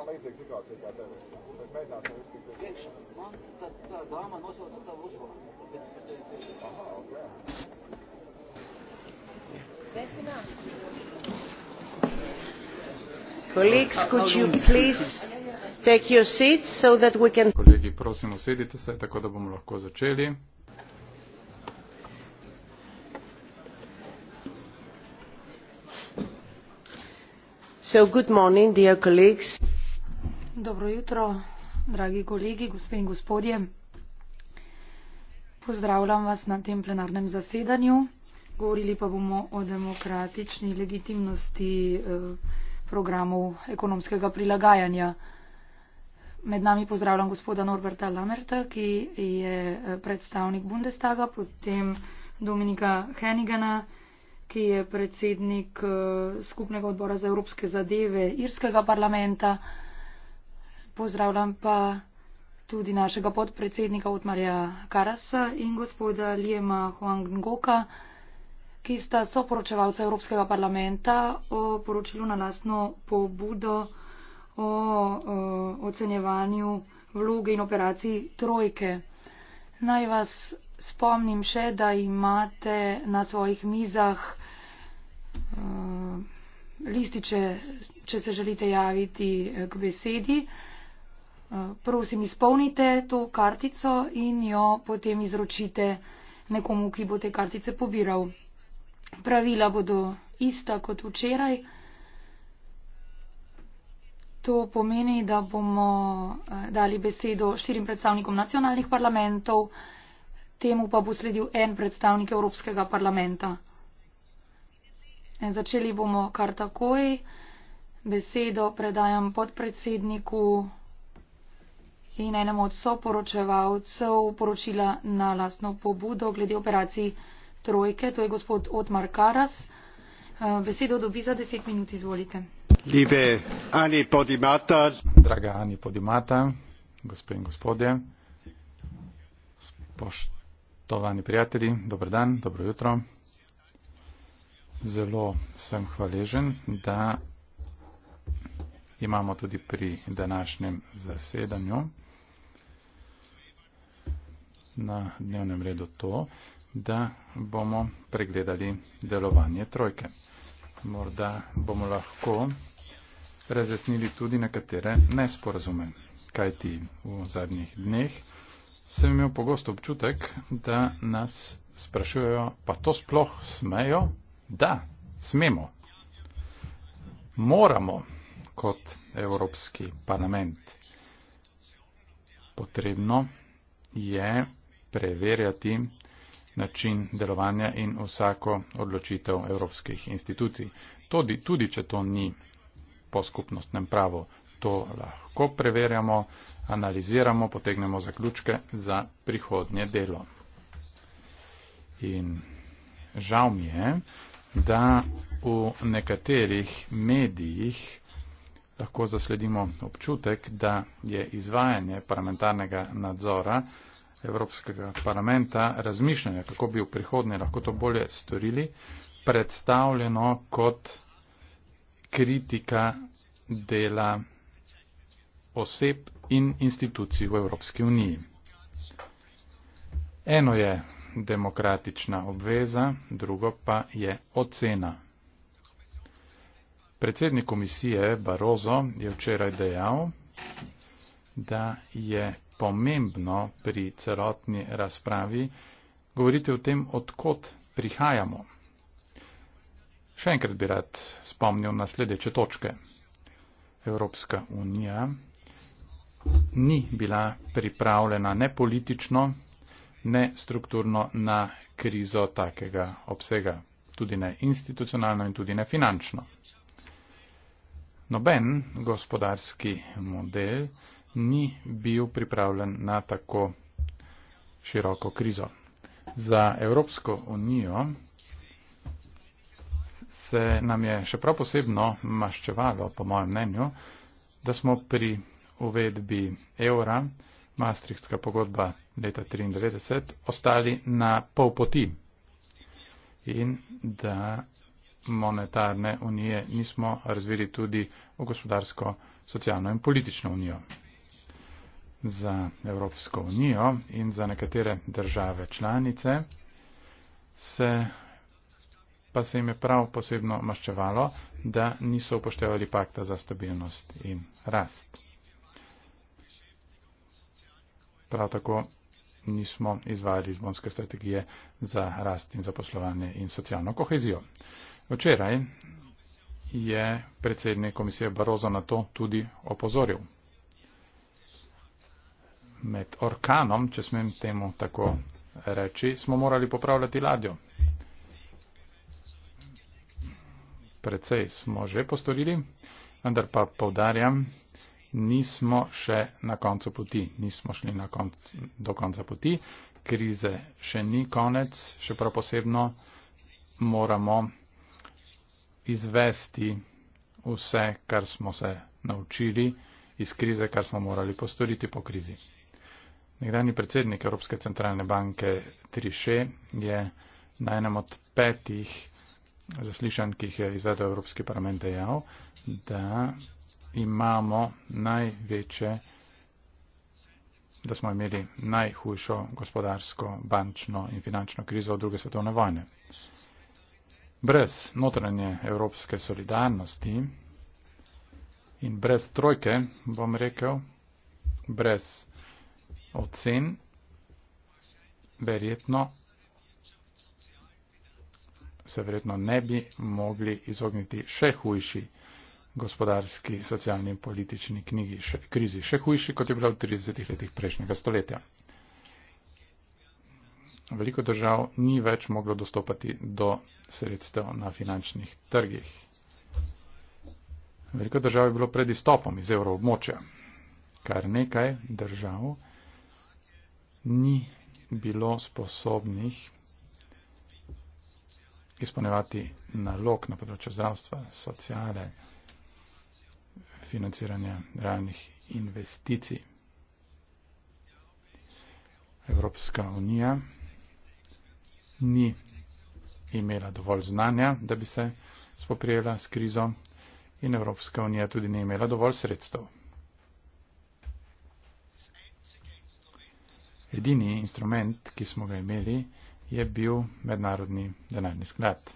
kā līdzīga situācija kā tev. Bet mēģinās ar visu tikai. Tieši, man tā, tā dāma nosauca tavu uzvārdu. Aha, ok. Colleagues, could you please take your seats so that we can... Kolegi, prosim, usedite se, tako da bomo lahko začeli. So, good morning, dear colleagues. Dobro jutro, dragi kolegi, gospe in gospodje. Pozdravljam vas na tem plenarnem zasedanju. Govorili pa bomo o demokratični legitimnosti eh, programov ekonomskega prilagajanja. Med nami pozdravljam gospoda Norberta Lamerta, ki je eh, predstavnik Bundestaga, potem Dominika Hennigana, ki je predsednik eh, skupnega odbora za evropske zadeve Irskega parlamenta pozdravljam pa tudi našega podpredsednika Otmarja Karasa in gospoda Lijema Huangoka, ki sta soporočevalca Evropskega parlamenta o poročilu na lastno pobudo o, o ocenjevanju vloge in operaciji Trojke. Naj vas spomnim še, da imate na svojih mizah o, eh, lističe, če se želite javiti eh, k besedi prosim, izpolnite to kartico in jo potem izročite nekomu, ki bo te kartice pobiral. Pravila bodo ista kot včeraj. To pomeni, da bomo eh, dali besedo štirim predstavnikom nacionalnih parlamentov, temu pa bo sledil en predstavnik Evropskega parlamenta. Eh, začeli bomo kar takoj. Besedo predajam podpredsedniku in enemu od soporočevalcev poročila na lastno pobudo glede operacij Trojke. To je gospod Otmar Karas. Eh, besedo dobi za deset minut, izvolite. Live Ani Podimata. Draga Ani Podimata, gospe in gospodje, spoštovani prijatelji, dober dan, dobro jutro. Zelo sem hvaležen, da imamo tudi pri današnjem zasedanju na dnevnem redu to, da bomo pregledali delovanje trojke. Morda bomo lahko razjasnili tudi nekatere nesporazume, kajti v zadnjih dneh sem imel pogosto občutek, da nas sprašujejo, pa to sploh smejo? Da, smemo. Moramo kot Evropski parlament. Potrebno je preverjati način delovanja in vsako odločitev evropskih institucij. Tudi, tudi če to ni po skupnostnem pravu, to lahko preverjamo, analiziramo, potegnemo zaključke za prihodnje delo. In žal mi je, da v nekaterih medijih lahko zasledimo občutek, da je izvajanje parlamentarnega nadzora Evropskega parlamenta razmišljanja, kako bi v prihodnje lahko to bolje storili, predstavljeno kot kritika dela oseb in institucij v Evropski uniji. Eno je demokratična obveza, drugo pa je ocena. Predsednik komisije Barozo je včeraj dejal, da je pomembno pri celotni razpravi, govorite o tem, odkot prihajamo. Še enkrat bi rad spomnil na sledeče točke. Evropska unija ni bila pripravljena ne politično, ne strukturno na krizo takega obsega, tudi ne institucionalno in tudi ne finančno. Noben gospodarski model ni bil pripravljen na tako široko krizo. Za Evropsko unijo se nam je še prav posebno maščevalo, po mojem mnenju, da smo pri uvedbi evra, Maastrichtska pogodba leta 1993, ostali na pol poti in da monetarne unije nismo razvili tudi v gospodarsko, socialno in politično unijo za Evropsko unijo in za nekatere države članice, se, pa se jim je prav posebno maščevalo, da niso upoštevali pakta za stabilnost in rast. Prav tako nismo izvajali izbonske strategije za rast in zaposlovanje in socialno kohezijo. Včeraj je predsednik komisije Barozo na to tudi opozoril med orkanom, če smem temu tako reči, smo morali popravljati ladjo. Predvsej smo že postorili, vendar pa povdarjam, nismo še na koncu poti, nismo šli konc, do konca poti, krize še ni konec, še prav posebno moramo izvesti vse, kar smo se naučili iz krize, kar smo morali postoriti po krizi. Nekdani predsednik Evropske centralne banke Triše je na enem od petih zaslišanj, ki jih je izvedel Evropski parlament, dejal, da imamo največje, da smo imeli najhujšo gospodarsko, bančno in finančno krizo od druge svetovne vojne. Brez notranje evropske solidarnosti in brez trojke, bom rekel, brez ocen, verjetno, se verjetno ne bi mogli izogniti še hujši gospodarski, socialni in politični knjigi, še, krizi, še hujši, kot je bila v 30 letih prejšnjega stoletja. Veliko držav ni več moglo dostopati do sredstev na finančnih trgih. Veliko držav je bilo pred izstopom iz evroobmočja. Kar nekaj držav ni bilo sposobnih izpolnevati nalog na področju zdravstva, sociale, financiranja realnih investicij. Evropska unija ni imela dovolj znanja, da bi se spoprijela s krizo in Evropska unija tudi ni imela dovolj sredstev. Edini instrument, ki smo ga imeli, je bil mednarodni denarni sklad.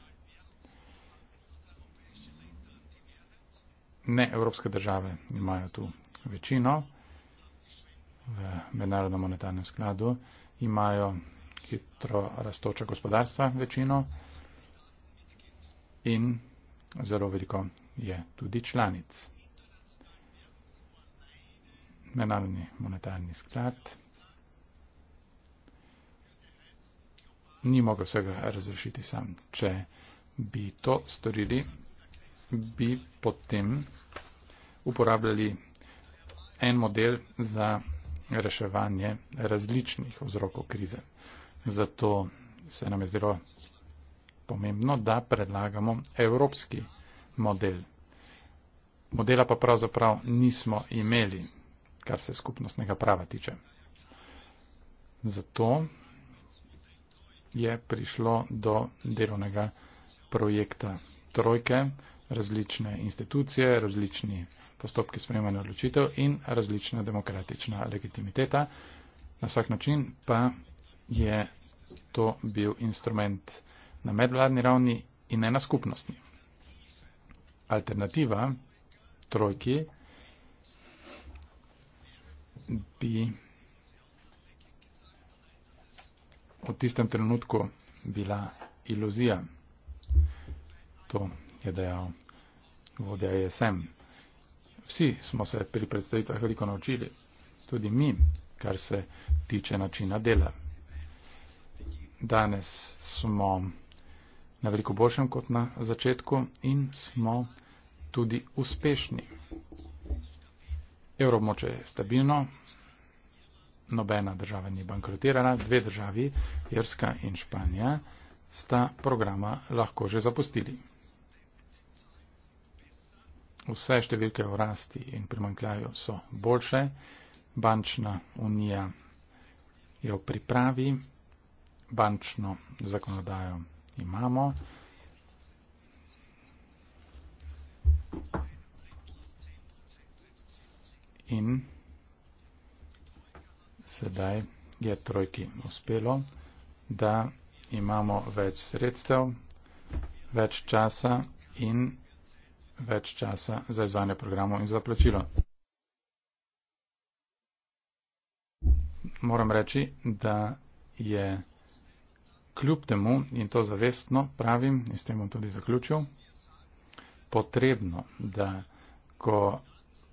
Ne evropske države imajo tu večino. V mednarodnem monetarnem skladu imajo hitro rastoča gospodarstva večino in zelo veliko je tudi članic. Mednarodni monetarni sklad ni mogel vsega razrešiti sam. Če bi to storili, bi potem uporabljali en model za reševanje različnih vzrokov krize. Zato se nam je zelo pomembno, da predlagamo evropski model. Modela pa pravzaprav nismo imeli, kar se skupnostnega prava tiče. Zato je prišlo do delovnega projekta trojke, različne institucije, različni postopki sprejemanja odločitev in različna demokratična legitimiteta. Na vsak način pa je to bil instrument na medvladni ravni in ne na skupnostni. Alternativa trojki bi v tistem trenutku bila iluzija. To je dejal vodja ISM. Vsi smo se pri predstavitvah veliko naučili, tudi mi, kar se tiče načina dela. Danes smo na veliko boljšem kot na začetku in smo tudi uspešni. Evropmoče je stabilno, nobena država ni bankrotirana, dve državi, Irska in Španija, sta programa lahko že zapustili. Vse številke o rasti in primankljaju so boljše. Bančna unija je v pripravi, bančno zakonodajo imamo. In sedaj je trojki uspelo, da imamo več sredstev, več časa in več časa za izvajanje programov in za plačilo. Moram reči, da je kljub temu, in to zavestno pravim, in s tem bom tudi zaključil, potrebno, da ko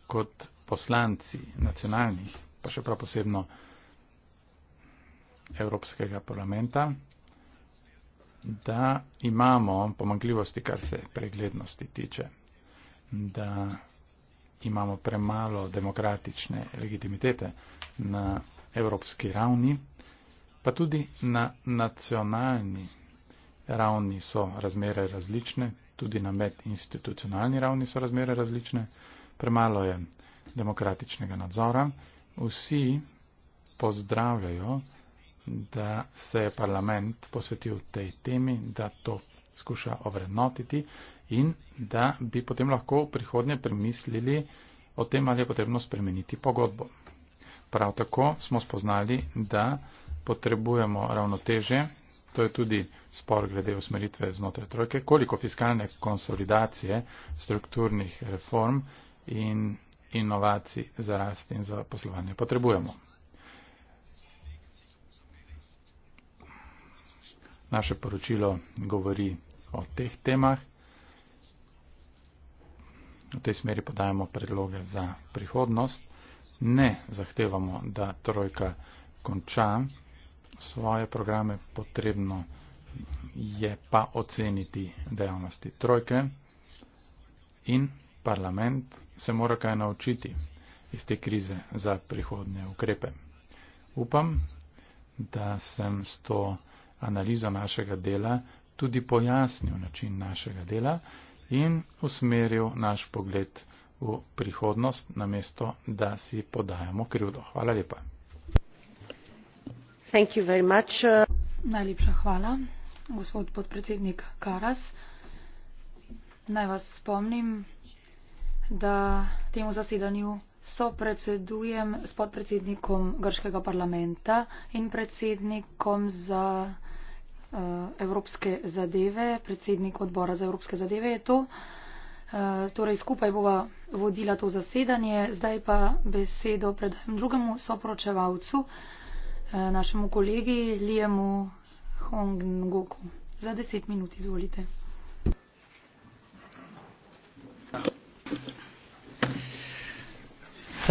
kot poslanci nacionalnih pa še prav posebno Evropskega parlamenta, da imamo pomankljivosti, kar se preglednosti tiče, da imamo premalo demokratične legitimitete na evropski ravni, pa tudi na nacionalni ravni so razmere različne, tudi na medinstitucionalni ravni so razmere različne, premalo je demokratičnega nadzora vsi pozdravljajo, da se je parlament posvetil tej temi, da to skuša ovrednotiti in da bi potem lahko v prihodnje premislili o tem, ali je potrebno spremeniti pogodbo. Prav tako smo spoznali, da potrebujemo ravnoteže, to je tudi spor glede usmeritve znotraj trojke, koliko fiskalne konsolidacije strukturnih reform in inovacij za rast in za poslovanje potrebujemo. Naše poročilo govori o teh temah. V tej smeri podajamo predloge za prihodnost. Ne zahtevamo, da trojka konča svoje programe, potrebno je pa oceniti dejavnosti trojke in parlament se mora kaj naučiti iz te krize za prihodne ukrepe. Upam, da sem s to analizo našega dela tudi pojasnil način našega dela in usmeril naš pogled v prihodnost, namesto da si podajamo krivdo. Hvala lepa. Uh, Najlepša hvala, gospod podpredsednik Karas. Naj vas spomnim, da temu zasedanju sopredsedujem s podpredsednikom grškega parlamenta in predsednikom za uh, evropske zadeve, predsednik odbora za evropske zadeve je to. Uh, torej skupaj bova vodila to zasedanje, zdaj pa besedo predajem drugemu soporočevalcu, uh, našemu kolegi Lijemu Hongoku. Za deset minut izvolite.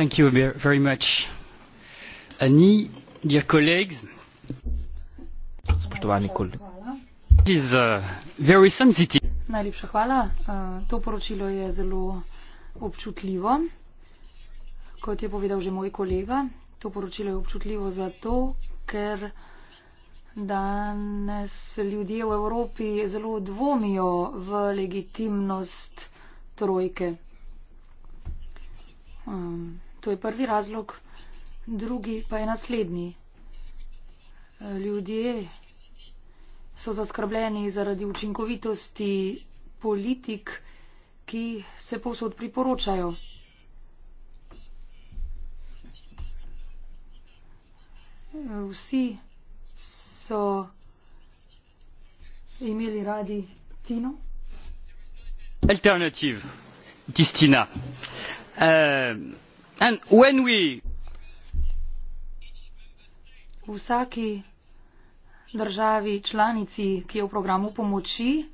thank you very much, Annie. Dear colleagues, spoštovani kolegi, is, uh, very sensitive. Najlepša hvala. Uh, to poročilo je zelo občutljivo. Kot je povedal že moj kolega, to poročilo je občutljivo zato, ker danes ljudje v Evropi zelo dvomijo v legitimnost trojke. Um, To je prvi razlog, drugi pa je naslednji. Ljudje so zaskrbljeni zaradi učinkovitosti politik, ki se posod priporočajo. Vsi so imeli radi Tino. Alternativ, Tistina. Uh... V vsaki državi članici, ki je v programu pomoči,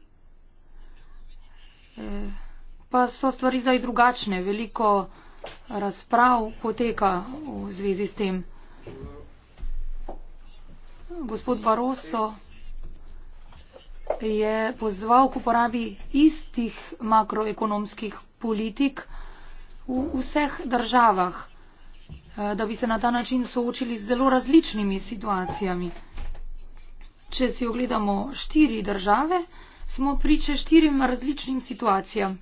eh, pa so stvari zdaj drugačne. Veliko razprav poteka v zvezi s tem. Gospod Barroso je pozval k uporabi istih makroekonomskih politik, v vseh državah, eh, da bi se na ta način soočili z zelo različnimi situacijami. Če si ogledamo štiri države, smo priče štirim različnim situacijam.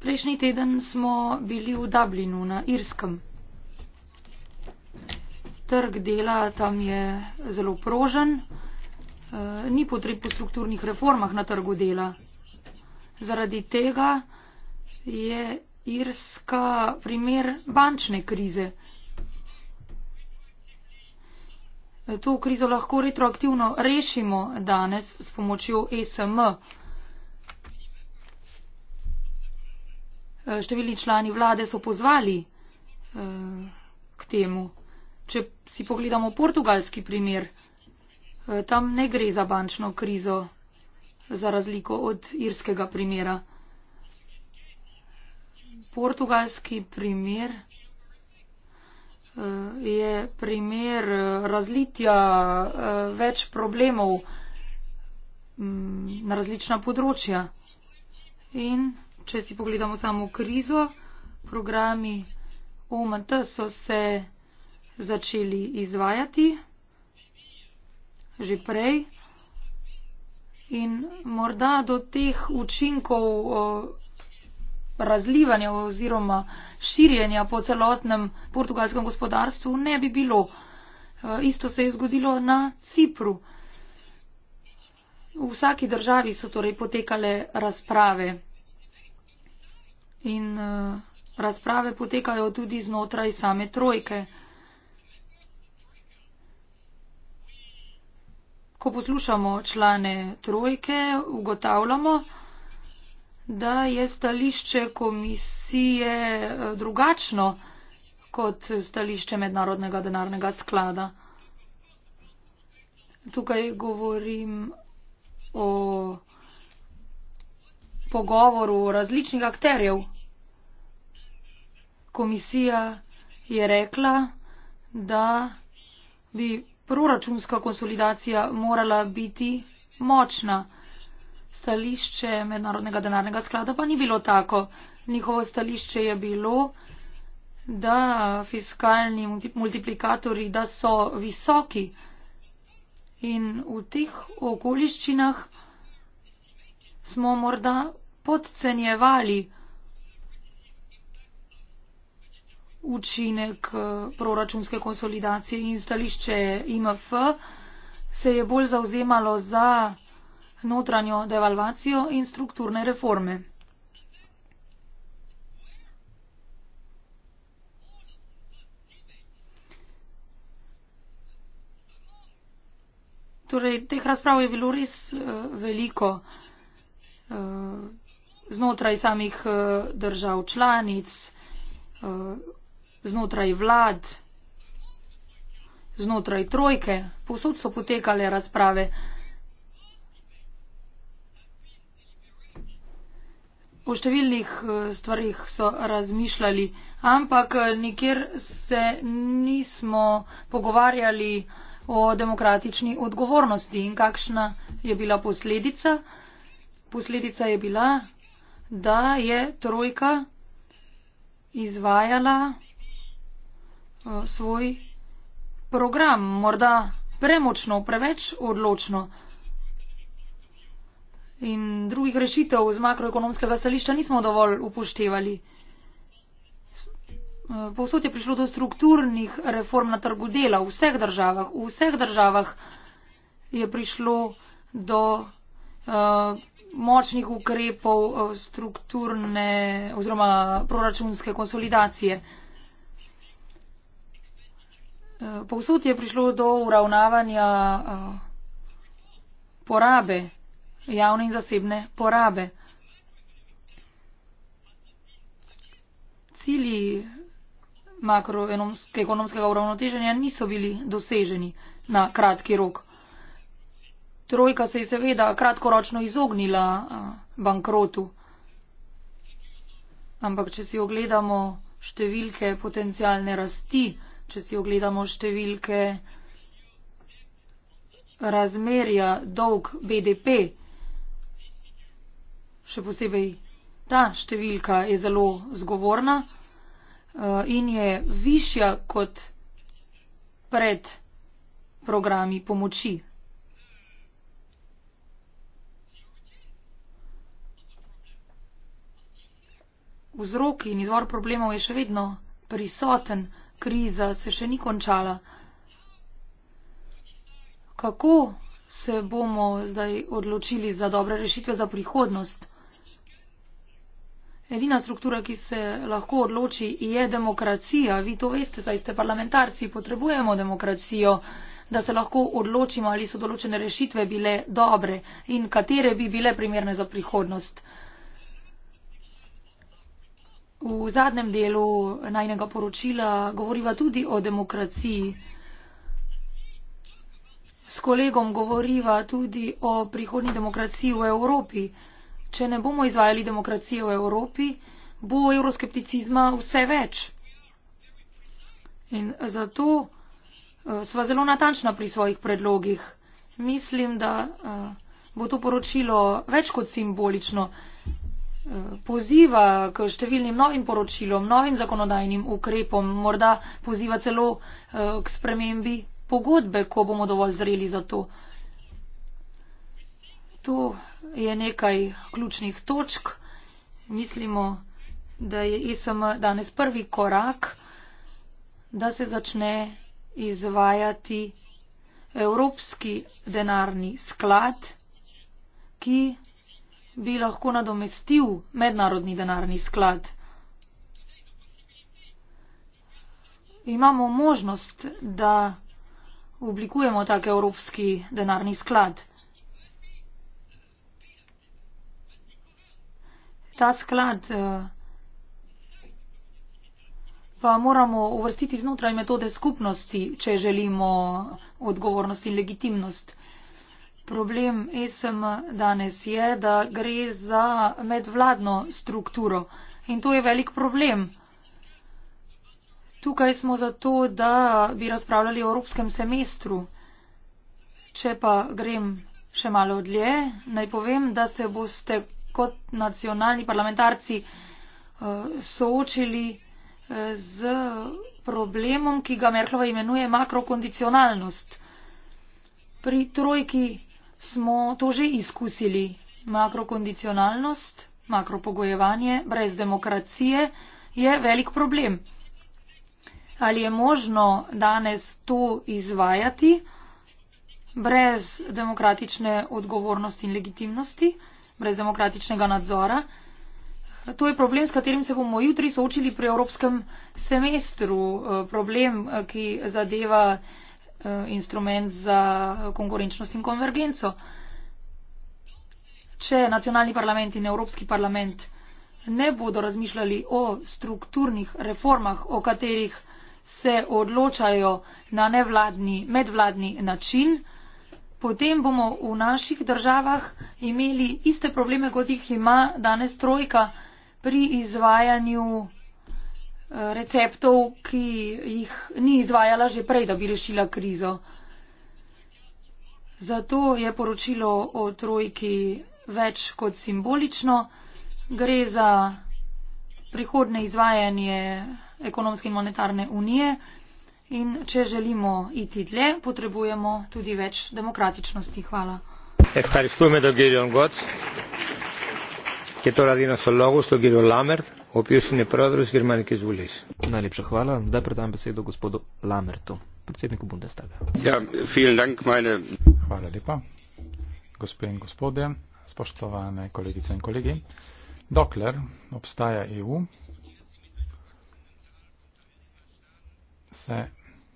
Prejšnji teden smo bili v Dublinu na Irskem. Trg dela tam je zelo prožen, eh, ni potreb po strukturnih reformah na trgu dela. Zaradi tega je Irska, primer bančne krize. To krizo lahko retroaktivno rešimo danes s pomočjo e SM. Številni člani vlade so pozvali eh, k temu. Če si pogledamo portugalski primer, eh, tam ne gre za bančno krizo, za razliko od irskega primera portugalski primer eh, je primer eh, razlitja eh, več problemov mm, na različna področja. In če si pogledamo samo krizo, programi OMT so se začeli izvajati že prej in morda do teh učinkov razlivanja oziroma širjenja po celotnem portugalskem gospodarstvu ne bi bilo. Eh, isto se je zgodilo na Cipru. V vsaki državi so torej potekale razprave in eh, razprave potekajo tudi znotraj same trojke. Ko poslušamo člane trojke, ugotavljamo, da je stališče komisije eh, drugačno kot stališče mednarodnega denarnega sklada. Tukaj govorim o pogovoru različnih akterjev. Komisija je rekla, da bi proračunska konsolidacija morala biti močna stališče Mednarodnega denarnega sklada pa ni bilo tako. Njihovo stališče je bilo, da fiskalni multiplikatori, da so visoki in v teh okoliščinah smo morda podcenjevali učinek eh, proračunske konsolidacije in stališče IMF se je bolj zauzemalo za notranjo devalvacijo in strukturne reforme. Torej, teh razprav je bilo res uh, veliko uh, znotraj samih uh, držav članic, uh, znotraj vlad, znotraj trojke. Povsod so potekale razprave. Uh, v številnih eh, stvarih so razmišljali, ampak eh, nikjer se nismo pogovarjali o demokratični odgovornosti in kakšna je bila posledica. Posledica je bila, da je trojka izvajala eh, svoj program, morda premočno, preveč odločno in drugih rešitev z makroekonomskega stališča nismo dovolj upoštevali. Povsod je prišlo do strukturnih reform na trgu dela v vseh državah. V vseh državah je prišlo do uh, močnih ukrepov eh, strukturne oziroma proračunske konsolidacije. Eh, povsod je prišlo do uravnavanja uh, porabe javne in zasebne porabe. Cilji makroekonomskega uravnoteženja niso bili doseženi na kratki rok. Trojka se je seveda kratkoročno izognila bankrotu, ampak če si ogledamo številke potencijalne rasti, če si ogledamo številke razmerja dolg BDP, še posebej ta številka je zelo zgovorna eh, in je višja kot pred programi pomoči. Vzrok in izvor problemov je še vedno prisoten, kriza se še ni končala. Kako se bomo zdaj odločili za dobre rešitve za prihodnost? edina struktura ki se lahko odloči je demokracija vi to veste saj ste parlamentarci potrebujemo demokracijo da se lahko odločimo ali so določene rešitve bile dobre in katere bi bile primerne za prihodnost v zadnjem delu najnega poročila govoriva tudi o demokraciji s kolegom govoriva tudi o prihodnji demokraciji v evropi če ne bomo izvajali demokracije v Evropi, bo euroskepticizma vse več. In zato eh, sva zelo natančna pri svojih predlogih. Mislim, da eh, bo to poročilo več kot simbolično. Eh, poziva k številnim novim poročilom, novim zakonodajnim ukrepom, morda poziva celo k spremembi pogodbe, ko bomo dovolj zreli za to. To je nekaj ključnih točk. Mislimo, da je ISM danes prvi korak, da se začne izvajati evropski denarni sklad, ki bi lahko nadomestil mednarodni denarni sklad. Imamo možnost, da oblikujemo tak evropski denarni sklad. ta sklad eh, pa moramo uvrstiti znotraj metode skupnosti, če želimo odgovornost in legitimnost. Problem e SM danes je, da gre za medvladno strukturo in to je velik problem. Tukaj smo zato, da bi razpravljali o evropskem semestru. Če pa grem še malo dlje, naj povem, da se boste kot nacionalni parlamentarci eh, soočili eh, z problemom, ki ga Merklova imenuje makrokondicionalnost. Pri trojki smo to že izkusili. Makrokondicionalnost, makropogojevanje brez demokracije je velik problem. Ali je možno danes to izvajati brez demokratične odgovornosti in legitimnosti? brez demokratičnega nadzora. To je problem, s katerim se bomo jutri soočili pri evropskem semestru. Eh, problem, eh, ki zadeva eh, instrument za konkurenčnost in konvergenco. Če nacionalni parlament in evropski parlament ne bodo razmišljali o strukturnih reformah, o katerih se odločajo na nevladni, medvladni način, potem bomo v naših državah imeli iste probleme, kot jih ima danes trojka pri izvajanju eh, receptov, ki jih ni izvajala že prej, da bi rešila krizo. Zato je poročilo o trojki več kot simbolično. Gre za prihodne izvajanje ekonomske in monetarne unije. In če želimo iti dlje, potrebujemo tudi več demokratičnosti. Hvala. Najlepša hvala, da predam besedo gospodu Lamertu, predsedniku Bundestaga. Ja, dank, meine... Hvala lepa, gospe in gospode, spoštovane kolegice in kolegi. Dokler obstaja EU, se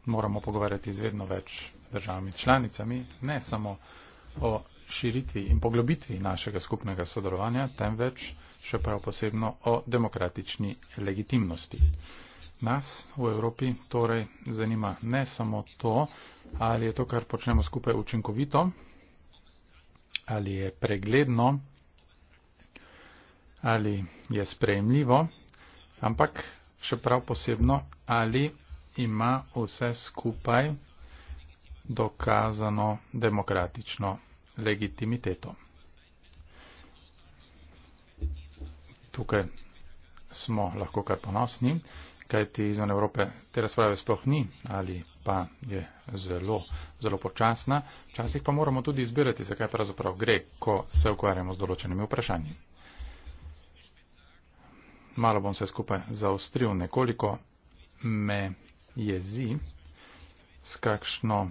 moramo pogovarjati z vedno več državami članicami, ne samo o širitvi in poglobitvi našega skupnega sodelovanja, temveč še prav posebno o demokratični legitimnosti. Nas v Evropi torej zanima ne samo to, ali je to, kar počnemo skupaj, učinkovito, ali je pregledno, ali je sprejemljivo, ampak še prav posebno, ali ima vse skupaj dokazano demokratično legitimiteto. Tukaj smo lahko kar ponosni, kajti izven Evrope te razprave sploh ni ali pa je zelo, zelo počasna. Včasih pa moramo tudi izbirati, zakaj pravzaprav gre, ko se ukvarjamo z določenimi vprašanji. Malo bom se skupaj zaostril, nekoliko me jezi, s kakšno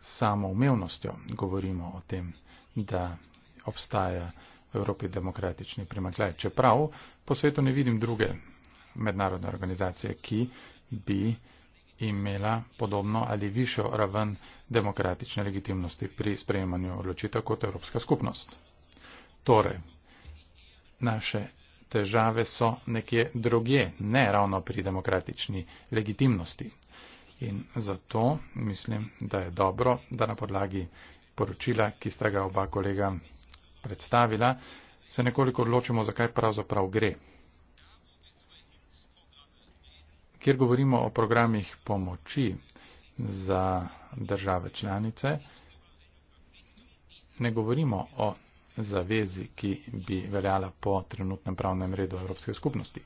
samoumevnostjo govorimo o tem, da obstaja v Evropi demokratični primaklaj. Čeprav po svetu ne vidim druge mednarodne organizacije, ki bi imela podobno ali višjo raven demokratične legitimnosti pri sprejemanju odločitev kot Evropska skupnost. Torej, naše težave so nekje drugje, ne ravno pri demokratični legitimnosti. In zato mislim, da je dobro, da na podlagi poročila, ki sta ga oba kolega predstavila, se nekoliko odločimo, zakaj pravzaprav gre. Kjer govorimo o programih pomoči za države članice, ne govorimo o zavezi, ki bi veljala po trenutnem pravnem redu Evropske skupnosti.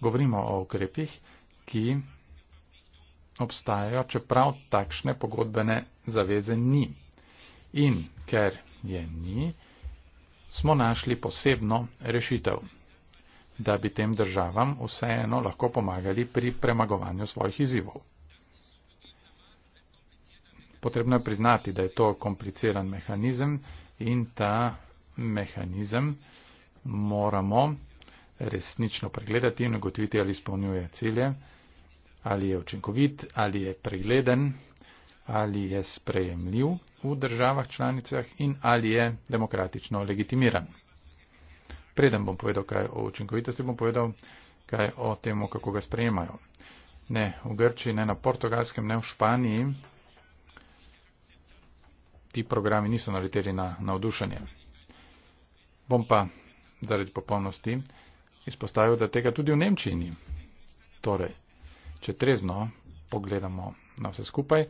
Govorimo o ukrepih, ki obstajajo, čeprav takšne pogodbene zaveze ni. In ker je ni, smo našli posebno rešitev, da bi tem državam vseeno lahko pomagali pri premagovanju svojih izzivov. Potrebno je priznati, da je to kompliciran mehanizem in ta mehanizem moramo resnično pregledati in ugotoviti, ali izpolnjuje cilje, ali je učinkovit, ali je pregleden, ali je sprejemljiv v državah članicah in ali je demokratično legitimiran. Preden bom povedal, kaj o učinkovitosti, bom povedal, kaj o tem, kako ga sprejemajo. Ne v Grčiji, ne na portugalskem, ne v Španiji. Ti programi niso naleteli na navdušenje. Na Bom pa zaradi popolnosti izpostavil, da tega tudi v Nemčiji ni. Torej, če trezno pogledamo na vse skupaj,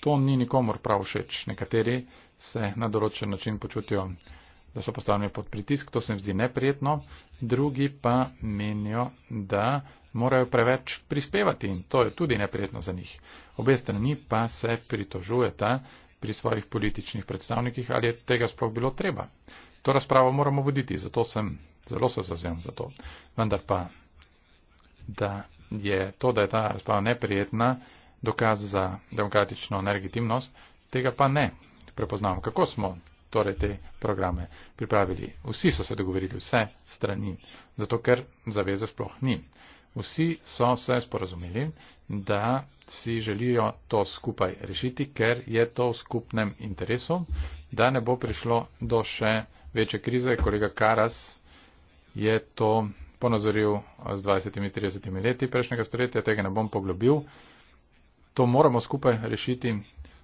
to ni nikomor prav všeč. Nekateri se na določen način počutijo, da so postavljeni pod pritisk, to se jim zdi neprijetno, drugi pa menijo, da morajo preveč prispevati in to je tudi neprijetno za njih. Obe strani pa se pritožujeta pri svojih političnih predstavnikih, ali je tega sploh bilo treba. To razpravo moramo voditi, zato sem zelo se zazem za to. Vendar pa, da je to, da je ta razprava neprijetna, dokaz za demokratično neregitimnost, tega pa ne prepoznamo. Kako smo torej te programe pripravili? Vsi so se dogovorili, vse strani, zato ker zaveze sploh ni. Vsi so se sporazumeli, da si želijo to skupaj rešiti, ker je to v skupnem interesu, da ne bo prišlo do še večje krize, kolega Karas je to ponazoril z 20-30 leti prejšnjega stoletja, tega ne bom poglobil. To moramo skupaj rešiti,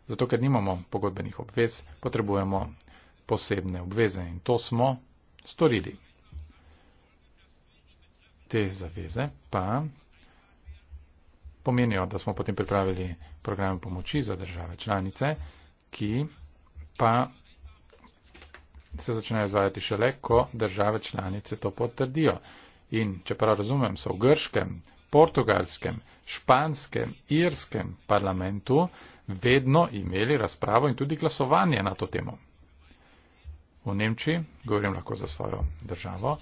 zato ker nimamo pogodbenih obvez, potrebujemo posebne obveze in to smo storili. Te zaveze pa pomenijo, da smo potem pripravili program pomoči za države članice, ki pa se začnejo izvajati šele, ko države članice to potrdijo. In če prav razumem, so v grškem, portugalskem, španskem, irskem parlamentu vedno imeli razpravo in tudi glasovanje na to temo. V Nemčiji, govorim lahko za svojo državo,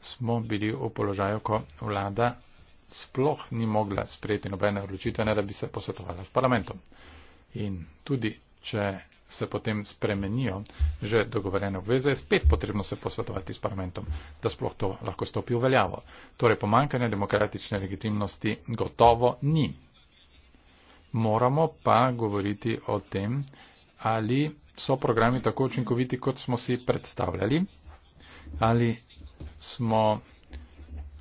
smo bili v položaju, ko vlada sploh ni mogla sprejeti nobene odločitve, ne da bi se posvetovala s parlamentom. In tudi, če se potem spremenijo že dogovorene obveze, je spet potrebno se posvetovati s parlamentom, da sploh to lahko stopi v veljavo. Torej pomankanje demokratične legitimnosti gotovo ni. Moramo pa govoriti o tem, ali so programi tako učinkoviti, kot smo si predstavljali, ali smo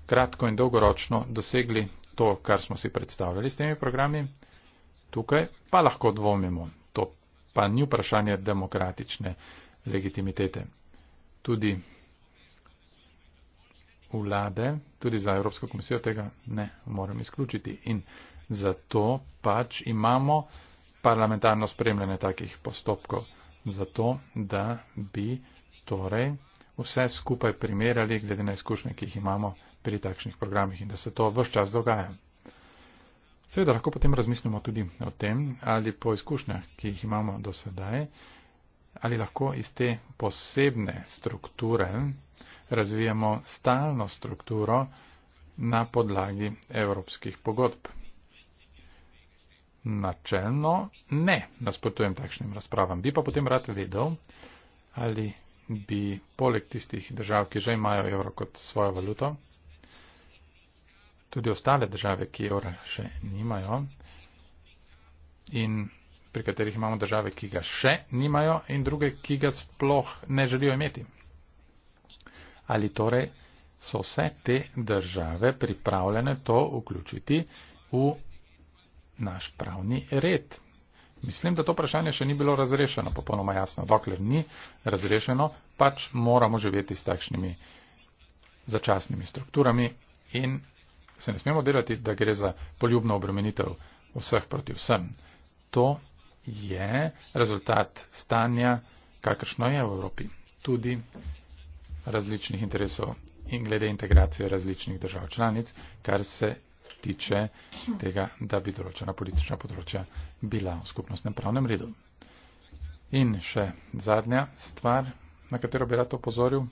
kratko in dolgoročno dosegli to, kar smo si predstavljali s temi programi. Tukaj pa lahko dvomimo pa ni vprašanje demokratične legitimitete. Tudi vlade, tudi za Evropsko komisijo tega ne moram izključiti. In zato pač imamo parlamentarno spremljanje takih postopkov. Zato, da bi torej vse skupaj primerjali glede na izkušnje, ki jih imamo pri takšnih programih in da se to vse čas dogaja. Seveda lahko potem razmislimo tudi o tem, ali po izkušnjah, ki jih imamo do sedaj, ali lahko iz te posebne strukture razvijamo stalno strukturo na podlagi evropskih pogodb. Načelno ne nasprotujem takšnim razpravam. Bi pa potem rad vedel, ali bi poleg tistih držav, ki že imajo evro kot svojo valuto, tudi ostale države, ki evra še nimajo in pri katerih imamo države, ki ga še nimajo in druge, ki ga sploh ne želijo imeti. Ali torej so vse te države pripravljene to vključiti v naš pravni red? Mislim, da to vprašanje še ni bilo razrešeno, popolnoma jasno. Dokler ni razrešeno, pač moramo živeti s takšnimi začasnimi strukturami in se ne smemo delati, da gre za poljubno obremenitev vseh proti vsem. To je rezultat stanja, kakršno je v Evropi, tudi različnih interesov in glede integracije različnih držav članic, kar se tiče tega, da bi določena politična področja bila v skupnostnem pravnem redu. In še zadnja stvar, na katero bi rad opozoril,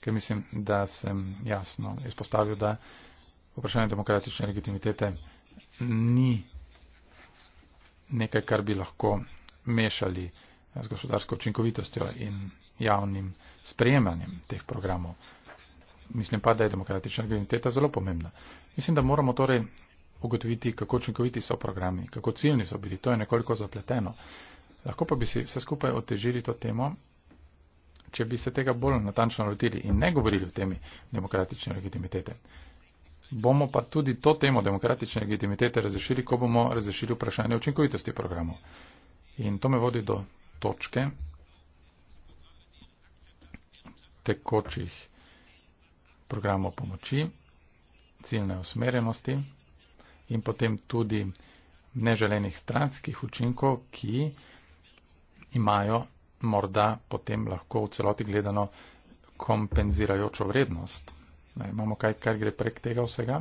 ker mislim, da sem jasno izpostavil, da vprašanje demokratične legitimitete ni nekaj, kar bi lahko mešali z gospodarsko učinkovitostjo in javnim sprejemanjem teh programov. Mislim pa, da je demokratična legitimiteta zelo pomembna. Mislim, da moramo torej ugotoviti, kako učinkoviti so programi, kako ciljni so bili. To je nekoliko zapleteno. Lahko pa bi si vse skupaj otežili to temo, če bi se tega bolj natančno lotili in ne govorili o temi demokratične legitimitete bomo pa tudi to temo demokratične legitimitete razrešili, ko bomo razrešili vprašanje učinkovitosti programov. In to me vodi do točke tekočih programov pomoči, ciljne usmerjenosti in potem tudi neželenih stranskih učinkov, ki imajo morda potem lahko v celoti gledano kompenzirajočo vrednost. Ne, imamo kaj, kar gre prek tega vsega.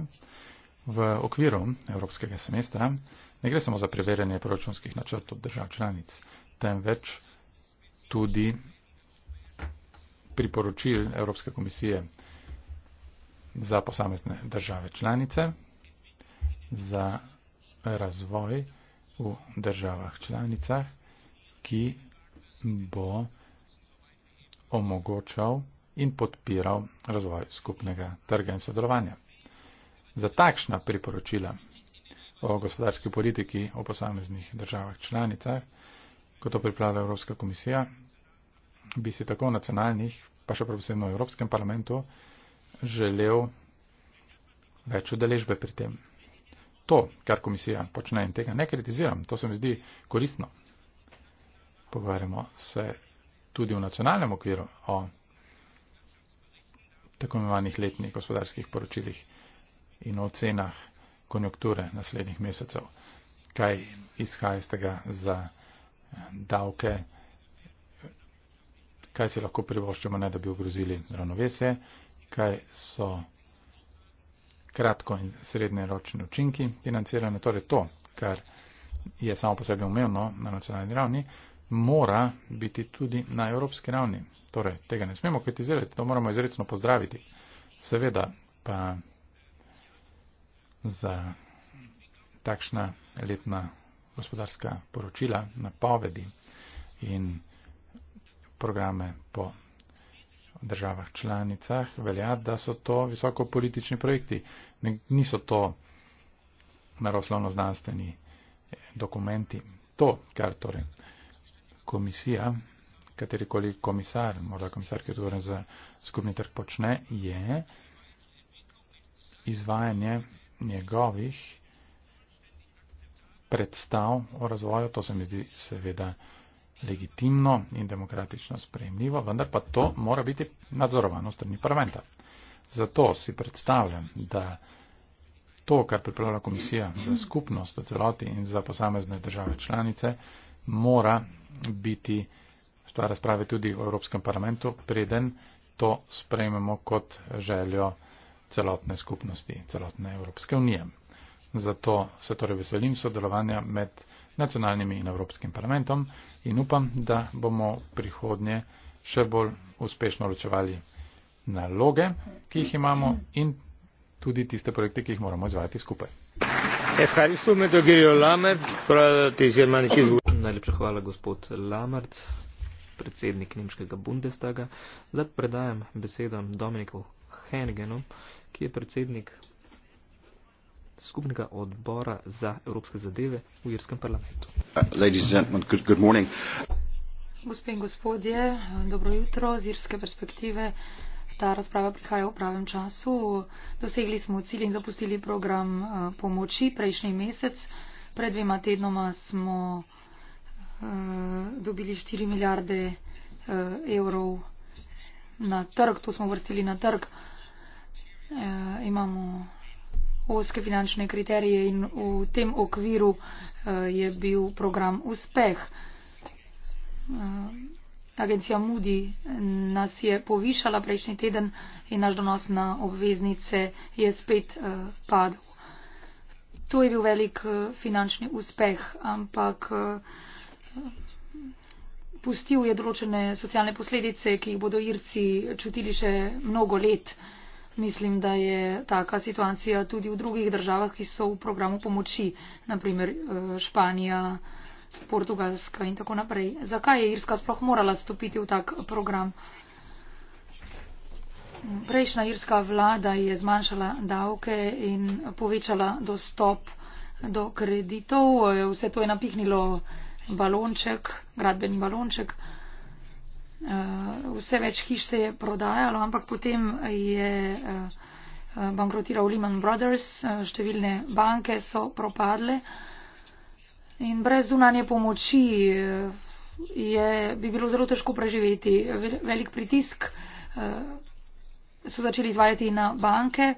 V okviru evropskega semestra ne gre samo za preverjanje proračunskih načrtov držav članic, temveč tudi priporočil Evropske komisije za posamezne države članice, za razvoj v državah članicah, ki bo omogočal in podpiral razvoj skupnega trga in sodelovanja. Za takšna priporočila o gospodarski politiki o posameznih državah članicah, kot to pripravlja Evropska komisija, bi si tako v nacionalnih, pa še predvsem v Evropskem parlamentu, želel več udeležbe pri tem. To, kar komisija počne in tega ne kritiziram, to se mi zdi koristno. Pogovarjamo se tudi v nacionalnem okviru o tako imenovanih letnih gospodarskih poročilih in o cenah konjunkture naslednjih mesecev, kaj izhaja iz tega za eh, davke, kaj si lahko privoščimo, ne da bi ogrozili ravnovesje, kaj so kratko in srednje ročni učinki financiranja, torej to, kar je samo po sebi umevno na nacionalni ravni, mora biti tudi na evropski ravni. Torej, tega ne smemo kritizirati, to moramo izredno pozdraviti. Seveda pa za takšna letna gospodarska poročila, napovedi in programe po državah članicah velja, da so to visoko politični projekti. Ne, niso to naravoslovno znanstveni dokumenti. To, kar torej komisija, katerikoli komisar, morda komisar, ki je odgovoren za skupni trg, počne, je izvajanje njegovih predstav o razvoju. To se mi zdi seveda legitimno in demokratično sprejemljivo, vendar pa to mora biti nadzorovano strani parlamenta. Zato si predstavljam, da to, kar pripravlja komisija za skupnost v celoti in za posamezne države članice, mora biti stvar razprave tudi v Evropskem parlamentu, preden to sprejmemo kot željo celotne skupnosti, celotne Evropske unije. Zato se torej veselim sodelovanja med nacionalnimi in Evropskim parlamentom in upam, da bomo prihodnje še bolj uspešno ločevali naloge, ki jih imamo in tudi tiste projekte, ki jih moramo izvajati skupaj. E, Haristo, me dogirjo lame, pravi, da ti izjemani, ki zvuči. Najlepša hvala, gospod Lamert, predsednik Nemškega Bundestaga. Zdaj predajam besedo Dominiku Hengenu, ki je predsednik skupnega odbora za evropske zadeve v Irskem parlamentu. Uh, Gospe in gospodje, dobro jutro z irske perspektive. Ta razprava prihaja v pravem času. Dosegli smo cilj in zapustili program uh, pomoči prejšnji mesec. Pred dvema tednoma smo Eh, dobili 4 milijarde eh, evrov na trg, to smo vrstili na trg. Eh, imamo oske finančne kriterije in v tem okviru je bil program uspeh. Agencija Moody nas je povišala prejšnji teden in naš donos na obveznice je spet padel. To je bil velik finančni uspeh, ampak pustil je določene socialne posledice, ki jih bodo Irci čutili še mnogo let. Mislim, da je taka situacija tudi v drugih državah, ki so v programu pomoči, naprimer eh, Španija, Portugalska in tako naprej. Zakaj je Irska sploh morala stopiti v tak program? Prejšnja irska vlada je zmanjšala davke in povečala dostop do kreditov. Vse to je napihnilo balonček, gradbeni balonček. Eh, vse več hiš se je prodajalo, ampak potem je eh, bankrotiral Lehman Brothers, eh, številne banke so propadle in brez zunanje pomoči je, bi bilo zelo težko preživeti. Velik pritisk so začeli izvajati na banke.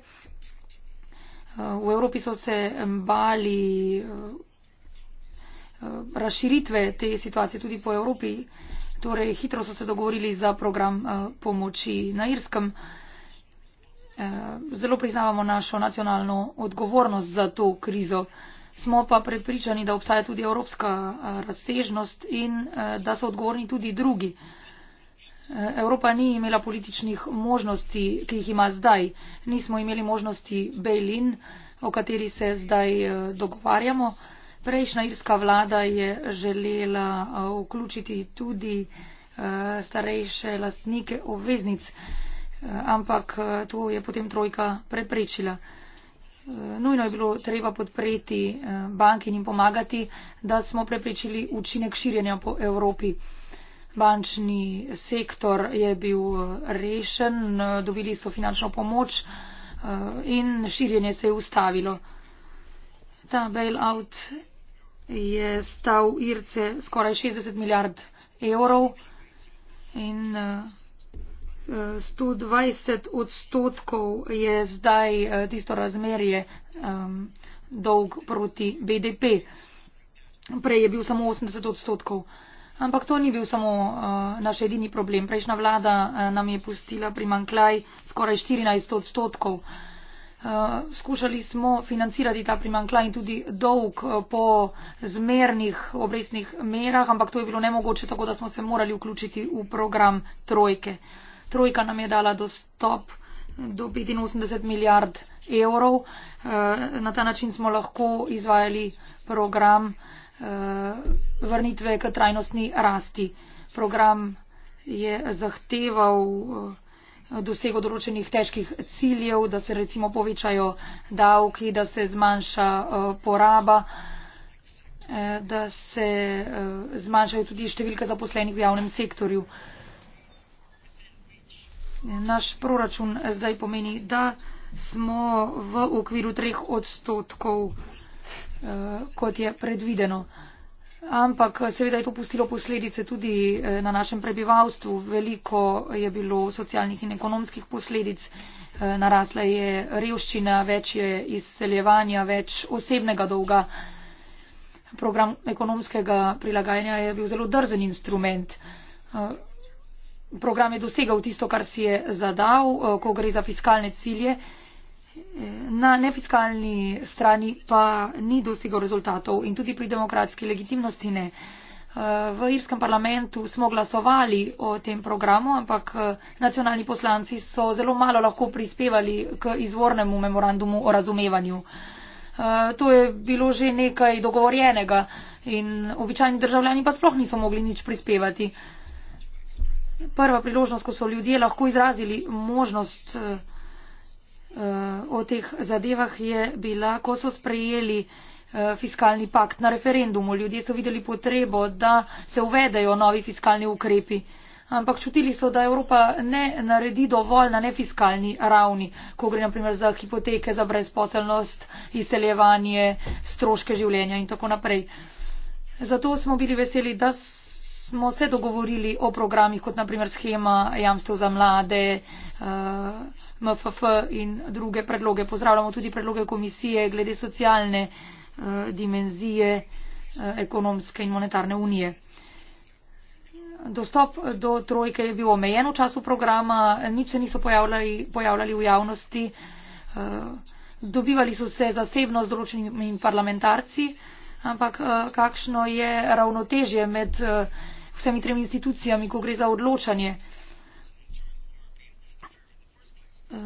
V Evropi so se bali Eh, razširitve te situacije tudi po Evropi. Torej, hitro so se dogovorili za program eh, pomoči na Irskem. Eh, zelo priznavamo našo nacionalno odgovornost za to krizo. Smo pa prepričani, da obstaja tudi evropska razsežnost in da so odgovorni tudi drugi. Evropa ni imela političnih možnosti, ki jih ima zdaj. Nismo imeli možnosti Bejlin, o kateri se zdaj dogovarjamo. Prejšnja irska vlada je želela uh, vključiti tudi uh, starejše lastnike obveznic, uh, ampak to je potem trojka preprečila. Nujno je bilo treba podpreti banke in jim pomagati, da smo preprečili učinek širjenja po Evropi. Bančni sektor je bil rešen, dobili so finančno pomoč in širjenje se je ustavilo. Ta bail-out je stal Irce skoraj 60 milijard evrov in 120 eh, odstotkov je zdaj eh, tisto razmerje ehm, dolg proti BDP. Prej je bil samo 80 odstotkov. Ampak to ni bil samo uh, naš edini problem. Prejšnja vlada uh, nam je pustila primankljaj skoraj 14 odstotkov. Uh, Eh, skušali smo financirati ta primankla in tudi dolg eh, po zmernih obrestnih merah, ampak to je bilo nemogoče, tako da smo se morali vključiti v program Trojke. Trojka nam je dala dostop do 85 milijard evrov. Eh, na ta način smo lahko izvajali program vrnitve k trajnostni rasti. Program je zahteval dosego določenih težkih ciljev, da se recimo povečajo davki, da se zmanjša eh, poraba, eh, da se eh, zmanjšajo tudi številka zaposlenih v javnem sektorju. Naš proračun zdaj pomeni, da smo v okviru treh odstotkov, kot je predvideno ampak seveda je to pustilo posledice tudi eh, na našem prebivalstvu. Veliko je bilo socialnih in ekonomskih posledic, eh, narasla je revščina, več je izseljevanja, več osebnega dolga. Program ekonomskega prilagajanja je bil zelo drzen instrument. Eh, program je dosegal tisto, kar si je zadal, ko gre za fiskalne cilje. Na nefiskalni strani pa ni dosegel rezultatov in tudi pri demokratski legitimnosti ne. V Irskem parlamentu smo glasovali o tem programu, ampak nacionalni poslanci so zelo malo lahko prispevali k izvornemu memorandumu o razumevanju. To je bilo že nekaj dogovorjenega in običajni državljani pa sploh niso mogli nič prispevati. Prva priložnost, ko so ljudje lahko izrazili možnost uh, o teh zadevah je bila, ko so sprejeli eh, fiskalni pakt na referendumu. Ljudje so videli potrebo, da se uvedejo novi fiskalni ukrepi, ampak čutili so, da Evropa ne naredi dovolj na nefiskalni ravni, ko gre naprimer za hipoteke, za brezposelnost, izseljevanje, stroške življenja in tako naprej. Zato smo bili veseli, da so smo se dogovorili o programih, kot naprimer schema jamstev za mlade, eh, MFF in druge predloge. Pozdravljamo tudi predloge komisije glede socialne eh, dimenzije eh, ekonomske in monetarne unije. Dostop do trojke je bil omejen v času programa, nič se niso pojavljali, pojavljali v javnosti, dobivali so se zasebno z določenimi parlamentarci, ampak kakšno je ravnotežje med vsemi tremi institucijami, ko gre za odločanje. Eh,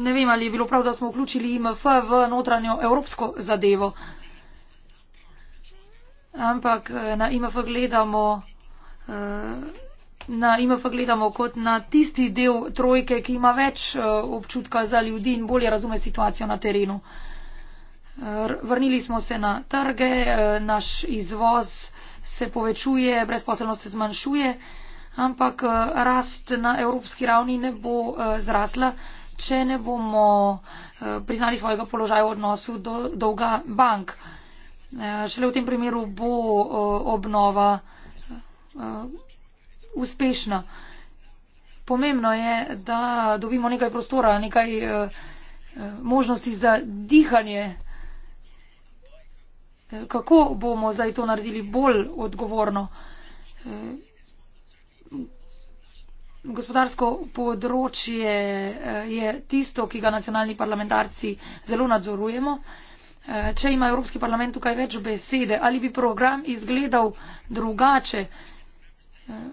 ne vem, ali je bilo prav, da smo vključili IMF v notranjo evropsko zadevo. Ampak eh, na IMF gledamo, eh, na IMF gledamo kot na tisti del trojke, ki ima več občutka za ljudi in bolje razume situacijo na terenu. Vrnili smo se na trge, naš izvoz se povečuje, brezposelnost se zmanjšuje, ampak eh, rast na evropski ravni ne bo eh, zrasla, če ne bomo eh, priznali svojega položaja v odnosu do dolga bank. Šele v tem primeru bo obnova uspešna. Pomembno je, da dobimo nekaj prostora, nekaj možnosti za dihanje kako bomo zdaj to naredili bolj odgovorno. Gospodarsko področje eh, je tisto, ki ga nacionalni parlamentarci zelo nadzorujemo. Eh, če ima Evropski parlament tukaj več besede, ali bi program izgledal drugače? Eh,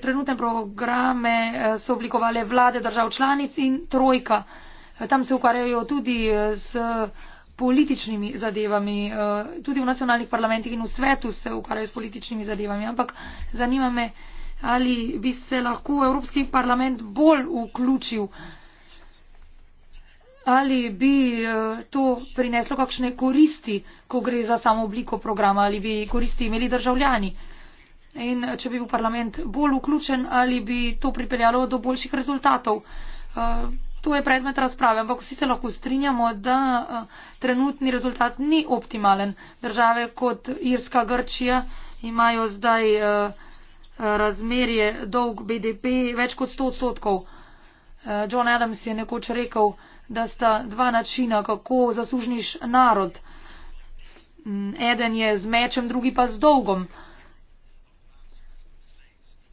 trenutne programe so oblikovale vlade držav članic in trojka. Tam se ukvarjajo tudi z političnimi zadevami. Eh, tudi v nacionalnih parlamentih in v svetu se ukvarjajo s političnimi zadevami. Ampak zanima me, ali bi se lahko Evropski parlament bolj vključil, ali bi eh, to prineslo kakšne koristi, ko gre za samo obliko programa, ali bi koristi imeli državljani. In eh, če bi bil parlament bolj vključen, ali bi to pripeljalo do boljših rezultatov to je predmet razprave ampak vsi se lahko strinjamo da eh, trenutni rezultat ni optimalen države kot irska grčija imajo zdaj eh, razmerje dolg BDP več kot 100 odstotkov. Eh, John Adams je nekoč rekel, da sta dva načina, kako zaslužniš narod. Mm, eden je z mečem, drugi pa z dolgom.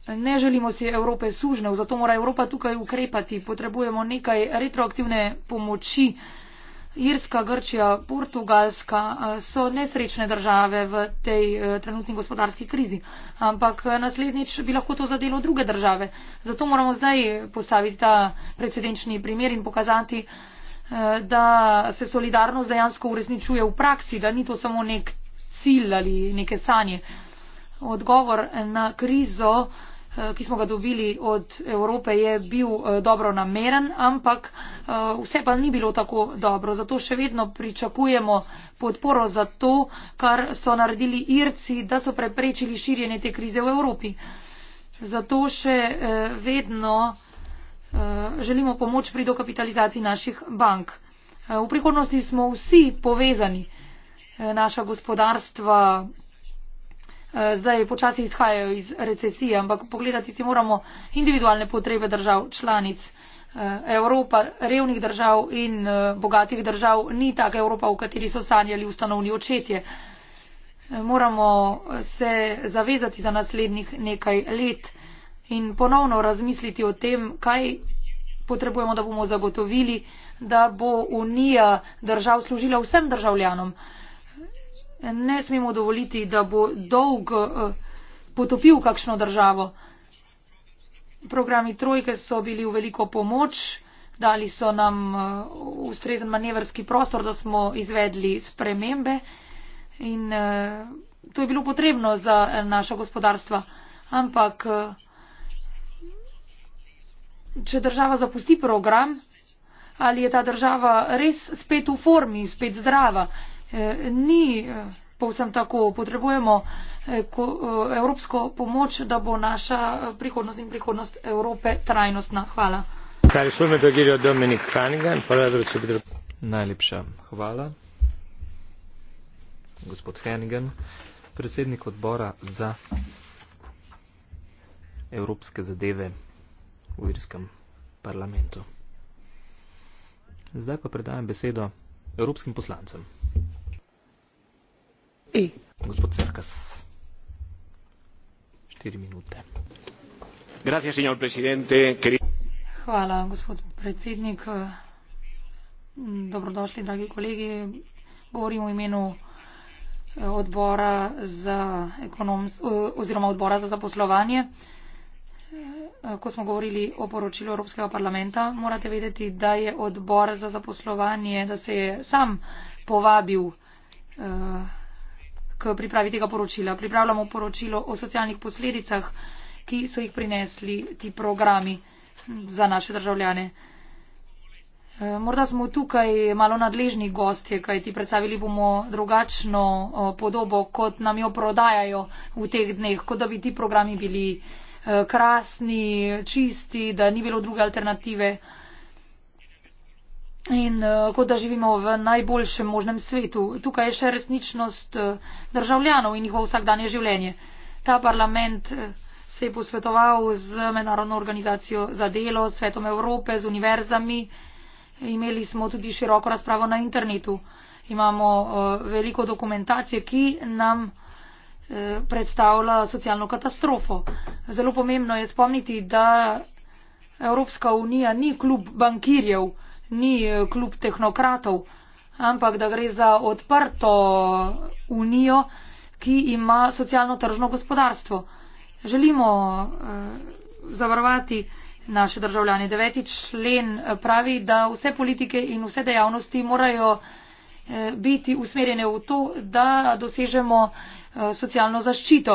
Ne želimo si Evrope sužnev, zato mora Evropa tukaj ukrepati. Potrebujemo nekaj retroaktivne pomoči. Irska, Grčija, Portugalska so nesrečne države v tej e, trenutni gospodarski krizi, ampak e, naslednjič bi lahko to zadelo druge države. Zato moramo zdaj postaviti ta precedenčni primer in pokazati, e, da se solidarnost dejansko uresničuje v praksi, da ni to samo nek cilj ali neke sanje. Odgovor na krizo Eh, ki smo ga dobili od Evrope, je bil eh, dobronameren, ampak eh, vse pa ni bilo tako dobro. Zato še vedno pričakujemo podporo za to, kar so naredili Irci, da so preprečili širjenje te krize v Evropi. Zato še vedno želimo pomoč pri dokapitalizaciji naših bank. V prihodnosti smo vsi povezani, naša gospodarstva, Eh, zdaj počasi izhajajo iz recesije, ampak pogledati si moramo individualne potrebe držav članic. Eh, Evropa revnih držav in eh, bogatih držav ni taka Evropa, v kateri so sanjali ustanovni očetje. Moramo se zavezati za naslednjih nekaj let in ponovno razmisliti o tem, kaj potrebujemo, da bomo zagotovili, da bo Unija držav služila vsem državljanom ne smemo dovoliti, da bo dolg eh, potopil kakšno državo. Programi trojke so bili v veliko pomoč, dali so nam eh, ustrezen manevrski prostor, da smo izvedli spremembe in eh, to je bilo potrebno za naše gospodarstva. Ampak, če država zapusti program, ali je ta država res spet v formi, spet zdrava? Eh, ni eh, povsem tako. Potrebujemo eh, evropsko pomoč, da bo naša prihodnost in prihodnost Evrope trajnostna. Hvala. Najlepša hvala. Gospod Henigen, predsednik odbora za evropske zadeve v Irskem parlamentu. Zdaj pa predajam besedo evropskim poslancem. E. Gospod Cercas. Štiri minute. Gracias, señor presidente. Queri... Hvala, gospod predsednik. Dobrodošli, dragi kolegi. Govorim v imenu eh, odbora za, ekonoms, eh, oziroma odbora za zaposlovanje. Eh, ko smo govorili o poročilu Evropskega parlamenta, morate vedeti, da je odbor za zaposlovanje, da se je sam povabil. Uh, k pripravi tega poročila. Pripravljamo poročilo o socialnih posledicah, ki so jih prinesli ti programi za naše državljane. E, morda smo tukaj malo nadležni gostje, kaj ti predstavili bomo drugačno podobo, kot nam jo prodajajo v teh dneh, kot da bi ti programi bili e, krasni, čisti, da ni bilo druge alternative in uh, kot da živimo v najboljšem možnem svetu. Tukaj je še resničnost uh, državljanov in njihovo vsakdanje življenje. Ta parlament uh, se je posvetoval z Mednarodno organizacijo za delo, Svetom Evrope, z univerzami. Imeli smo tudi široko razpravo na internetu. Imamo uh, veliko dokumentacije, ki nam uh, predstavlja socialno katastrofo. Zelo pomembno je spomniti, da Evropska unija ni klub bankirjev, ni eh, klub tehnokratov, ampak da gre za odprto unijo, ki ima socialno tržno gospodarstvo. Želimo uh, zavarovati naše državljane. Deveti člen eh, pravi, da vse politike in vse dejavnosti morajo biti usmerjene v to, da dosežemo socialno zaščito.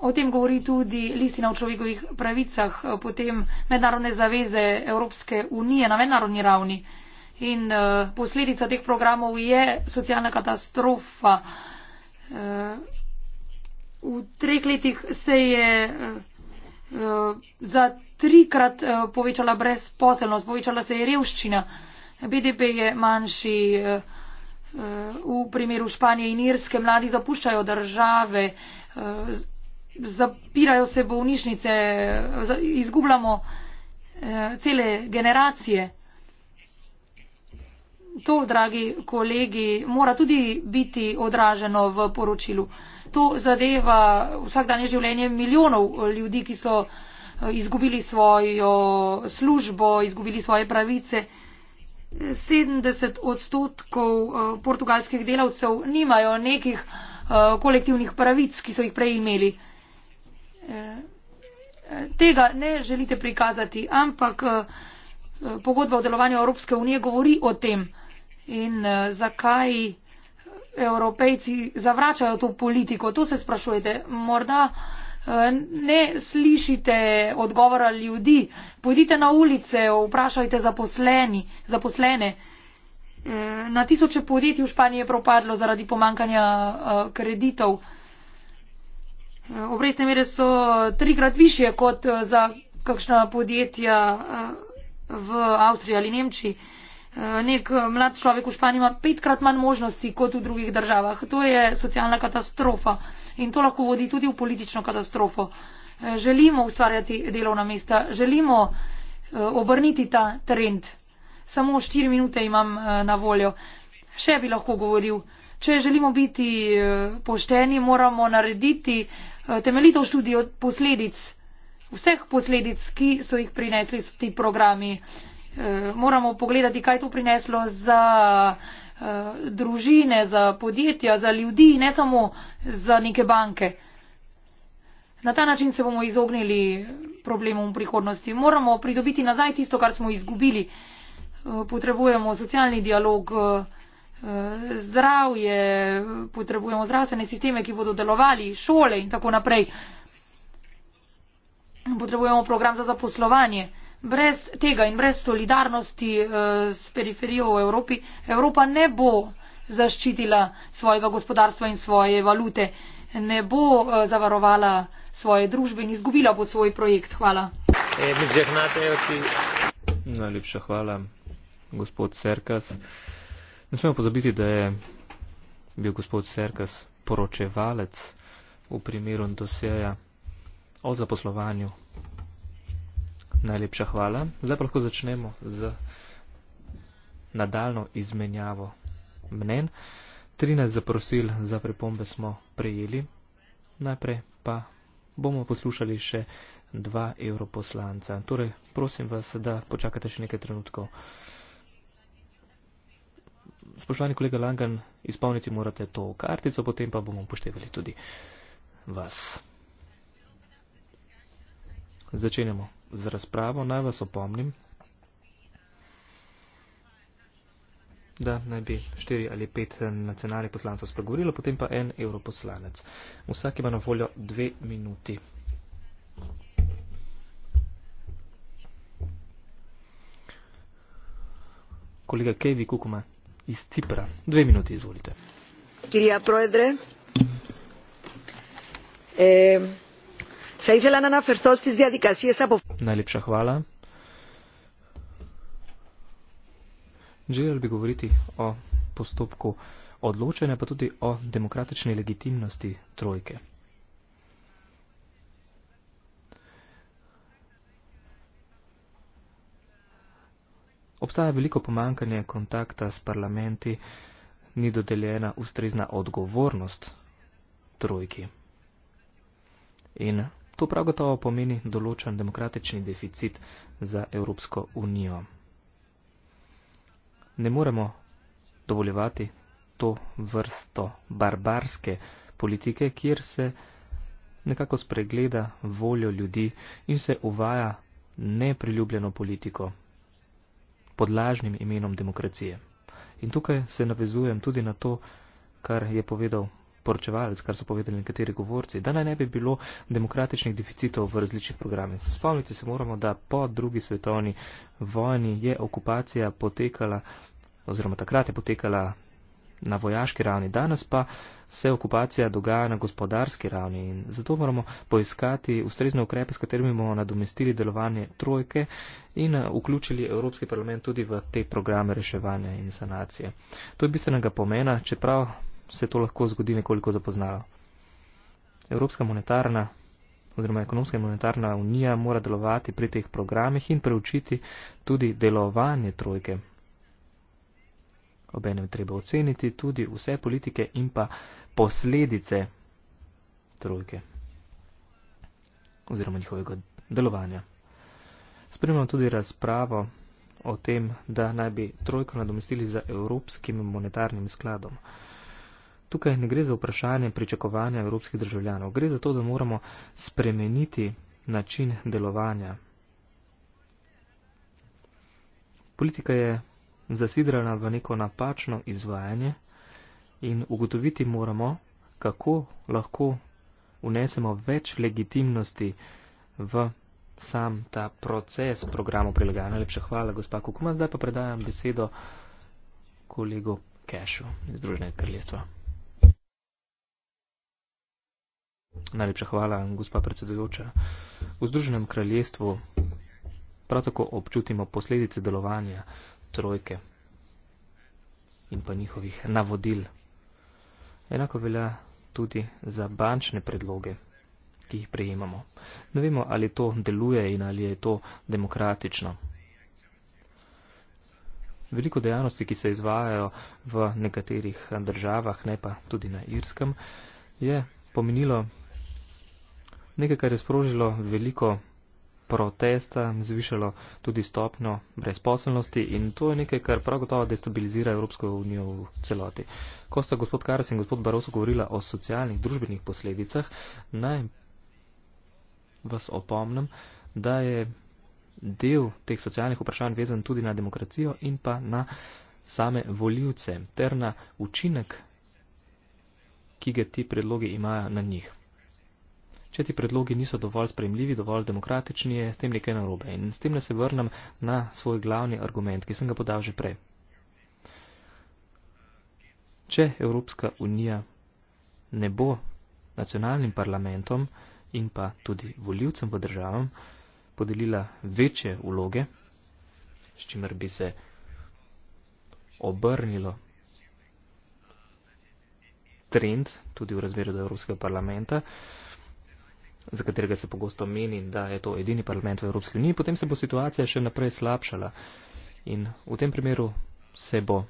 O tem govori tudi listina o človekovih pravicah, eh, potem mednarodne zaveze Evropske unije na mednarodni ravni. In uh, posledica teh programov je socialna katastrofa. Uh, v treh letih se je uh, za trikrat uh, povečala brezposelnost, povečala se je revščina. BDP je manjši. Uh, V primeru Španije in Irske mladi zapuščajo države, zapirajo se bolnišnice, izgubljamo eh, cele generacije. To, dragi kolegi, mora tudi biti odraženo v poročilu. To zadeva vsakdanje življenje milijonov ljudi, ki so eh, izgubili svojo službo, izgubili svoje pravice. 70 odstotkov eh, portugalskih delavcev nimajo nekih eh, kolektivnih pravic, ki so jih prej imeli tega ne želite prikazati, ampak eh, pogodba o delovanju Evropske unije govori o tem in eh, zakaj evropejci zavračajo to politiko, to se sprašujete. Morda eh, ne slišite odgovora ljudi, pojdite na ulice, vprašajte zaposleni, zaposlene. Na tisoče podjetij v Španiji je propadlo zaradi pomankanja kreditov. Eh, obrestne mere so eh, trikrat više kot eh, za kakšna podjetja v Avstriji ali Nemčiji. Nek mlad človek v Španiji ima petkrat manj možnosti kot v drugih državah. To je socialna katastrofa in to lahko vodi tudi v politično katastrofo. Želimo ustvarjati delovna mesta, želimo obrniti ta trend. Samo štiri minute imam na voljo. Še bi lahko govoril. Če želimo biti pošteni, moramo narediti Eh, temeljito študijo posledic vseh posledic ki so jih prinesli ti programi eh, moramo pogledati kaj je to prineslo za eh, družine za podjetja za ljudi ne samo za neke banke na ta način se bomo izognili problemom v prihodnosti moramo pridobiti nazaj tisto kar smo izgubili potrebujemo socialni dialog zdravje, potrebujemo zdravstvene sisteme, ki bodo delovali, šole in tako naprej. Potrebujemo program za zaposlovanje. Brez tega in brez solidarnosti eh, s periferijo v Evropi Evropa ne bo zaščitila svojega gospodarstva in svoje valute, ne bo eh, zavarovala svoje družbe in izgubila bo svoj projekt. Hvala. Eh, Najlepša hvala, gospod Serkas. Ne smemo pozabiti, da je bil gospod Serkas poročevalec v primeru dosjeja o zaposlovanju. Najlepša hvala. Zdaj pa lahko začnemo z nadaljno izmenjavo mnen. 13 zaprosil za pripombe smo prejeli. Najprej pa bomo poslušali še dva evroposlanca. Torej, prosim vas, da počakate še nekaj trenutkov spoštovani kolega Langan, izpolniti morate to kartico, potem pa bomo upoštevali tudi vas. Začenjamo z razpravo. Naj vas opomnim, da naj bi štiri ali pet nacionalnih poslancev spregovorilo, potem pa en europoslanec. Vsak ima na voljo dve minuti. Kolega Kevi Kukuma iz Cipra. Dve minuti, izvolite. Kirija Proedre. Eh, se izela na nafertost iz diadikacije sa Najlepša hvala. Želel bi govoriti o postopku odločanja, pa tudi o demokratični legitimnosti trojke. Obstaja veliko pomankanje kontakta s parlamenti, ni dodeljena ustrezna odgovornost trojki. In to prav gotovo pomeni določen demokratični deficit za Evropsko unijo. Ne moremo dovoljevati to vrsto barbarske politike, kjer se nekako spregleda voljo ljudi in se uvaja nepriljubljeno politiko pod lažnim imenom demokracije. In tukaj se navezujem tudi na to, kar je povedal poročevalec, kar so povedali nekateri govorci, da naj ne bi bilo demokratičnih deficitov v različnih programih. Spomniti se moramo, da po drugi svetovni vojni je okupacija potekala, oziroma takrat je potekala na vojaški ravni, danes pa se okupacija dogaja na gospodarski ravni in zato moramo poiskati ustrezne ukrepe, s katerimi bomo nadomestili delovanje trojke in eh, vključili Evropski parlament tudi v te programe reševanja in sanacije. To je bistvenega pomena, čeprav se to lahko zgodi nekoliko zapoznalo. Evropska monetarna oziroma ekonomska in monetarna unija mora delovati pri teh programih in preučiti tudi delovanje trojke. Obenem treba oceniti tudi vse politike in pa posledice trojke oziroma njihovega delovanja. Spremljamo tudi razpravo o tem, da naj bi trojko nadomestili za Evropskim monetarnim skladom. Tukaj ne gre za vprašanje pričakovanja evropskih državljanov, gre za to, da moramo spremeniti način delovanja. Politika je zasidrana v neko napačno izvajanje in ugotoviti moramo, kako lahko unesemo več legitimnosti v sam ta proces programov prilagajanja. Najlepša hvala, gospa Kukuma. Zdaj pa predajam besedo kolegu Kešu iz Združenega krljestva. Najlepša hvala, gospa predsedujoča. V Združenem kraljestvu prav tako občutimo posledice delovanja trojke in pa njihovih navodil. Enako velja tudi za bančne predloge, ki jih prejemamo. Ne vemo, ali to deluje in ali je to demokratično. Veliko dejavnosti, ki se izvajajo v nekaterih državah, ne pa tudi na Irskem, je pomenilo nekaj, kar je sprožilo veliko protesta zvišalo tudi stopno brezposelnosti in to je nekaj, kar prav gotovo destabilizira Evropsko unijo v celoti. Ko sta gospod Karas in gospod Baroso govorila o socialnih družbenih posledicah, naj vas opomnim, da je del teh socialnih vprašanj vezan tudi na demokracijo in pa na same voljivce ter na učinek, ki ga ti predlogi imajo na njih če ti predlogi niso dovolj sprejemljivi, dovolj demokratični, je s tem nekaj narobe. In s tem ne se vrnem na svoj glavni argument, ki sem ga podal že prej. Če Evropska unija ne bo nacionalnim parlamentom in pa tudi voljivcem v državam podelila večje vloge, s čimer bi se obrnilo trend tudi v razmerju do Evropskega parlamenta, za katerega se pogosto meni, da je to edini parlament v Evropski uniji, potem se bo situacija še naprej slabšala. In v tem primeru se bo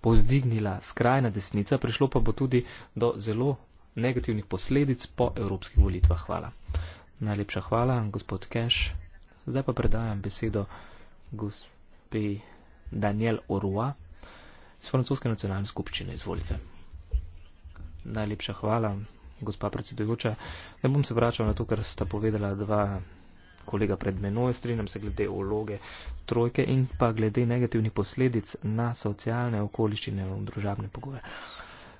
pozdignila skrajna desnica, prišlo pa bo tudi do zelo negativnih posledic po evropskih volitvah. Hvala. Najlepša hvala, gospod Keš. Zdaj pa predajam besedo gospe Daniel Orua iz Francoske nacionalne skupščine. Izvolite. Najlepša hvala, gospa predsedujoča. Ne bom se vračal na to, kar sta povedala dva kolega pred menoj, strinjam se glede uloge trojke in pa glede negativnih posledic na socialne okoliščine in družabne pogoje.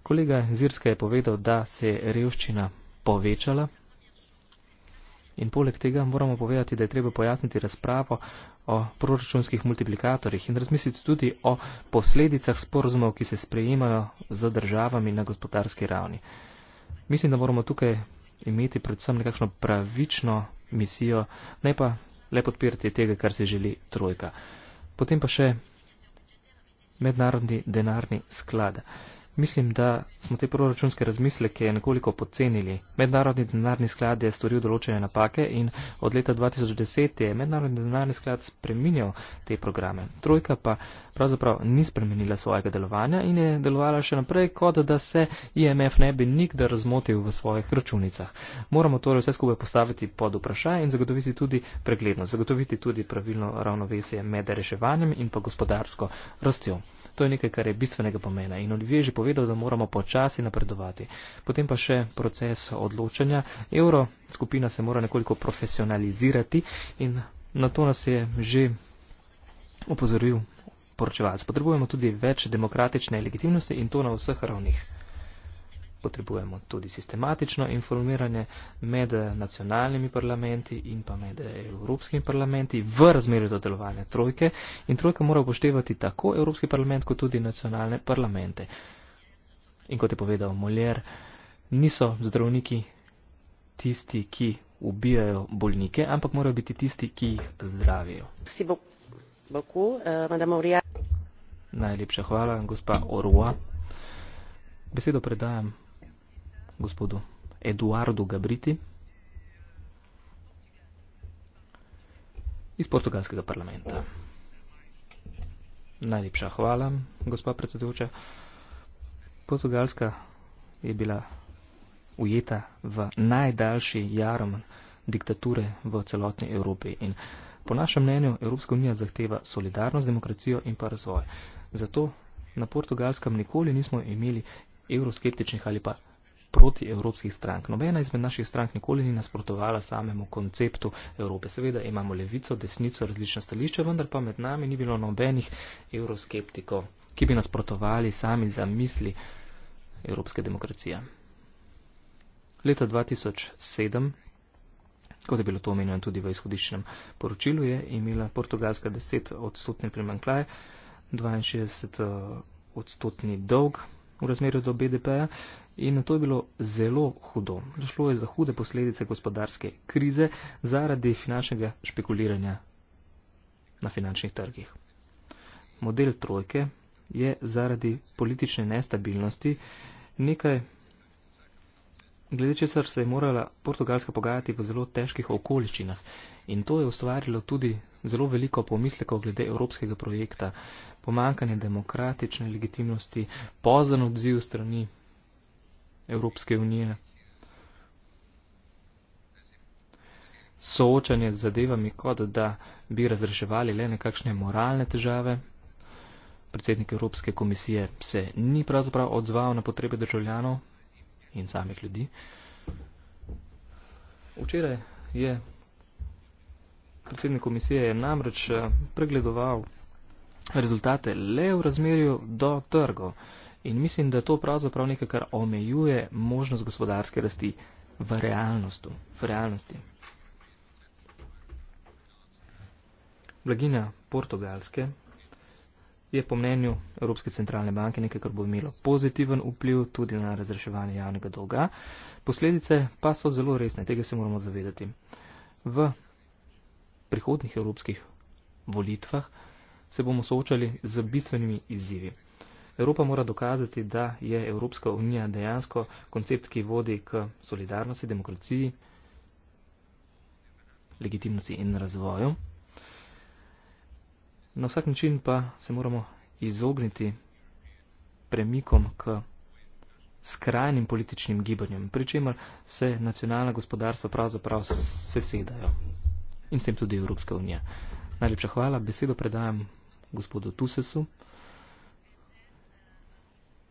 Kolega Zirska je povedal, da se je revščina povečala in poleg tega moramo povedati, da je treba pojasniti razpravo o proračunskih multiplikatorjih in razmisliti tudi o posledicah sporozumov, ki se sprejemajo z državami na gospodarski ravni. Mislim, da moramo tukaj imeti predvsem nekakšno pravično misijo, ne pa le podpirati tega, kar si želi trojka. Potem pa še mednarodni denarni sklad. Mislim, da smo te proračunske razmisleke nekoliko podcenili. Mednarodni denarni sklad je storil določene napake in od leta 2010 je Mednarodni denarni sklad spreminjal te programe. Trojka pa pravzaprav ni spremenila svojega delovanja in je delovala še naprej, kot da se IMF ne bi nikdar razmotil v svojih računicah. Moramo torej vse skupaj postaviti pod vprašaj in zagotoviti tudi preglednost, zagotoviti tudi pravilno ravnovesje med reševanjem in pa gospodarsko rastjo. To je nekaj, kar je bistvenega pomena povedal, da moramo počasi napredovati. Potem pa še proces odločanja. Euro skupina se mora nekoliko profesionalizirati in na to nas je že opozoril poročevalc. Potrebujemo tudi več demokratične legitimnosti in to na vseh ravnih. Potrebujemo tudi sistematično informiranje med nacionalnimi parlamenti in pa med evropskimi parlamenti v razmerju do delovanja trojke. In trojka mora upoštevati tako Evropski parlament kot tudi nacionalne parlamente. In kot je povedal Moljer, niso zdravniki tisti, ki ubijajo bolnike, ampak morajo biti tisti, ki jih zdravijo. Euh, Najlepša hvala, gospa Orua. Besedo predajam gospodu Eduardu Gabriti iz portugalskega parlamenta. Najlepša hvala, gospa predsedujoča. Portugalska je bila ujeta v najdaljši jarom diktature v celotni Evropi. In po našem mnenju Evropska unija zahteva solidarnost, demokracijo in pa razvoj. Zato na Portugalskem nikoli nismo imeli evroskeptičnih ali pa proti evropskih strank. Nobena izmed naših strank nikoli ni nasprotovala samemu konceptu Evrope. Seveda imamo levico, desnico, različna stališča, vendar pa med nami ni bilo nobenih evroskeptikov ki bi nasprotovali sami za misli evropske demokracije. Leta 2007, kot je bilo to omenjeno tudi v izhodiščnem poročilu, je imela Portugalska 10 odstotni primankljaj, 62 odstotni dolg v razmerju do BDP-ja in to je bilo zelo hudo. Došlo je za hude posledice gospodarske krize zaradi finančnega špekuliranja na finančnih trgih. Model trojke, je zaradi politične nestabilnosti nekaj, glede česar se je morala Portugalska pogajati v zelo težkih okoliščinah. In to je ustvarilo tudi zelo veliko pomislekov glede evropskega projekta, pomankanje demokratične legitimnosti, pozan odziv strani Evropske unije, soočanje z zadevami, kot da bi razreševali le nekakšne moralne težave predsednik Evropske komisije se ni pravzaprav odzval na potrebe državljanov in samih ljudi. Včeraj je predsednik komisije je namreč eh, pregledoval rezultate le v razmerju do trgov in mislim, da to pravzaprav nekaj, kar omejuje možnost gospodarske rasti v, v realnosti. Blagina portugalske je po mnenju Evropske centralne banke nekaj, kar bo imelo pozitiven vpliv tudi na razreševanje javnega dolga. Posledice pa so zelo resne, tega se moramo zavedati. V prihodnih evropskih volitvah se bomo soočali z bistvenimi izzivi. Evropa mora dokazati, da je Evropska unija dejansko koncept, ki vodi k solidarnosti, demokraciji, legitimnosti in razvoju. Na vsak način pa se moramo izogniti premikom k skrajnim političnim gibanjem, pri čemer se nacionalna gospodarstva pravzaprav sesedajo in s tem tudi Evropska unija. Najlepša hvala, besedo predajam gospodu Tusesu,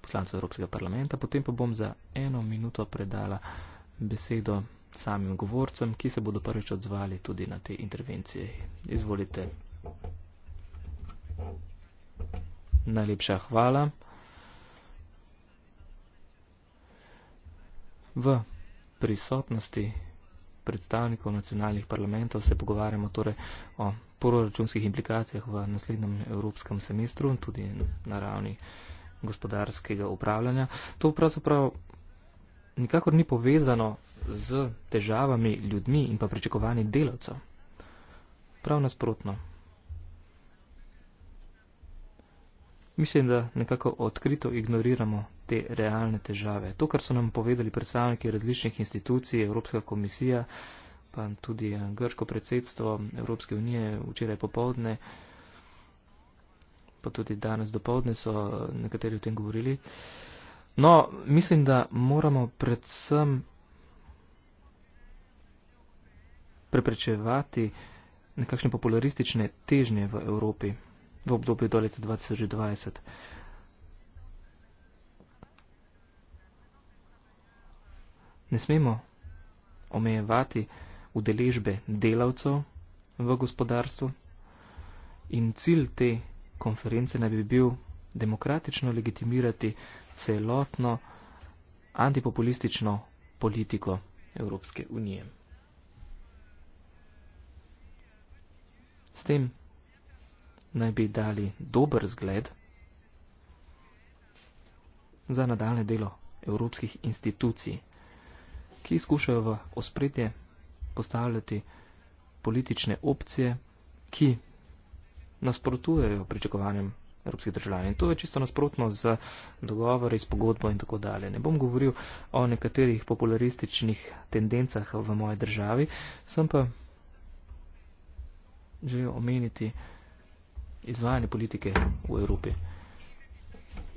poslancu Evropskega parlamenta, potem pa bom za eno minuto predala besedo samim govorcem, ki se bodo prvič odzvali tudi na te intervencije. Izvolite. Thank you. Najlepša hvala. V prisotnosti predstavnikov nacionalnih parlamentov se pogovarjamo torej o proračunskih implikacijah v naslednjem evropskem semestru, tudi na ravni gospodarskega upravljanja. To pravzaprav nikakor ni povezano z težavami ljudmi in pa pričakovanji delavcev. Prav nasprotno. Mislim, da nekako odkrito ignoriramo te realne težave. To, kar so nam povedali predstavniki različnih institucij, Evropska komisija, pa tudi eh, grško predsedstvo Evropske unije včeraj popovdne, pa tudi danes dopovdne so eh, nekateri o tem govorili. No, mislim, da moramo predvsem preprečevati nekakšne popularistične težnje v Evropi v obdobju do leta 2020. Ne smemo omejevati udeležbe delavcev v gospodarstvu in cilj te konference naj bi bil demokratično legitimirati celotno antipopulistično politiko Evropske unije. S tem naj bi dali dober zgled za nadaljne delo evropskih institucij, ki skušajo v ospredje postavljati politične opcije, ki nasprotujejo pričakovanjem evropskih državljanov. In to je čisto nasprotno z dogovori, s pogodbo in tako dalje. Ne bom govoril o nekaterih popularističnih tendencah v moji državi, sem pa želel omeniti, izvajanje politike v Evropi.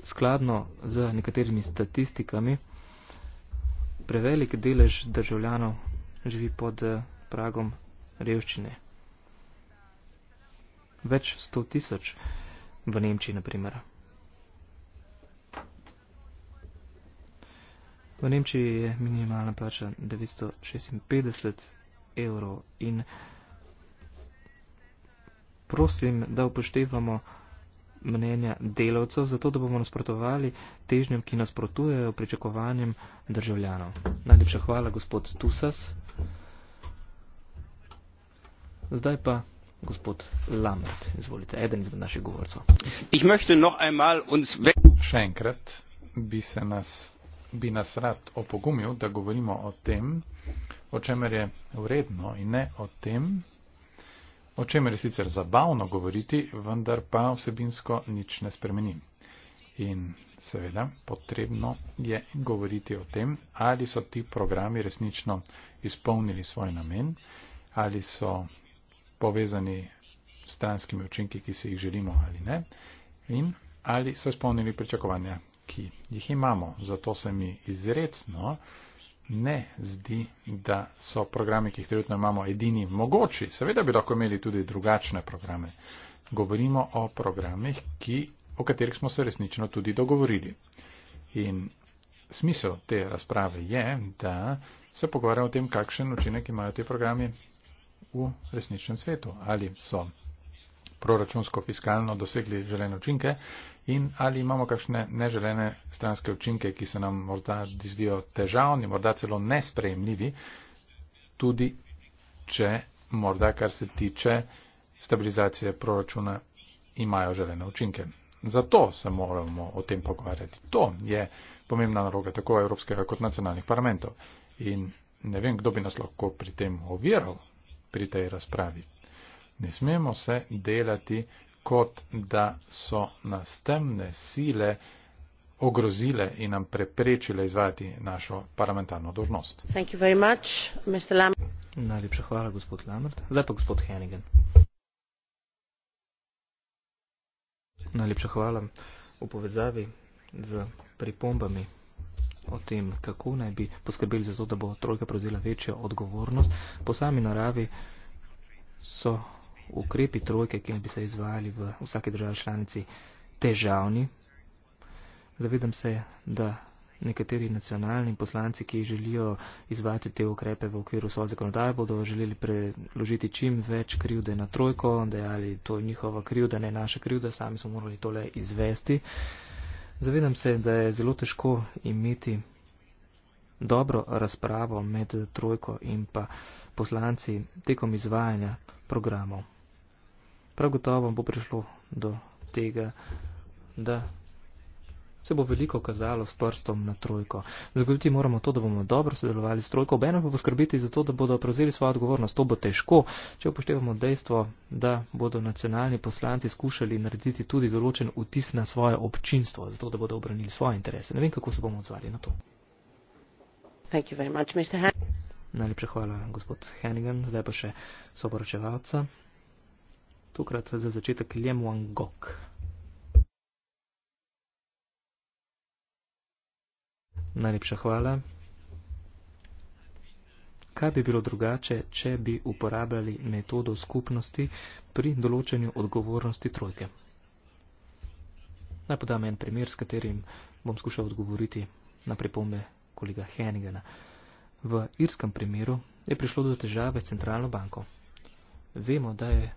Skladno z nekaterimi statistikami, prevelik delež državljanov živi pod eh, pragom revščine. Več sto tisoč v Nemčiji, na primer. V Nemčiji je minimalna plača 956 evrov in prosim, da upoštevamo mnenja delavcev, zato da bomo nasprotovali težnjem, ki nasprotujejo pričakovanjem državljanov. Najlepša hvala, gospod Tusas. Zdaj pa gospod Lambert, izvolite, eden izmed naših govorcev. Še enkrat bi, se nas, bi nas rad opogumil, da govorimo o tem, o čemer je vredno in ne o tem, o čemer je sicer zabavno govoriti, vendar pa vsebinsko nič ne spremeni. In seveda potrebno je govoriti o tem, ali so ti programi resnično izpolnili svoj namen, ali so povezani s stranskimi učinki, ki si jih želimo ali ne, in ali so izpolnili pričakovanja, ki jih imamo. Zato se mi izredno ne zdi, da so programi, ki jih trenutno imamo, edini mogoči. Seveda bi lahko imeli tudi drugačne programe. Govorimo o programih, ki, o katerih smo se resnično tudi dogovorili. In smisel te razprave je, da se pogovarjamo o tem, kakšen učinek imajo ti programi v resničnem svetu. Ali so proračunsko-fiskalno dosegli želene učinke in ali imamo kakšne neželene stranske učinke, ki se nam morda zdijo težavni, morda celo nesprejemljivi, tudi če morda, kar se tiče stabilizacije proračuna, imajo želene učinke. Zato se moramo o tem pogovarjati. To je pomembna naloga tako Evropskega kot nacionalnih parlamentov. In ne vem, kdo bi nas lahko pri tem oviral pri tej razpravi. Ne smemo se delati, kot da so nas temne sile ogrozile in nam preprečile izvajati našo parlamentarno dožnost. Najlepša hvala, gospod Lambert. Zdaj pa gospod Hennigan. Najlepša hvala v povezavi z pripombami o tem, kako naj bi poskrbeli za to, da bo trojka prevzela večjo odgovornost. Po sami naravi so ukrepi trojke, ki bi se izvajali v vsaki državi članici, težavni. Zavedam se, da nekateri nacionalni poslanci, ki želijo izvajati te ukrepe v okviru svoje zakonodaje, bodo želeli preložiti čim več krivde na trojko, dejali, to je njihova krivda, ne naša krivda, sami smo morali tole izvesti. Zavedam se, da je zelo težko imeti dobro razpravo med trojko in pa poslanci tekom izvajanja programov prav gotovo bo prišlo do tega, da se bo veliko kazalo s prstom na trojko. Zagotoviti moramo to, da bomo dobro sodelovali s trojko, obenem pa poskrbeti za to, da bodo prevzeli svojo odgovornost. To bo težko, če upoštevamo dejstvo, da bodo nacionalni poslanci skušali narediti tudi določen vtis na svoje občinstvo, zato da bodo obranili svoje interese. Ne vem, kako se bomo odzvali na to. Thank you very much, Mr. Najlepša hvala, gospod Hennigan. Zdaj pa še soporočevalca tokrat za začetek Lem Wangok. Najlepša hvala. Kaj bi bilo drugače, če bi uporabljali metodo skupnosti pri določenju odgovornosti trojke? Naj podam en primer, s katerim bom skušal odgovoriti na pripombe kolega Henigana. V irskem primeru je prišlo do težave s centralno banko. Vemo, da je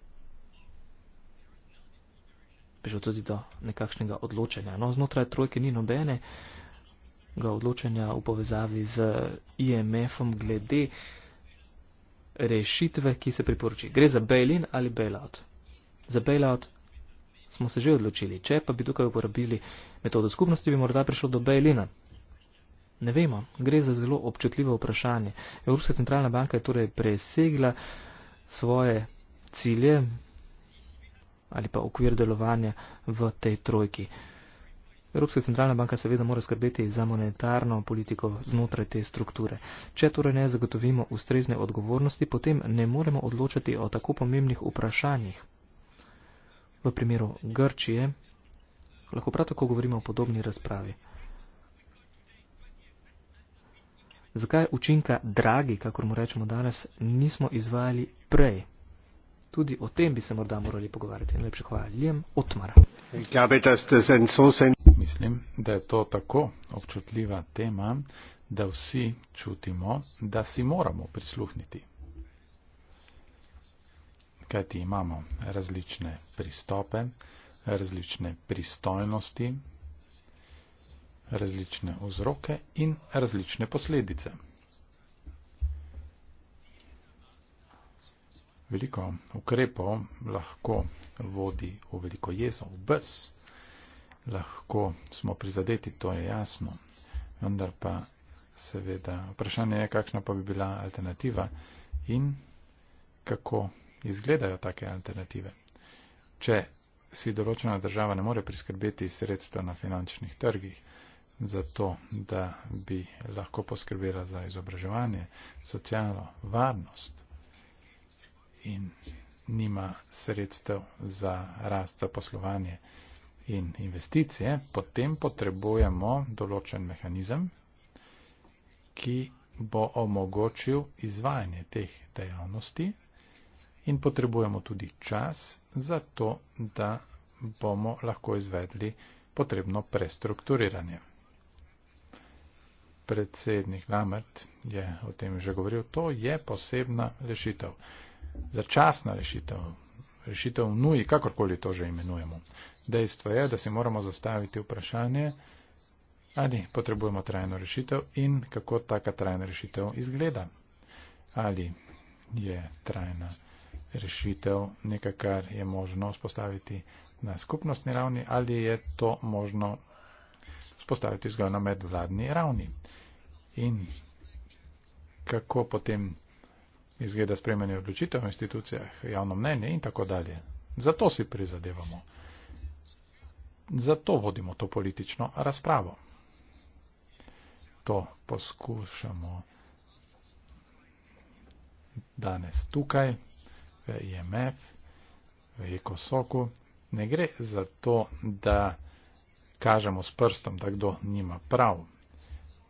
prišel tudi do nekakšnega odločanja. No, znotraj trojke ni nobene ga odločanja v povezavi z IMF-om glede rešitve, ki se priporoči. Gre za bail-in ali bail-out. Za bail-out smo se že odločili. Če pa bi tukaj uporabili metodo skupnosti, bi morda prišlo do bail-ina. Ne vemo, gre za zelo občutljivo vprašanje. Evropska centralna banka je torej presegla svoje cilje, ali pa okvir delovanja v tej trojki. Evropska centralna banka seveda mora skrbeti za monetarno politiko znotraj te strukture. Če torej ne zagotovimo ustrezne odgovornosti, potem ne moremo odločati o tako pomembnih vprašanjih. V primeru Grčije lahko prav tako govorimo o podobni razpravi. Zakaj učinka dragi, kakor mu rečemo danes, nismo izvajali prej? Tudi o tem bi se morda morali pogovarjati. Najlepša hvala, Ljem Otmar. Ja, Mislim, da je to tako občutljiva tema, da vsi čutimo, da si moramo prisluhniti. Kajti imamo različne pristope, različne pristojnosti, različne vzroke in različne posledice. veliko ukrepov lahko vodi v veliko jezo, v bes. Lahko smo prizadeti, to je jasno. Vendar pa seveda vprašanje je, kakšna pa bi bila alternativa in kako izgledajo take alternative. Če si določena država ne more priskrbeti sredstva na finančnih trgih, zato da bi lahko poskrbela za izobraževanje, socialno varnost, in nima sredstev za rast za poslovanje in investicije, potem potrebujemo določen mehanizem, ki bo omogočil izvajanje teh dejavnosti in potrebujemo tudi čas za to, da bomo lahko izvedli potrebno prestrukturiranje. Predsednik Lamert je o tem že govoril, to je posebna rešitev začasna rešitev, rešitev v nuji, kakorkoli to že imenujemo. Dejstvo je, da si moramo zastaviti vprašanje, ali potrebujemo trajno rešitev in kako taka trajna rešitev izgleda. Ali je trajna rešitev nekaj, kar je možno vzpostaviti na skupnostni ravni, ali je to možno vzpostaviti zgolj na medvladni ravni. In kako potem izgleda spremenje odločitev v institucijah, javno mnenje in tako dalje. Zato si prizadevamo. Zato vodimo to politično razpravo. To poskušamo danes tukaj, v IMF, e v ECOSOKU. Ne gre za to, da kažemo s prstom, da kdo nima prav.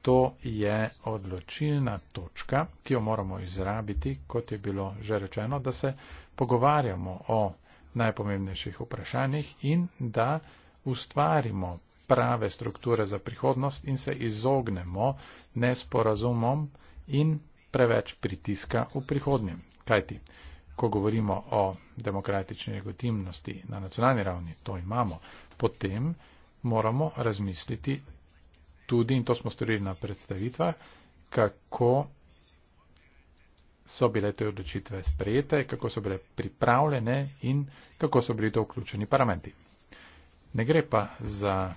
To je odločilna točka, ki jo moramo izrabiti, kot je bilo že rečeno, da se pogovarjamo o najpomembnejših vprašanjih in da ustvarimo prave strukture za prihodnost in se izognemo nesporazumom in preveč pritiska v prihodnjem. Kajti, ko govorimo o demokratični legitimnosti na nacionalni ravni, to imamo, potem moramo razmisliti tudi, in to smo storili na predstavitvah, kako so bile te odločitve sprejete, kako so bile pripravljene in kako so bili to vključeni parlamenti. Ne gre pa za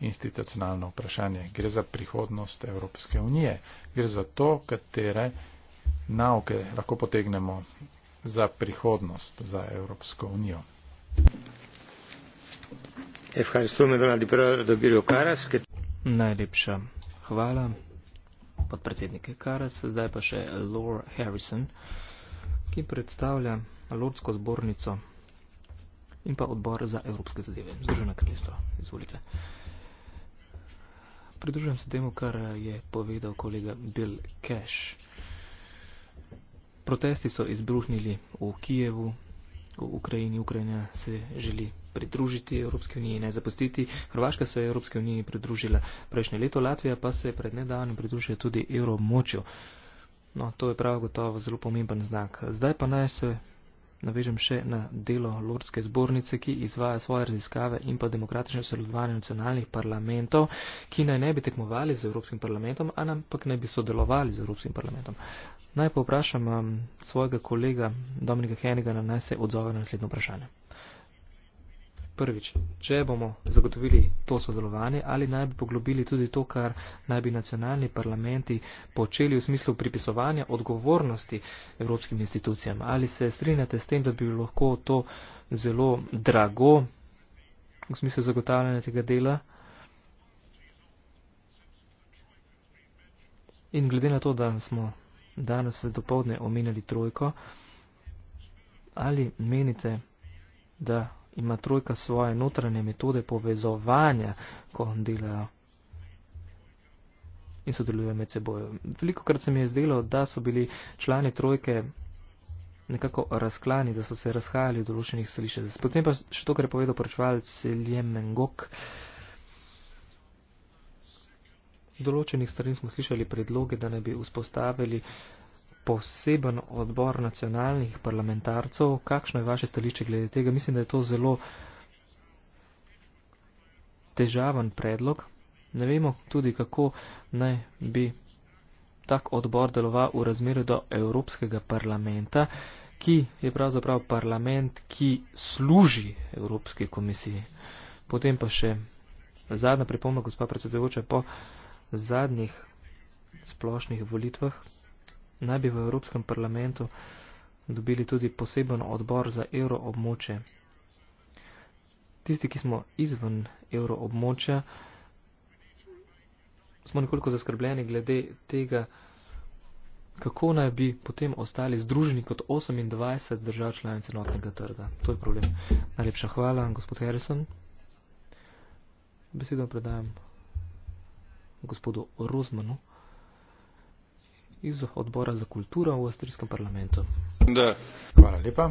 institucionalno vprašanje, gre za prihodnost Evropske unije, gre za to, katere nauke lahko potegnemo za prihodnost za Evropsko unijo. Najlepša hvala, podpredsednik Karas. Zdaj pa še Lore Harrison, ki predstavlja Lordsko zbornico in pa odbor za evropske zadeve. Združena kraljestva, izvolite. Pridružujem se temu, kar je povedal kolega Bill Cash. Protesti so izbruhnili v Kijevu, v Ukrajini. Ukrajina se želi pridružiti Evropske unije in ne zapustiti. Hrvaška se je Evropske unije pridružila prejšnje leto, Latvija pa se je pred nedavnim pridružila tudi evromočjo. No, to je prav gotovo zelo pomemben znak. Zdaj pa naj se navežem še na delo Lordske zbornice, ki izvaja svoje raziskave in pa demokratično sodelovanje nacionalnih parlamentov, ki naj ne bi tekmovali z Evropskim parlamentom, ampak naj bi sodelovali z Evropskim parlamentom. Naj pa vprašam um, svojega kolega Dominika Henega, naj se odzove na naslednjo vprašanje. Prvič, če bomo zagotovili to sodelovanje ali naj bi poglobili tudi to, kar naj bi nacionalni parlamenti počeli v smislu pripisovanja odgovornosti evropskim institucijam. Ali se strinjate s tem, da bi lahko to zelo drago v smislu zagotavljanja tega dela? In glede na to, da smo danes dopovdne omenjali trojko, ali menite, da ima trojka svoje notranje metode povezovanja, ko on delajo in sodelujejo med seboj. Veliko krat se mi je zdelo, da so bili člani trojke nekako razklani, da so se razhajali v določenih stališčih. Potem pa še to, kar je povedal pričevalec Ljemengok. V določenih stranih smo slišali predloge, da ne bi vzpostavili poseben odbor nacionalnih parlamentarcev. Kakšno je vaše stališče glede tega? Mislim, da je to zelo težaven predlog. Ne vemo tudi, kako naj bi tak odbor deloval v razmeru do Evropskega parlamenta, ki je pravzaprav parlament, ki služi Evropske komisiji. Potem pa še zadnja pripomba, gospod predsedujoče, po zadnjih splošnih volitvah, naj bi v Evropskem parlamentu dobili tudi poseben odbor za euroobmoče. Tisti, ki smo izven euroobmoča, smo nekoliko zaskrbljeni glede tega, kako naj bi potem ostali združeni kot 28 držav članic enotnega trga. To je problem. Najlepša hvala, gospod Harrison. Besedo predajam gospodu Rozmanu iz odbora za kulturo v Avstrijskem parlamentu. Da. Hvala lepa.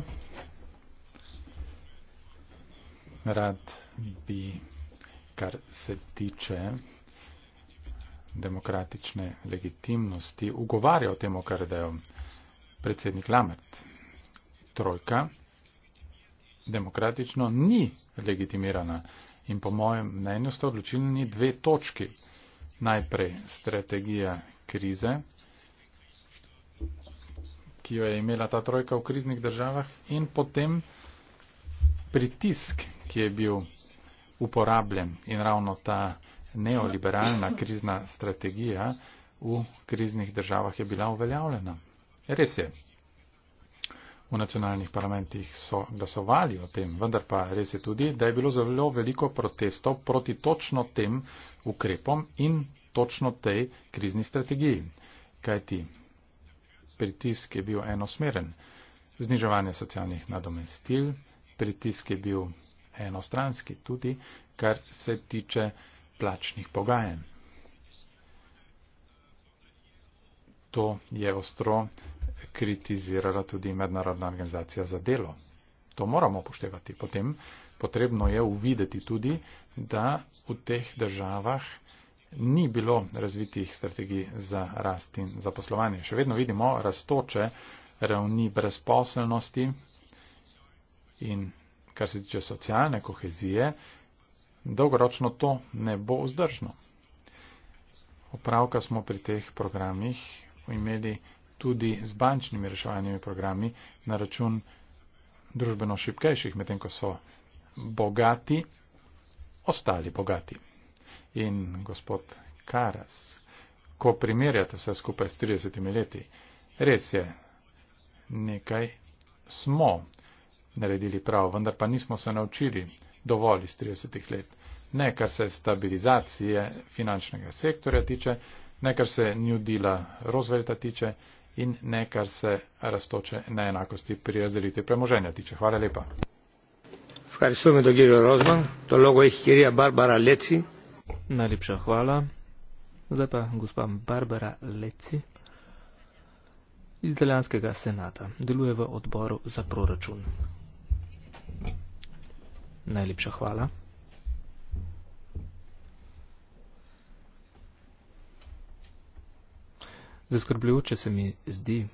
Rad bi, kar se tiče demokratične legitimnosti, ugovarjal temu, kar je dejal predsednik Lamert. Trojka demokratično ni legitimirana in po mojem mnenju sta odločilni dve točki. Najprej strategija krize, ki jo je imela ta trojka v kriznih državah in potem pritisk, ki je bil uporabljen in ravno ta neoliberalna krizna strategija v kriznih državah je bila uveljavljena. Res je. V nacionalnih parlamentih so glasovali o tem, vendar pa res je tudi, da je bilo zelo veliko protestov proti točno tem ukrepom in točno tej krizni strategiji. Kajti pritisk je bil enosmeren. Zniževanje socialnih nadomestil, pritisk je bil enostranski tudi, kar se tiče plačnih pogajen. To je ostro kritizirala tudi Mednarodna organizacija za delo. To moramo upoštevati. Potem potrebno je uvideti tudi, da v teh državah ni bilo razvitih strategij za rast in zaposlovanje. Še vedno vidimo rastoče ravni brezposelnosti in kar se tiče socialne kohezije, dolgoročno to ne bo vzdržno. Opravka smo pri teh programih imeli tudi z bančnimi reševanjami programi na račun družbeno šipkejših, medtem ko so bogati ostali bogati in gospod Karas, ko primerjate vse skupaj s 30 leti, res je, nekaj smo naredili prav, vendar pa nismo se naučili dovolj iz 30 let. Ne, kar se stabilizacije finančnega sektorja tiče, ne, kar se New Deala Roosevelta tiče in ne, kar se raztoče neenakosti pri razdelitvi premoženja tiče. Hvala lepa. Ευχαριστούμε τον κύριο Ρόσμαν. Το λόγο έχει η κυρία Μπάρμπαρα Λέτσι. Najlepša hvala. Zdaj pa gospa Barbara Leci iz italijanskega senata. Deluje v odboru za proračun. Najlepša hvala. Zaskrbljujoče se mi zdi,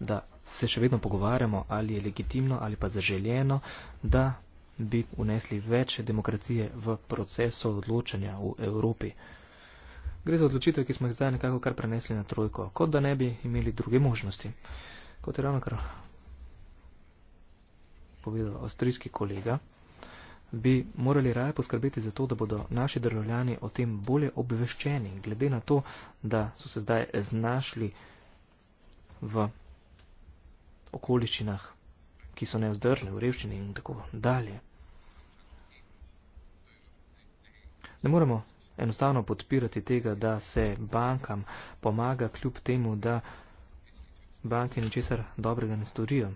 da se še vedno pogovarjamo, ali je legitimno ali pa zaželjeno, da bi unesli več demokracije v proceso odločanja v Evropi. Gre za odločitev, ki smo jih zdaj nekako kar prenesli na trojko, kot da ne bi imeli druge možnosti. Kot je ravno kar povedal avstrijski kolega, bi morali raje poskrbeti za to, da bodo naši državljani o tem bolje obveščeni, glede na to, da so se zdaj znašli v okoliščinah, ki so neozdržne, v revščini in tako dalje. Ne moremo enostavno podpirati tega, da se bankam pomaga kljub temu, da banke ničesar dobrega ne storijo.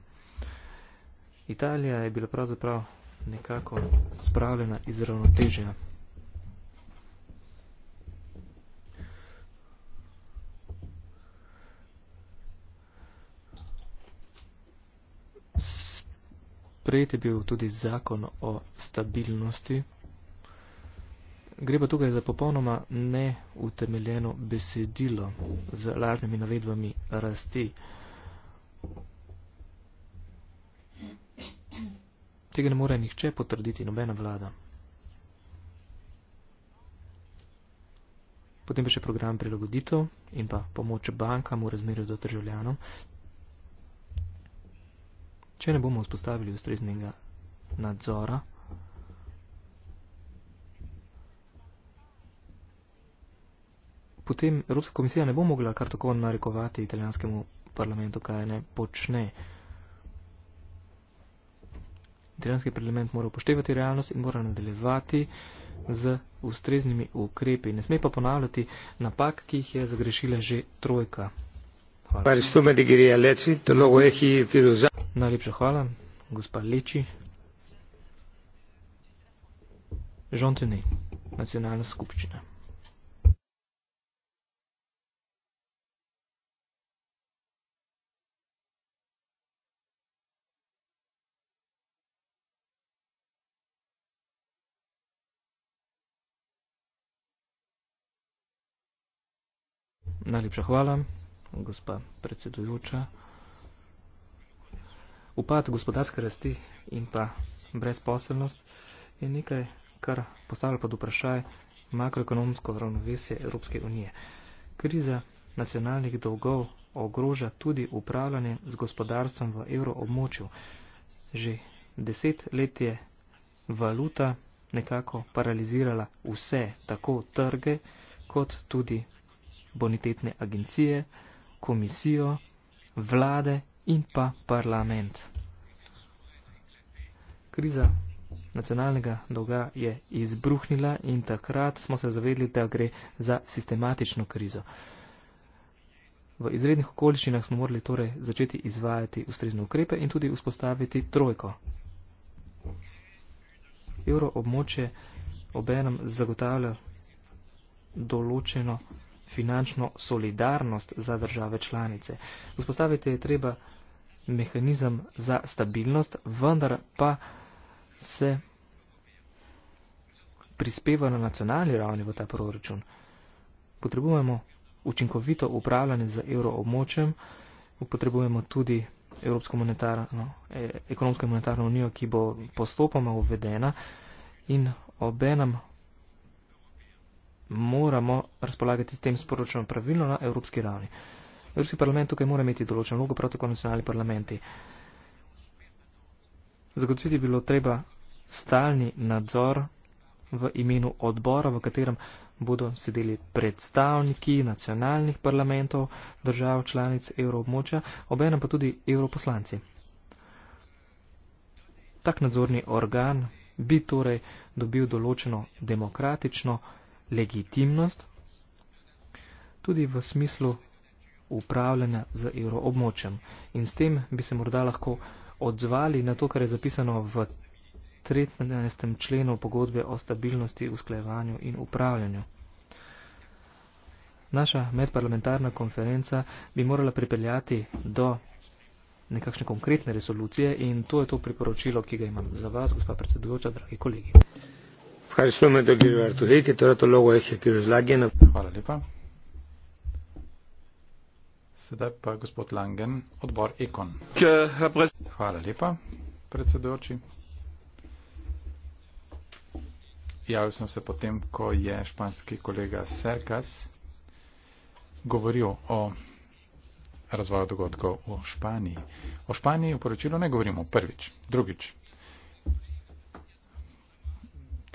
Italija je bila pravzaprav nekako spravljena iz ravnotežja. Prejte bil tudi zakon o stabilnosti gre pa tukaj za popolnoma neutemeljeno besedilo z lažnimi navedbami rasti. Tega ne more nihče potrditi, nobena vlada. Potem pa še program prilagoditev in pa pomoč bankam v razmerju do državljanov, če ne bomo vzpostavili ustreznega nadzora. potem Evropska komisija ne bo mogla kar tako narekovati italijanskemu parlamentu, kaj ne počne. Italijanski parlament mora upoštevati realnost in mora nadaljevati z ustreznimi ukrepi. Ne sme pa ponavljati napak, ki jih je zagrešila že trojka. Hvala. Najlepša hvala, gospa Leči. Jean Tenet, Nacionalna skupščina. Najlepša hvala, gospa predsedujoča. Upad gospodarske rasti in pa brezposelnost je nekaj, kar postavlja pod vprašaj makroekonomsko ravnovesje Evropske unije. Kriza nacionalnih dolgov ogroža tudi upravljanje z gospodarstvom v evroobmočju. Že deset let je valuta nekako paralizirala vse, tako trge kot tudi bonitetne agencije, komisijo, vlade in pa parlament. Kriza nacionalnega dolga je izbruhnila in takrat smo se zavedli, da gre za sistematično krizo. V izrednih okoliščinah smo morali torej začeti izvajati ustrezne ukrepe in tudi vzpostaviti trojko. Evroobmoče obenem zagotavlja določeno finančno solidarnost za države članice. Vzpostaviti je treba mehanizem za stabilnost, vendar pa se prispeva na nacionalni ravni v ta proračun. Potrebujemo učinkovito upravljanje z evroobmočjem, potrebujemo tudi Evropsko monetarno, e, ekonomsko monetarno unijo, ki bo postopoma uvedena in obenem moramo razpolagati s tem sporočilom pravilno na evropski ravni. Evropski parlament tukaj mora imeti določen vlogo, prav tako nacionalni parlamenti. Zagotoviti bilo treba stalni nadzor v imenu odbora, v katerem bodo sedeli predstavniki nacionalnih parlamentov, držav, članic evroobmoča, obenem pa tudi evroposlanci. Tak nadzorni organ bi torej dobil določeno demokratično legitimnost, tudi v smislu upravljanja z evroobmočjem. In s tem bi se morda lahko odzvali na to, kar je zapisano v 13. členu pogodbe o stabilnosti, usklajevanju in upravljanju. Naša medparlamentarna konferenca bi morala pripeljati do nekakšne konkretne resolucije in to je to priporočilo, ki ga imam za vas, gospa predsedujoča, dragi kolegi. Hvala lepa. Sedaj pa gospod Langen, odbor Ekon. Hvala lepa, predsedujoči. Javil sem se potem, ko je španski kolega Serkas govoril o razvoju dogodkov v Španiji. O Španiji v poročilu ne govorimo prvič, drugič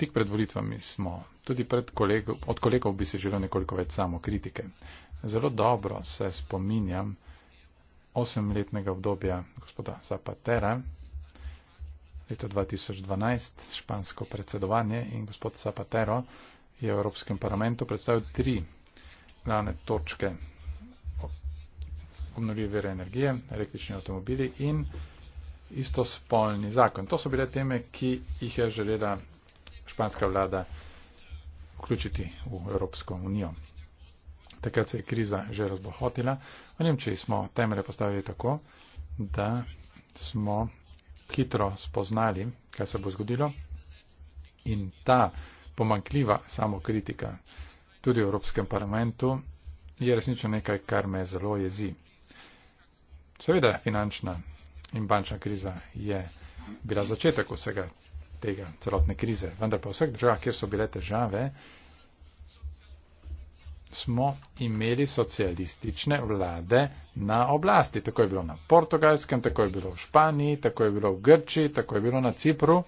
tik pred volitvami smo, tudi pred kolego, od kolegov bi se želel nekoliko več samo kritike. Zelo dobro se spominjam osemletnega obdobja gospoda Zapatera, leto 2012, špansko predsedovanje in gospod Zapatero je v Evropskem parlamentu predstavil tri glavne točke obnovljive vere energije, električni avtomobili in istospolni zakon. To so bile teme, ki jih je želela španska vlada vključiti v Evropsko unijo. Takrat se je kriza že razbohotila. V Nemčiji smo temelje postavili tako, da smo hitro spoznali, kaj se bo zgodilo in ta pomankljiva samokritika tudi v Evropskem parlamentu je resnično nekaj, kar me zelo jezi. Seveda, finančna in bančna kriza je bila začetek vsega tega celotne krize. Vendar pa v vseh državah, kjer so bile težave, smo imeli socialistične vlade na oblasti. Tako je bilo na portugalskem, tako je bilo v Španiji, tako je bilo v Grči, tako je bilo na Cipru,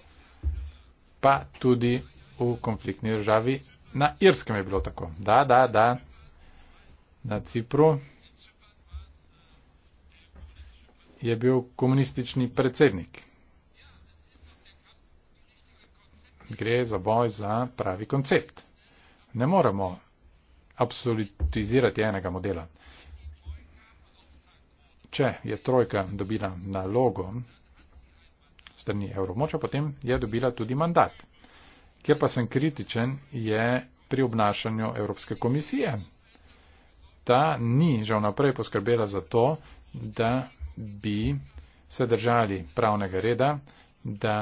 pa tudi v konfliktni državi na Irskem je bilo tako. Da, da, da, na Cipru je bil komunistični predsednik. gre za boj za pravi koncept. Ne moramo absolutizirati enega modela. Če je trojka dobila nalogo strani evromoča, potem je dobila tudi mandat. Kje pa sem kritičen, je pri obnašanju Evropske komisije. Ta ni že vnaprej poskrbela za to, da bi se držali pravnega reda, da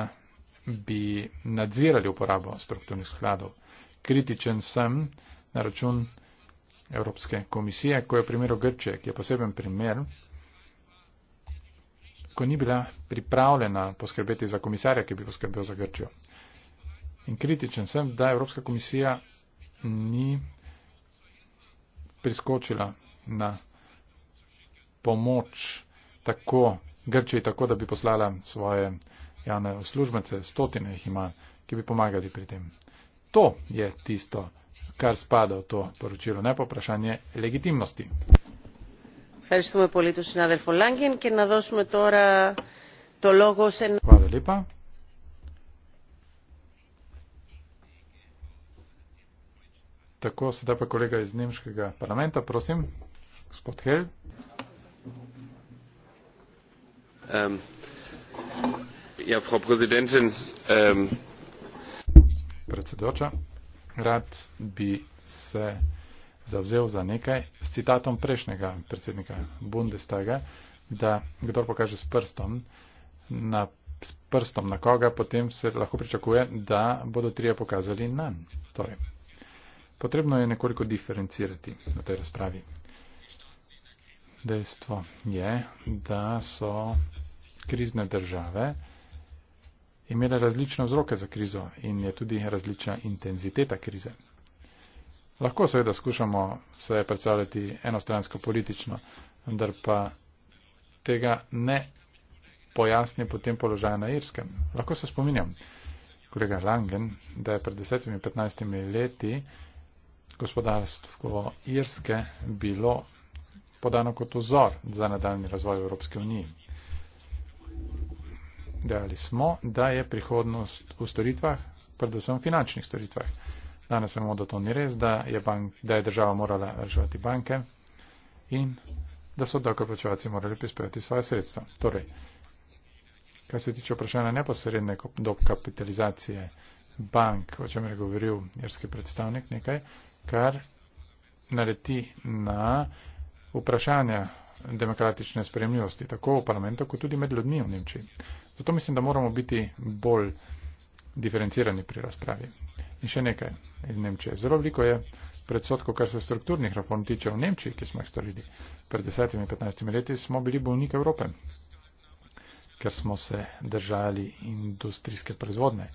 bi nadzirali uporabo strukturnih skladov. Kritičen sem na račun Evropske komisije, ko je v primeru Grče, ki je poseben primer, ko ni bila pripravljena poskrbeti za komisarja, ki bi poskrbel za Grčjo. In kritičen sem, da Evropska komisija ni priskočila na pomoč tako Grčiji, tako da bi poslala svoje javne uslužbence, stotine jih ima, ki bi pomagali pri tem. To je tisto, kar spada v to poročilo, ne pa vprašanje legitimnosti. Hvala lepa. Tako, sedaj pa kolega iz Nemškega parlamenta, prosim, gospod Hel. Um. Ja, frau Präsidentin, ähm, predsedujoča, rad bi se zavzel za nekaj s citatom prejšnjega predsednika Bundestaga, da kdor pokaže s prstom na, s prstom na koga, potem se lahko pričakuje, da bodo trije pokazali na nj. Torej, potrebno je nekoliko diferencirati na tej razpravi. Dejstvo je, da so krizne države, imela različne vzroke za krizo in je tudi različna intenziteta krize. Lahko seveda skušamo se predstavljati enostransko politično, vendar pa tega ne pojasni potem položaja na Irskem. Lahko se spominjam kolega Langen, da je pred 10-15 leti gospodarstvo Irske bilo podano kot ozor za nadaljni razvoj Evropske unije dejali smo, da je prihodnost v storitvah, predvsem v finančnih storitvah. Danes vemo, da to ni res, da je, bank, da je država morala reševati banke in da so davkoplačevalci morali prispevati svoje sredstva. Torej, kar se tiče vprašanja neposredne dokapitalizacije bank, o čem je govoril jerski predstavnik, nekaj, kar naleti na vprašanja demokratične spremljivosti, tako v parlamentu, kot tudi med ljudmi v Nemčiji. Zato mislim, da moramo biti bolj diferencirani pri razpravi. In še nekaj iz Nemčije. Zelo veliko je predsotkov, kar se strukturnih reform tiče v Nemčiji, ki smo jih storili. Pred 10-15 leti smo bili bolnik Evrope, ker smo se držali industrijske proizvodne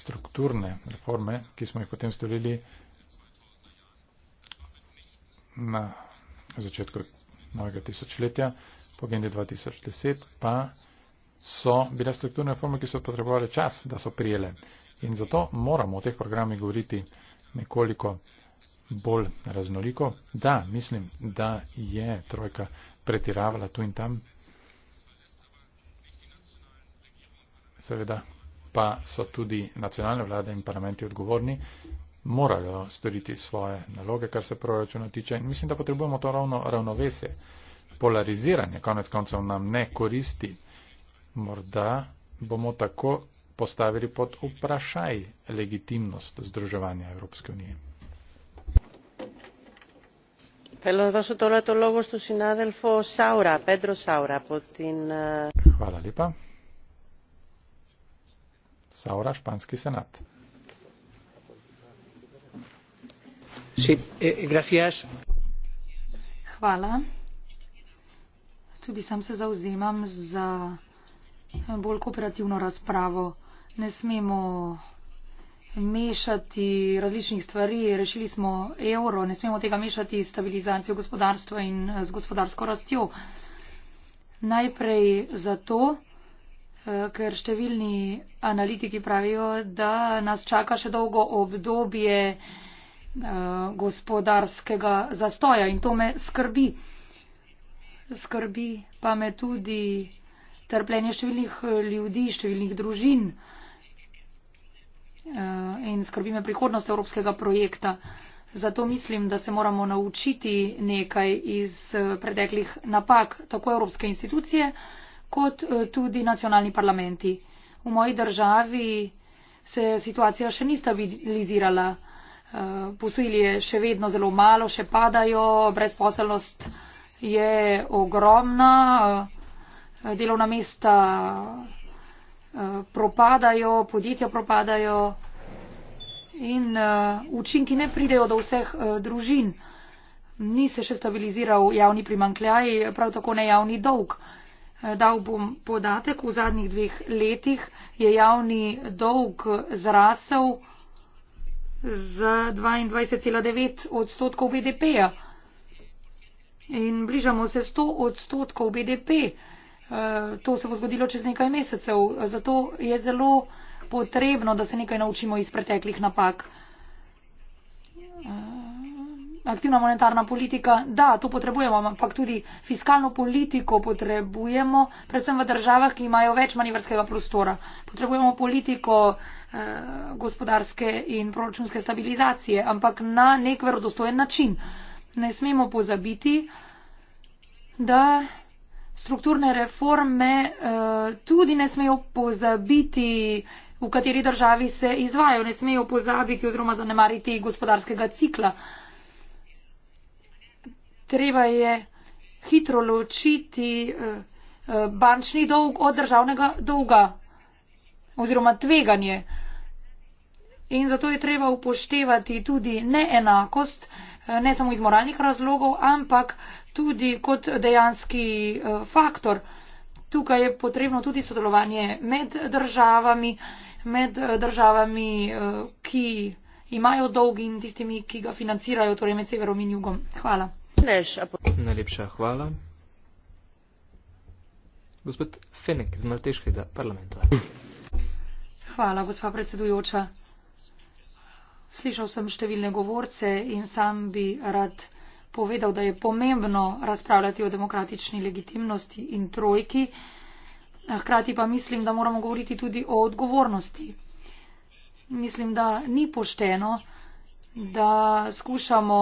strukturne reforme, ki smo jih potem storili na začetku novega tisočletja, po agendi 2010, pa so bile strukturne reforme, ki so potrebovali čas, da so prijele. In zato moramo o teh programih govoriti nekoliko bolj raznoliko. Da, mislim, da je trojka pretiravala tu in tam. Seveda pa so tudi nacionalne vlade in parlamenti odgovorni, morajo storiti svoje naloge, kar se proračuna tiče. In mislim, da potrebujemo to ravno ravnovesje polariziranje konec koncev nam ne koristi. Morda bomo tako postavili pod vprašaj legitimnost združevanja Evropske unije. Hvala lepa. Saura, španski senat. Eh, Hvala tudi sam se zauzemam za bolj kooperativno razpravo. Ne smemo mešati različnih stvari. Rešili smo evro, ne smemo tega mešati s stabilizacijo gospodarstva in eh, z gospodarsko rastjo. Najprej zato, eh, ker številni analitiki pravijo, da nas čaka še dolgo obdobje eh, gospodarskega zastoja in to me skrbi skrbi pa me tudi trpljenje številnih eh, ljudi, številnih družin eh, in skrbi me prihodnost evropskega projekta. Zato mislim, da se moramo naučiti nekaj iz eh, preteklih napak, tako evropske institucije, kot tudi nacionalni parlamenti. V moji državi se situacija še ni stabilizirala. Posojili je še vedno zelo malo, še padajo, brezposelnost je ogromna, eh, delovna mesta eh, propadajo, podjetja propadajo in eh, učinki ne pridejo do vseh družin. Ni se še stabiliziral javni primankljaj, prav tako ne javni dolg. Dal bom podatek, v zadnjih dveh letih je javni dolg zrasel z 22,9 odstotkov BDP-ja in bližamo se 100 odstotkov BDP. Eh, to se bo zgodilo čez nekaj mesecev, zato je zelo potrebno, da se nekaj naučimo iz preteklih napak. Eh, aktivna monetarna politika, da, to potrebujemo, ampak tudi fiskalno politiko potrebujemo, predvsem v državah, ki imajo več manjvrskega prostora. Potrebujemo politiko eh, gospodarske in proračunske stabilizacije, ampak na nek verodostojen način. Eh, ne smemo pozabiti, da strukturne reforme eh, tudi ne smejo pozabiti, v kateri državi se izvajo, ne smejo pozabiti oziroma zanemariti gospodarskega cikla. Treba je hitro ločiti eh, eh, bančni dolg od državnega dolga oziroma tveganje. In zato je treba upoštevati tudi neenakost, Eh, ne samo iz moralnih razlogov ampak tudi kot dejanski eh, faktor. tukaj je potrebno tudi sodelovanje med državami med eh, državami ki imajo dolg in tistimi ki ga financirajo torej med severom in jugom. hvala. najlepša hvala. gospod fenek iz malteškega parlamenta. hvala gospa predsedujoča. Slišal sem številne govorce in sam bi rad povedal, da je pomembno razpravljati o demokratični legitimnosti in trojki. Hkrati pa mislim, da moramo govoriti tudi o odgovornosti. Mislim, da ni pošteno, da skušamo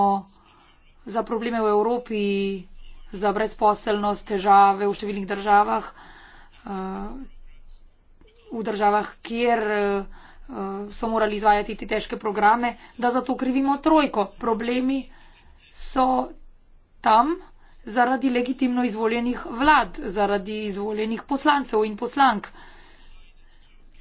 za probleme v Evropi, za brezposelnost, težave v številnih državah, eh, v državah, kjer eh, Eh, so morali izvajati te težke programe, da zato krivimo trojko. Problemi so tam zaradi legitimno izvoljenih vlad, zaradi izvoljenih poslancev in poslank.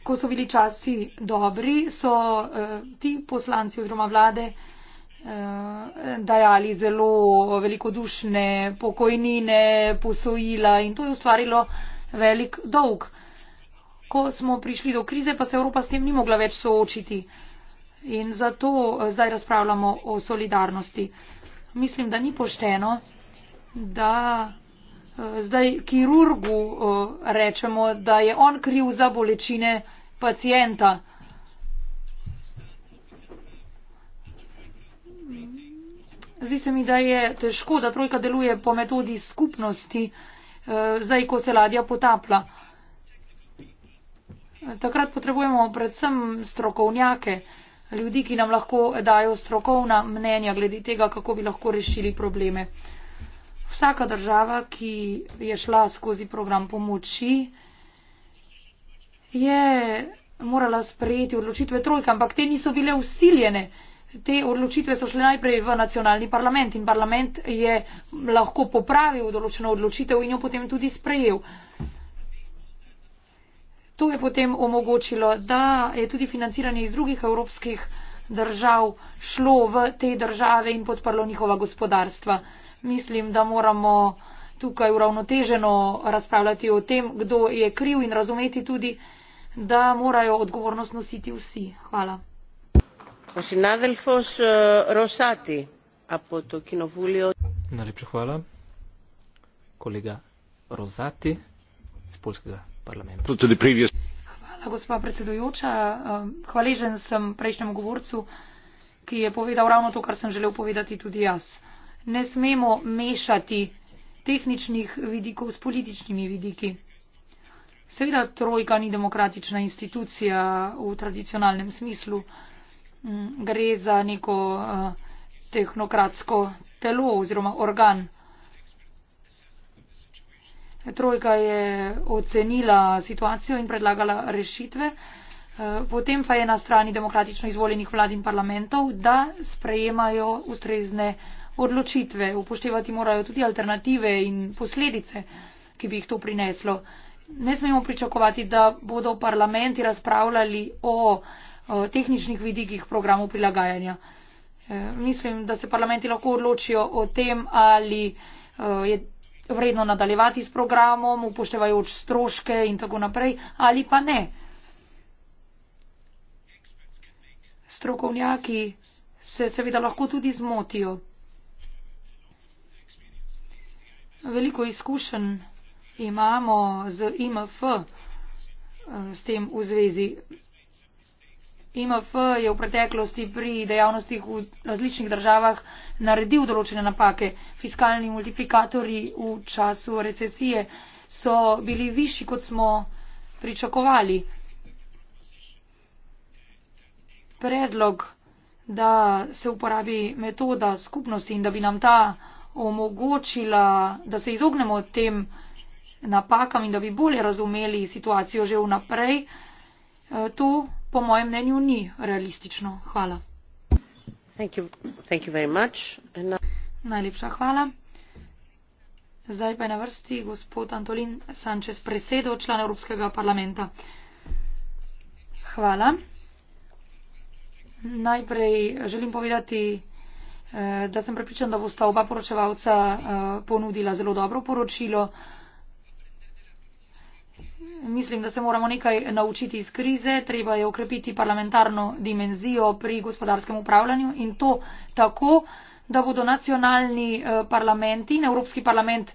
Ko so bili časti dobri, so eh, ti poslanci oziroma vlade eh, dajali zelo velikodušne pokojnine, posojila in to je ustvarilo velik dolg ko smo prišli do krize, pa se Evropa s tem ni mogla več soočiti. In zato eh, zdaj razpravljamo o solidarnosti. Mislim, da ni pošteno, da eh, zdaj kirurgu eh, rečemo, da je on kriv za bolečine pacijenta. Zdi se mi, da je težko, da trojka deluje po metodi skupnosti, zdaj ko se ladja potapla. Takrat potrebujemo predvsem strokovnjake, ljudi, ki nam lahko dajo strokovna mnenja glede tega, kako bi lahko rešili probleme. Vsaka država, ki je šla skozi program pomoči, je morala sprejeti odločitve trojka, ampak te niso bile usiljene. Te odločitve so šle najprej v nacionalni parlament in parlament je lahko popravil določeno odločitev in jo potem tudi sprejel. To je potem omogočilo, da je tudi financiranje iz drugih evropskih držav šlo v te države in podprlo njihova gospodarstva. Mislim, da moramo tukaj uravnoteženo razpravljati o tem, kdo je kriv in razumeti tudi, da morajo odgovornost nositi vsi. Hvala. Eh, Najlepša hvala. Kolega Rozati iz Polskega Ehm, hvaležen sem prejšnjemu govorcu, ki je povedal ravno to, kar sem želel povedati tudi jaz. Ne smemo mešati tehničnih vidikov s političnimi vidiki. Seveda, trojka ni demokratična institucija v tradicionalnem smislu. Mm, gre za neko eh, tehnokratsko telo oziroma organ trojka je ocenila situacijo in predlagala rešitve. Eh, potem pa je na strani demokratično izvoljenih vlad in parlamentov, da sprejemajo ustrezne odločitve. Upoštevati morajo tudi alternative in posledice, ki bi jih to prineslo. Ne smemo pričakovati, da bodo parlamenti razpravljali o, o eh, tehničnih vidikih programov prilagajanja. E, mislim, da se parlamenti lahko odločijo o tem, ali o, je vredno nadaljevati s programom, upoštevajoč stroške in tako naprej, ali pa ne. Strokovnjaki se seveda lahko tudi zmotijo. Veliko izkušenj imamo z IMF, eh, s tem v zvezi IMF je v preteklosti pri dejavnostih v različnih državah naredil določene napake. Fiskalni multiplikatorji v času recesije so bili višji, kot smo pričakovali. Predlog, da se uporabi metoda skupnosti in da bi nam ta omogočila, da se izognemo tem napakam in da bi bolje razumeli situacijo že vnaprej, eh, to po mojem mnenju ni realistično. Hvala. Thank you, thank you Najlepša hvala. Zdaj pa je na vrsti gospod Antolin Sanchez Presedo, član Evropskega parlamenta. Hvala. Najprej želim povedati, eh, da sem prepričan, da bosta oba poročevalca eh, ponudila zelo dobro poročilo. Mislim, da se moramo nekaj naučiti iz krize, treba je okrepiti parlamentarno dimenzijo pri gospodarskem upravljanju in to tako, da bodo nacionalni eh, parlamenti in Evropski parlament eh,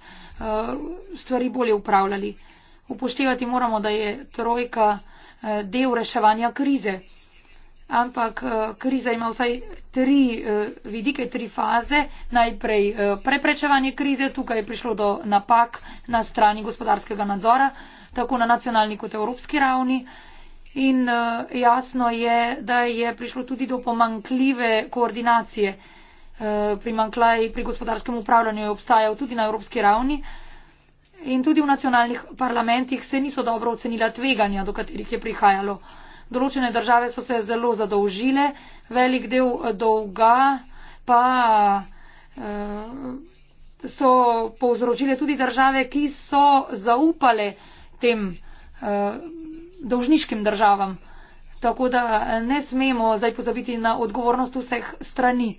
stvari bolje upravljali. Upoštevati moramo, da je trojka eh, del reševanja krize. Ampak kriza ima vsaj tri vidike, tri faze. Najprej preprečevanje krize, tukaj je prišlo do napak na strani gospodarskega nadzora tako na nacionalni kot evropski ravni. In eh, jasno je, da je prišlo tudi do pomankljive koordinacije. Eh, Primanklaj pri gospodarskem upravljanju je obstajal tudi na evropski ravni. In tudi v nacionalnih parlamentih se niso dobro ocenila tveganja, do katerih je prihajalo. Določene države so se zelo zadolžile, velik del eh, dolga pa so povzročile tudi države, ki so zaupale tem uh, dolžniškim državam. Tako da eh, ne smemo zdaj pozabiti na odgovornost vseh strani.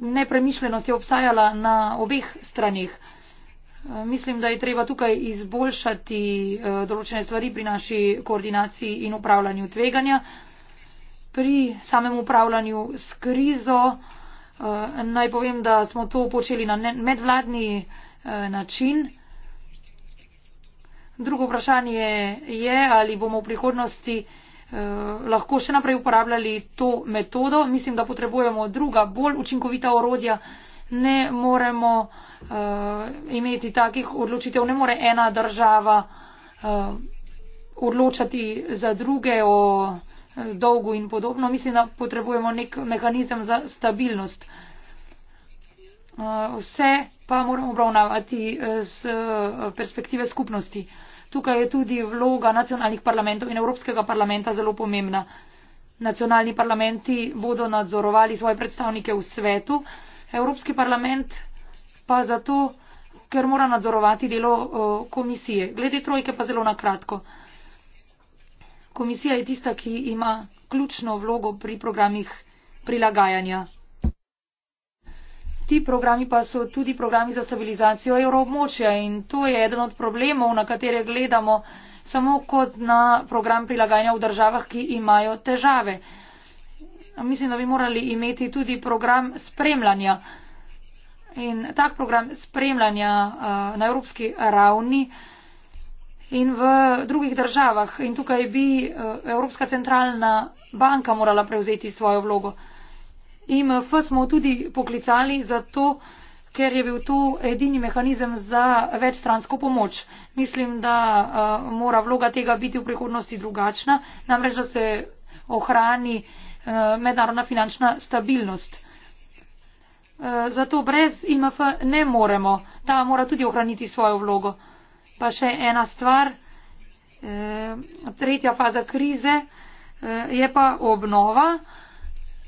Nepremišljenost je obstajala na obeh stranih. Eh, mislim, da je treba tukaj izboljšati določene stvari pri naši koordinaciji in upravljanju tveganja. Pri samem upravljanju s krizo naj povem, da smo to počeli na medvladni način. Drugo vprašanje je, ali bomo v prihodnosti eh, lahko še naprej uporabljali to metodo. Mislim, da potrebujemo druga, bolj učinkovita orodja. Ne moremo uh, imeti takih odločitev, ne more ena država uh, odločati za druge o dolgu in podobno. Mislim, da potrebujemo nek mehanizem za stabilnost. Uh, vse pa moramo obravnavati z perspektive skupnosti. Uh, Tukaj je tudi vloga nacionalnih parlamentov in Evropskega parlamenta zelo pomembna. Nacionalni parlamenti bodo nadzorovali svoje predstavnike v svetu, Evropski parlament pa zato, ker mora nadzorovati delo eh, komisije. Glede trojke pa zelo nakratko. Komisija je tista, ki ima ključno vlogo pri programih prilagajanja ti programi pa so tudi programi za stabilizacijo evroobmočja in to je eden od problemov, na katere gledamo samo kot na program prilagajanja v državah, ki imajo težave. Mislim, da bi morali imeti tudi program spremljanja. In tak program spremljanja eh, na evropski ravni in v drugih državah. In tukaj bi eh, Evropska centralna banka morala prevzeti svojo vlogo. IMF eh, smo tudi poklicali zato, ker je bil to edini mehanizem za večstransko pomoč. Mislim, da uh, mora vloga tega biti v prihodnosti drugačna, namreč da se ohrani uh, mednarodna finančna stabilnost. Zato brez IMF ne moremo. Ta mora tudi ohraniti svojo vlogo. Pa še ena stvar, tretja faza krize je pa obnova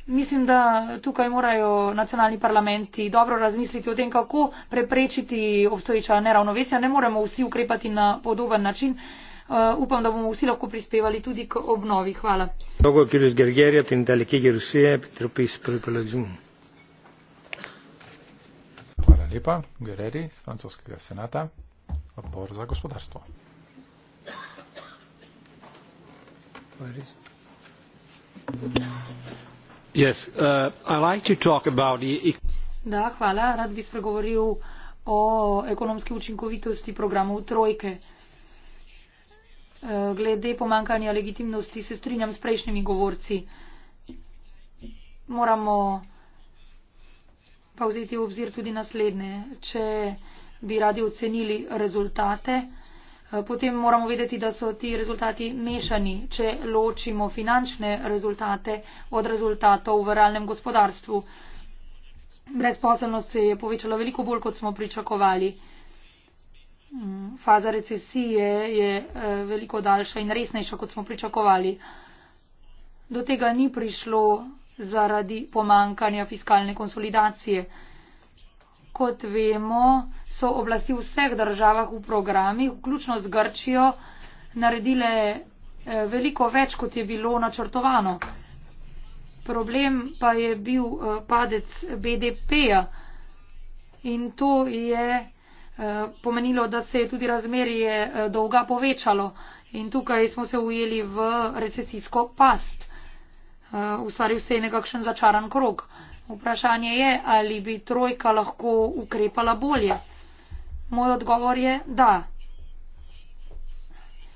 mislim da tukaj morajo nacionalni parlamenti dobro razmisliti o tem kako preprečiti obstoječa neravnovesja ne moremo vsi ukrepati na podoben način Uh, upam, da bomo vsi lahko prispevali tudi k obnovi. Hvala. Hvala lepa. Gereri iz francoskega senata, odbor za gospodarstvo. Hvala. Uh, e- rad bi spregovoril o ekonomski učinkovitosti programov trojke. Uh, glede pomankanja legitimnosti se strinjam s prejšnjimi govorci. moramo pa vzeti v obzir tudi naslednje. če bi radi ocenili rezultate Eh, potem moramo vedeti, da so ti rezultati mešani, če ločimo finančne rezultate od rezultatov v realnem gospodarstvu. Brezposelnost se je povečala veliko bolj, kot smo pričakovali. Mm, faza recesije je eh, veliko daljša in resnejša, kot smo pričakovali. Do tega ni prišlo zaradi pomankanja fiskalne konsolidacije. Kot vemo, so oblasti v vseh državah v programih, vključno z Grčijo, naredile eh, veliko več, kot je bilo načrtovano. Problem pa je bil eh, padec BDP-ja in to je eh, pomenilo, da se je tudi razmerje dolga povečalo in tukaj smo se ujeli v recesijsko past. Ustvaril se je nekakšen začaran krok. Vprašanje je, ali bi trojka lahko ukrepala bolje. Moj odgovor je da.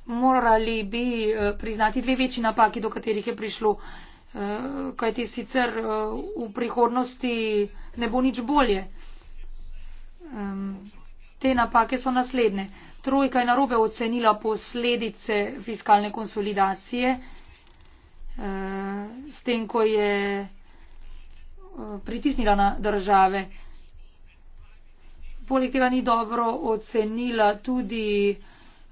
Morali bi eh, priznati dve večji napaki, do katerih je prišlo, eh, kajti sicer eh, v prihodnosti ne bo nič bolje. Te napake so naslednje. Trojka je narobe ocenila posledice fiskalne konsolidacije, s tem, ko je pritisnila na države. Poleg tega ni dobro ocenila tudi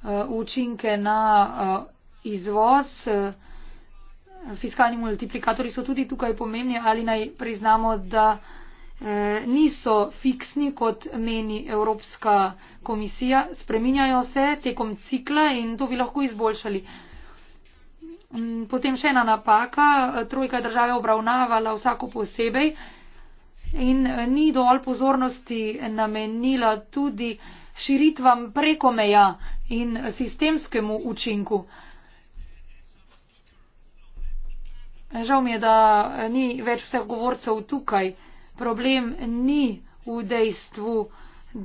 uh, učinke na uh, izvoz. Eh, fiskalni multiplikatori so tudi tukaj pomembni, ali naj priznamo, da eh, niso fiksni, kot meni Evropska komisija. Spreminjajo se tekom cikla in to bi lahko izboljšali. Mm, potem še ena napaka. Trojka države obravnavala vsako posebej. Eh, in eh, ni dovolj pozornosti namenila tudi širitvam preko meja in sistemskemu učinku. Žal mi je, da eh, ni več vseh govorcev tukaj. Problem ni v dejstvu,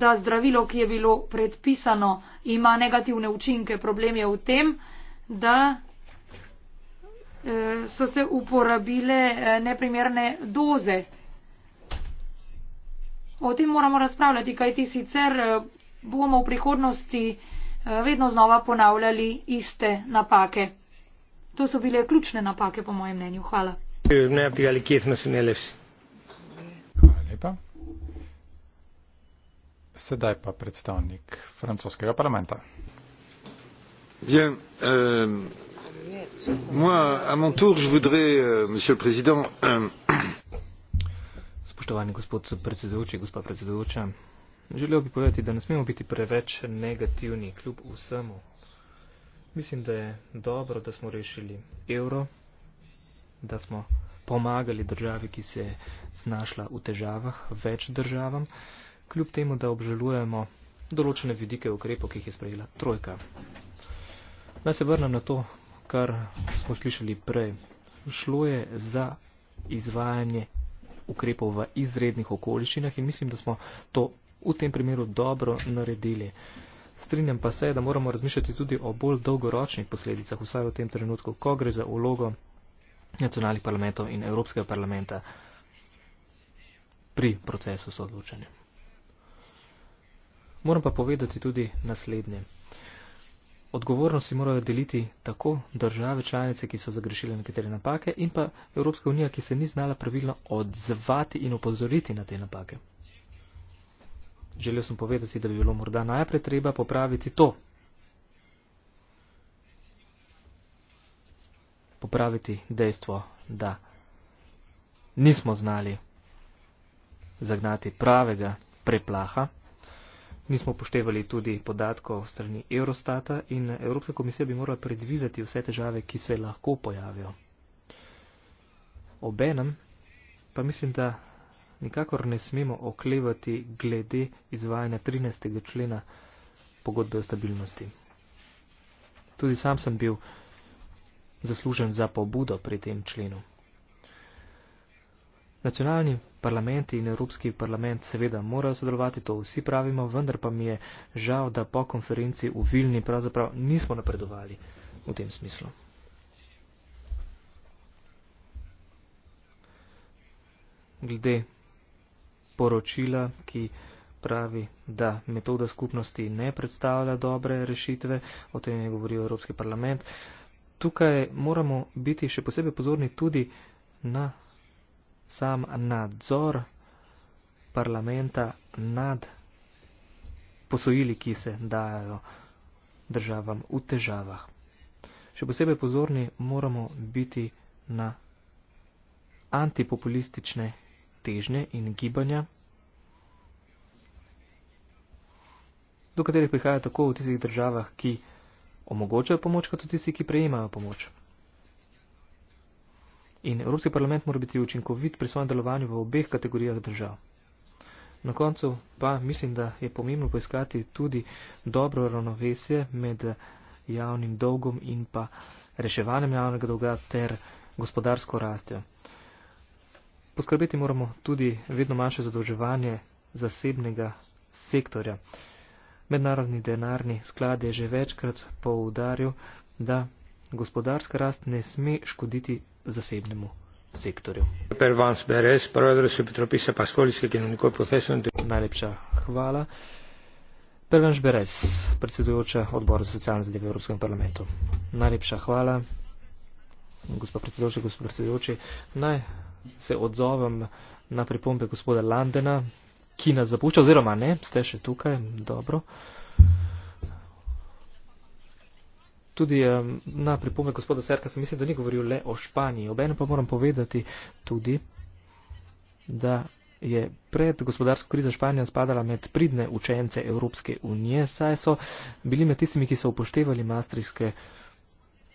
da zdravilo, ki je bilo predpisano, ima negativne učinke. Problem je v tem, da eh, so se uporabile neprimerne doze. O tem moramo razpravljati, kajti sicer eh, bomo v prihodnosti eh, vedno znova ponavljali iste napake. To so bile ključne napake, po mojem mnenju. Hvala. Hvala lepa. Sedaj pa predstavnik francoskega parlamenta. Bien, euh, moi, à mon tour, je voudrais, euh, Monsieur le Président, euh, spoštovani gospod predsedujoči, gospa predsedujoča. Želel bi povedati, da ne smemo biti preveč negativni kljub vsemu. Mislim, da je dobro, da smo rešili evro, da smo pomagali državi, ki se je znašla v težavah, več državam, kljub temu, da obžalujemo določene vidike ukrepov, ki jih je sprejela trojka. Naj se vrnem na to, kar smo slišali prej. Šlo je za izvajanje ukrepov v izrednih okoliščinah in mislim, da smo to v tem primeru dobro naredili. Strinjam pa se, da moramo razmišljati tudi o bolj dolgoročnih posledicah, vsaj v tem trenutku, ko gre za ulogo nacionalnih parlamentov in Evropskega parlamenta pri procesu soodločanja. Moram pa povedati tudi naslednje odgovornost si morajo deliti tako države članice, ki so zagrešile nekatere napake, in pa Evropska unija, ki se ni znala pravilno odzvati in upozoriti na te napake. Želel sem povedati, da bi bilo morda najprej treba popraviti to. Popraviti dejstvo, da nismo znali zagnati pravega preplaha. Nismo poštevali tudi podatkov strani Eurostata in Evropska komisija bi morala predvideti vse težave, ki se lahko pojavijo. Obenem pa mislim, da nikakor ne smemo oklevati glede izvajanja 13. člena pogodbe o stabilnosti. Tudi sam sem bil zaslužen za pobudo pri tem členu. Nacionalni parlamenti in Evropski parlament seveda morajo sodelovati, to vsi pravimo, vendar pa mi je žal, da po konferenci v Vilni pravzaprav nismo napredovali v tem smislu. Glede poročila, ki pravi, da metoda skupnosti ne predstavlja dobre rešitve, o tem je govoril Evropski parlament, tukaj moramo biti še posebej pozorni tudi na sam nadzor parlamenta nad posojili, ki se dajo državam v težavah. Še posebej pozorni moramo biti na antipopulistične težnje in gibanja, do katerih prihaja tako v tistih državah, ki omogočajo pomoč, kot v tistih, ki prejemajo pomoč. In Evropski parlament mora biti učinkovit pri svojem delovanju v obeh kategorijah držav. Na koncu pa mislim, da je pomembno poiskati tudi dobro ravnovesje med javnim dolgom in pa reševanjem javnega dolga ter gospodarsko rastjo. Poskrbeti moramo tudi vedno manjše zadolževanje zasebnega sektorja. Mednarodni denarni sklad je že večkrat poudaril, da gospodarska rast ne sme škoditi zasebnemu sektorju. Najlepša hvala. Pervan Šberes, predsedujoča odbora za socialne zadeve v Evropskem parlamentu. Najlepša hvala, gospod predsedujoči, gospod predsedujoči. Naj se odzovem na pripombe gospoda Landena, ki nas zapušča, oziroma ne, ste še tukaj, dobro. Uh, tudi na pripombe gospoda Serka sem mislil, da ni govoril le o Španiji. Obenem pa moram povedati tudi, da je pred gospodarsko krizo Španija spadala med pridne učence Evropske unije, saj so bili med tistimi, ki so upoštevali maastrichtske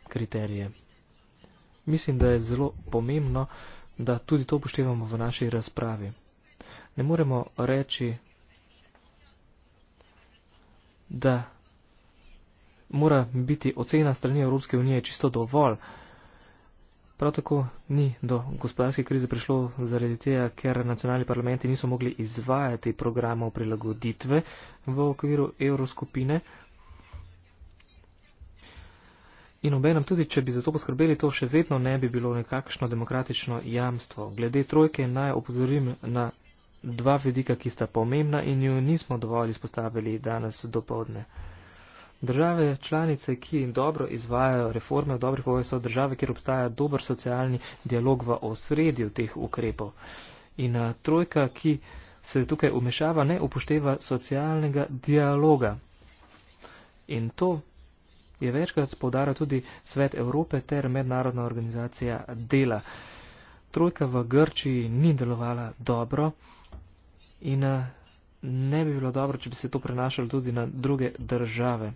kriterije. Mislim, da je zelo pomembno, da tudi to upoštevamo v naši razpravi. Ne moremo reči, da mora biti ocena strani Evropske unije čisto dovolj. Prav tako ni do gospodarske krize prišlo zaradi tega, ker nacionalni parlamenti niso mogli izvajati programov prilagoditve v okviru evroskupine. In obenem tudi, če bi za to poskrbeli, to še vedno ne bi bilo nekakšno demokratično jamstvo. Glede trojke naj opozorim na dva vedika, ki sta pomembna in ju nismo dovolj izpostavili danes do povdne. Države članice, ki dobro izvajajo reforme v dobrih okoljih, so države, kjer obstaja dober socialni dialog v osredju teh ukrepov. In a, eh, trojka, ki se tukaj umešava, ne upošteva socialnega dialoga. In to je večkrat povdara tudi Svet Evrope ter mednarodna organizacija dela. Trojka v Grčiji ni delovala dobro in a, eh, ne bi bilo dobro, če bi se to prenašalo tudi na druge države.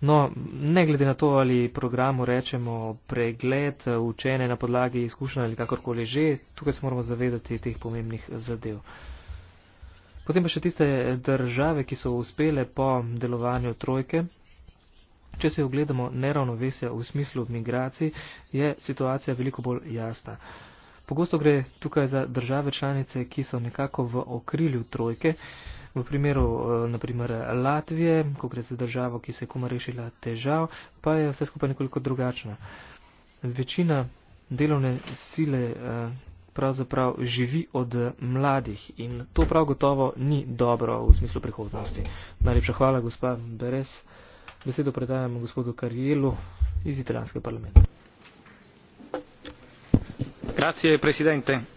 No, ne glede na to, ali programu rečemo pregled, učene na podlagi izkušnja ali kakorkoli že, tukaj se moramo zavedati teh pomembnih zadev. Potem pa še tiste države, ki so uspele po delovanju trojke. Če se ogledamo neravnovesja v smislu migracij, je situacija veliko bolj jasna. Uh, Pogosto gre tukaj za države članice, ki so nekako v okrilju trojke. V primeru eh, naprimer Latvije, ko gre za državo, ki se je komaj rešila težav, pa je vse skupaj nekoliko drugačna. Večina delovne sile eh, pravzaprav živi od mladih in to prav gotovo ni dobro v smislu prihodnosti. Najlepša hvala, gospod Beres. Besedo predajam gospodu Karijelu iz italijanskega parlamenta signor presidente onorevoli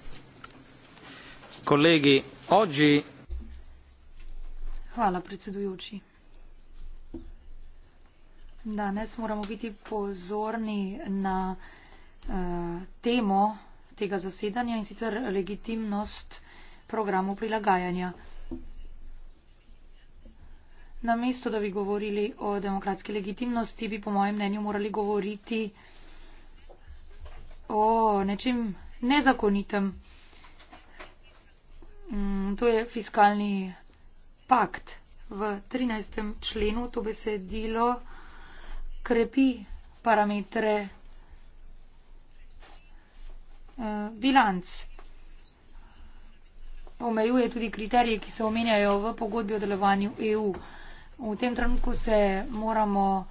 colleghi oggi hvala predsedujoči danes moramo biti pozorni na eh, temo tega zasedanja in sicer legitimnost programov prilagajanja namesto da bi govorili o demokratski legitimnosti bi po mojem mnenju morali govoriti o nečem nezakonitem. Mm, to je fiskalni pakt. V 13. členu to besedilo krepi parametre eh, bilanc. Omejuje tudi kriterije, ki se omenjajo v pogodbi o delovanju EU. V tem trenutku se moramo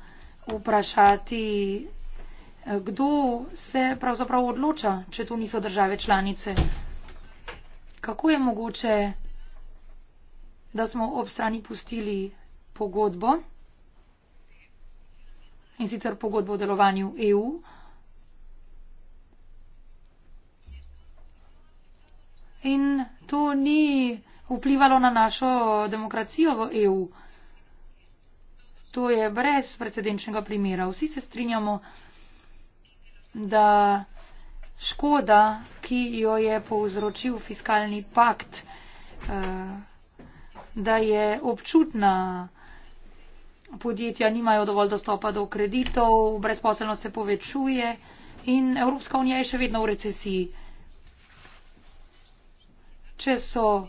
vprašati, Eh, kdo se pravzaprav odloča, če to niso države članice? Kako je mogoče, da smo ob strani pustili pogodbo in sicer pogodbo o delovanju EU? In to ni vplivalo na našo demokracijo v EU. To je brez precedenčnega primera. Vsi se strinjamo, da škoda, ki jo je povzročil fiskalni pakt, eh, da je občutna. Podjetja nimajo dovolj dostopa do kreditov, brezposelnost se povečuje in Evropska unija je še vedno v recesiji. Če so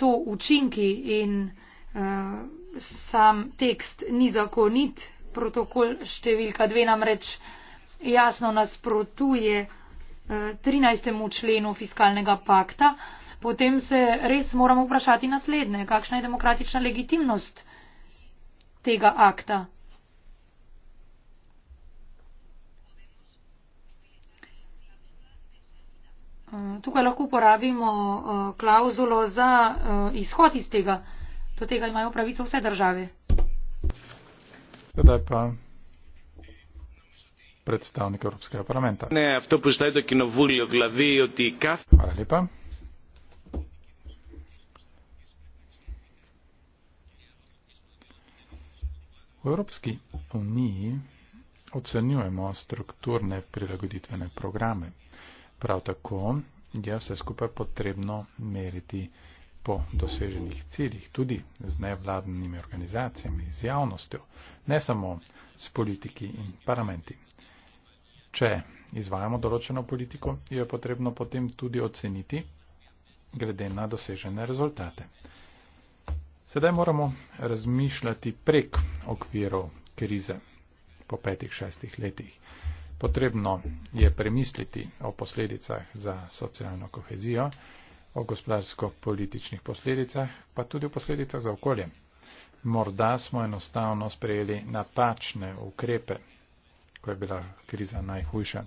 to učinki in uh, sam tekst ni zakonit, protokol številka dve namreč. Uh, jasno nasprotuje 13. Eh, členu fiskalnega pakta, potem se res moramo vprašati naslednje, kakšna je demokratična legitimnost tega akta. Eh, tukaj lahko uporabimo eh, klauzulo za izhod iz tega. Do tega imajo pravico vse države. Zdaj pa predstavnik Evropskega parlamenta. Ne, to poštejte, ki na voljo glavijo ti kaf. Hvala lepa. V Evropski uniji ocenjujemo strukturne prilagoditvene programe. Prav tako je vse skupaj potrebno meriti po doseženih ciljih, tudi z nevladnimi organizacijami, z javnostjo, ne samo s politiki in parlamenti če izvajamo določeno politiko, jo je potrebno potem tudi oceniti glede na dosežene rezultate. Sedaj moramo razmišljati prek okvirov krize po petih, šestih letih. Potrebno je premisliti o posledicah za socialno kohezijo, o gospodarsko-političnih posledicah, pa tudi o posledicah za okolje. Morda smo enostavno sprejeli napačne ukrepe ko je bila kriza najhujša.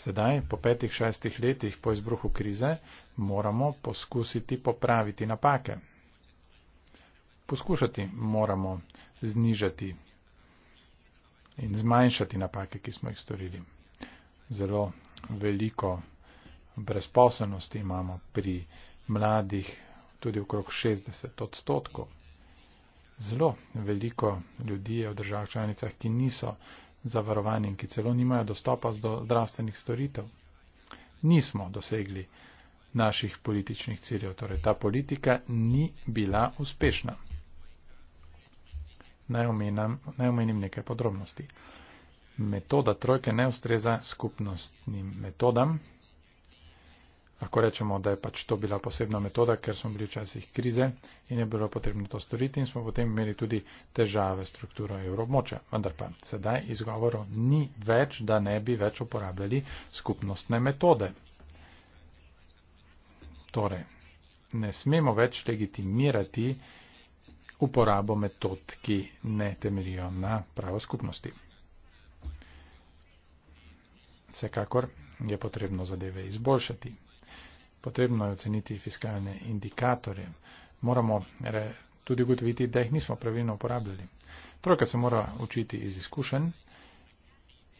Sedaj, po petih, šestih letih po izbruhu krize, moramo poskusiti popraviti napake. Poskušati moramo znižati in zmanjšati napake, ki smo jih storili. Zelo veliko brezposobnosti imamo pri mladih, tudi okrog 60 odstotkov. Zelo veliko ljudi je v državah članicah, ki niso zavarovanjem, ki celo nimajo dostopa do zdravstvenih storitev. Nismo dosegli naših političnih ciljev, torej ta politika ni bila uspešna. Naj, omenam, naj omenim nekaj podrobnosti. Metoda trojke ne ustreza skupnostnim metodam, lahko rečemo, da je pač to bila posebna metoda, ker smo bili včasih krize in je bilo potrebno to storiti in smo potem imeli tudi težave s strukturo evroobmoča. Vendar pa sedaj izgovorov ni več, da ne bi več uporabljali skupnostne metode. Torej, ne smemo več legitimirati uporabo metod, ki ne temeljijo na pravo skupnosti. Vsekakor je potrebno zadeve izboljšati potrebno je oceniti fiskalne indikatorje. Moramo re, tudi ugotoviti, da jih nismo pravilno uporabljali. Trojka se mora učiti iz izkušenj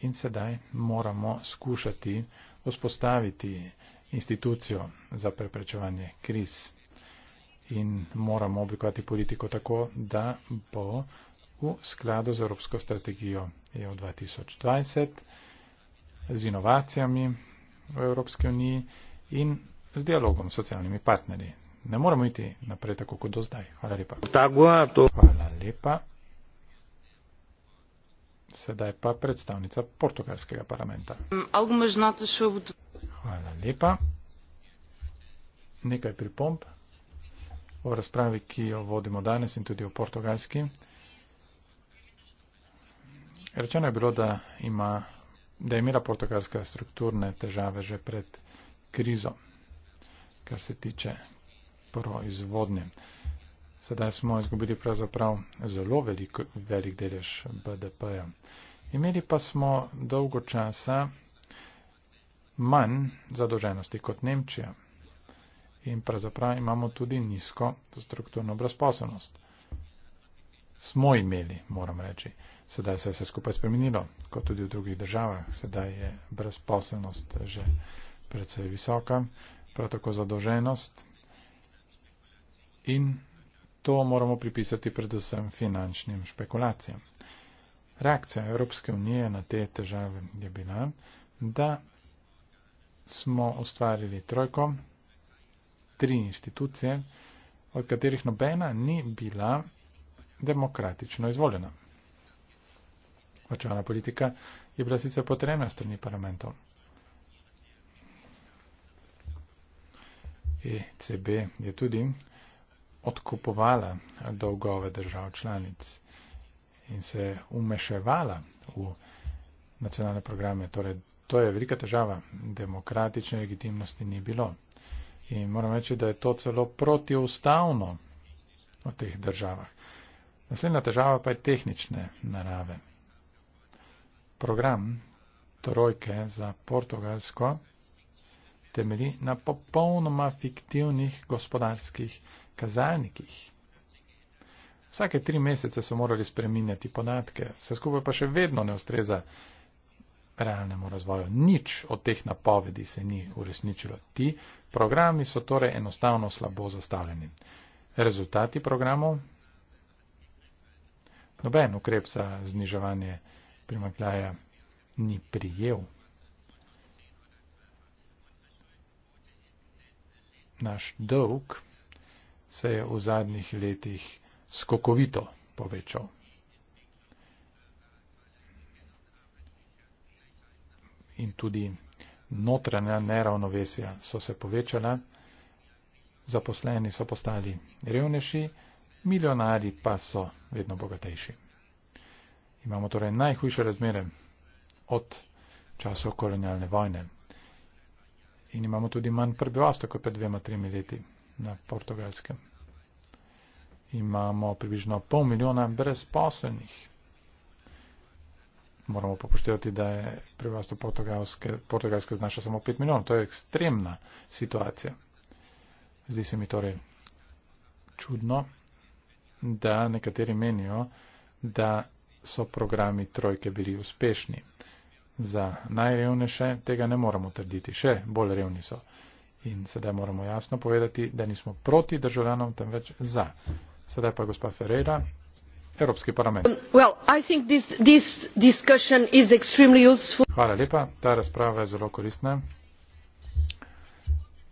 in sedaj moramo skušati vzpostaviti institucijo za preprečevanje kriz in moramo oblikovati politiko tako, da bo v skladu z Evropsko strategijo EU 2020 z inovacijami v Evropski uniji in z dialogom s socialnimi partnerji. Ne moramo iti naprej tako kot do zdaj. Hvala lepa. Hvala lepa. Sedaj pa predstavnica portugalskega parlamenta. Hvala lepa. Nekaj pripomb o razpravi, ki jo vodimo danes in tudi o portugalski. Rečeno je bilo, da, ima, da je imela portugalska strukturne težave že pred krizo kar se tiče proizvodnje. Sedaj smo izgubili pravzaprav zelo velik, velik delež BDP-ja. Imeli pa smo dolgo časa manj zadolženosti kot Nemčija. In pravzaprav imamo tudi nizko strukturno brezposobnost. Smo imeli, moram reči. Sedaj se je vse skupaj spremenilo, kot tudi v drugih državah. Sedaj je brezposobnost že precej visoka prav tako zadoženost. In to moramo pripisati predvsem finančnim špekulacijam. Reakcija Evropske unije na te težave je bila, da smo ustvarili trojko, tri institucije, od katerih nobena ni bila demokratično izvoljena. Očalna politika je bila sicer potrebna strani parlamentov. ECB je tudi odkupovala dolgove držav članic in se umeševala v nacionalne programe. Torej, to je velika težava. Demokratične legitimnosti ni bilo. In moram reči, da je to celo protivstavno v teh državah. Naslednja težava pa je tehnične narave. Program trojke za portugalsko temelji na popolnoma fiktivnih gospodarskih kazalnikih. Vsake tri mesece so morali spreminjati podatke, vse skupaj pa še vedno ne ustreza realnemu razvoju. Nič od teh napovedi se ni uresničilo. Ti programi so torej enostavno slabo zastavljeni. Rezultati programov? Noben ukrep za zniževanje primakljaja ni prijel naš dolg se je v zadnjih letih skokovito povečal. In tudi notranja neravnovesja so se povečala, zaposleni so postali revnejši, milijonari pa so vedno bogatejši. Imamo torej najhujše razmere od časov kolonialne vojne in imamo tudi manj prebivalstva kot pred dvema, tremi leti na portugalskem. Imamo približno pol milijona brezposelnih. Moramo popoštevati, da je prebivalstvo portugalske, portugalske znaša samo 5 milijonov. To je ekstremna situacija. Zdi se mi torej čudno, da nekateri menijo, da so programi trojke bili uspešni za najrevnejše, tega ne moremo trditi. Še bolj revni so. In sedaj moramo jasno povedati, da nismo proti državljanom, temveč za. Sedaj pa gospa Ferreira, Evropski parlament. Um, well, this, this Hvala lepa, ta razprava je zelo koristna.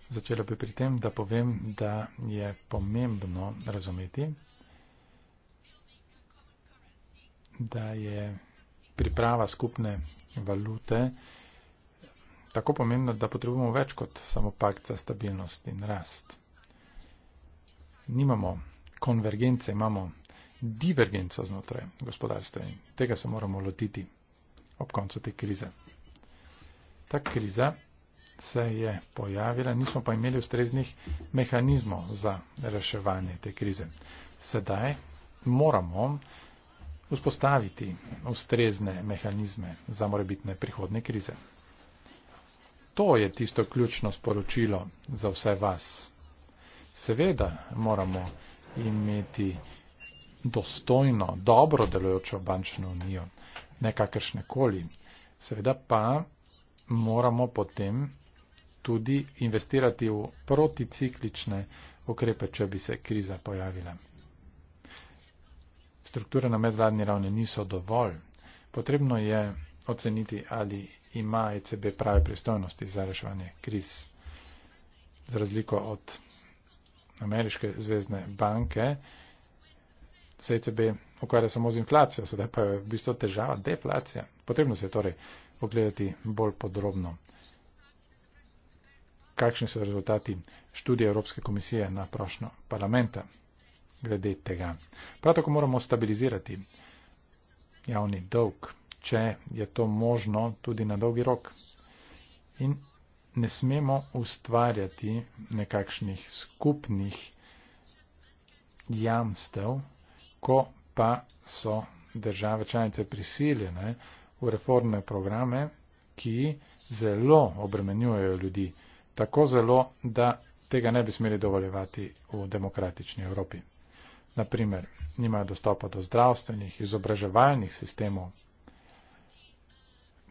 Začela bi pri tem, da povem, da je pomembno razumeti, da je priprava skupne valute tako pomembna, da potrebujemo več kot samo pakt za stabilnost in rast. Nimamo konvergence, imamo divergenco znotraj gospodarstva in tega se moramo lotiti ob koncu te krize. Ta kriza se je pojavila, nismo pa imeli ustreznih mehanizmov za reševanje te krize. Sedaj moramo vzpostaviti ustrezne mehanizme za morebitne prihodne krize. To je tisto ključno sporočilo za vse vas. Seveda moramo imeti dostojno, dobro delujočo bančno unijo, nekakršne koli. Seveda pa moramo potem tudi investirati v proticiklične ukrepe, če bi se kriza pojavila strukture na medvladni ravni niso dovolj. Potrebno je oceniti, ali ima ECB prave pristojnosti za reševanje kriz. Za razliko od ameriške zvezdne banke, se ECB ukvarja samo z inflacijo, sedaj pa je v bistvu težava deflacija. Potrebno se je torej pogledati bolj podrobno, kakšni so rezultati študije Evropske komisije na prošno parlamenta glede tega. Prav tako moramo stabilizirati javni dolg, če je to možno tudi na dolgi rok. In ne smemo ustvarjati nekakšnih skupnih jamstev, ko pa so države članice prisiljene v reformne programe, ki zelo obremenjujejo ljudi, tako zelo, da tega ne bi smeli dovoljevati v demokratični Evropi naprimer nimajo dostopa do zdravstvenih, izobraževalnih sistemov.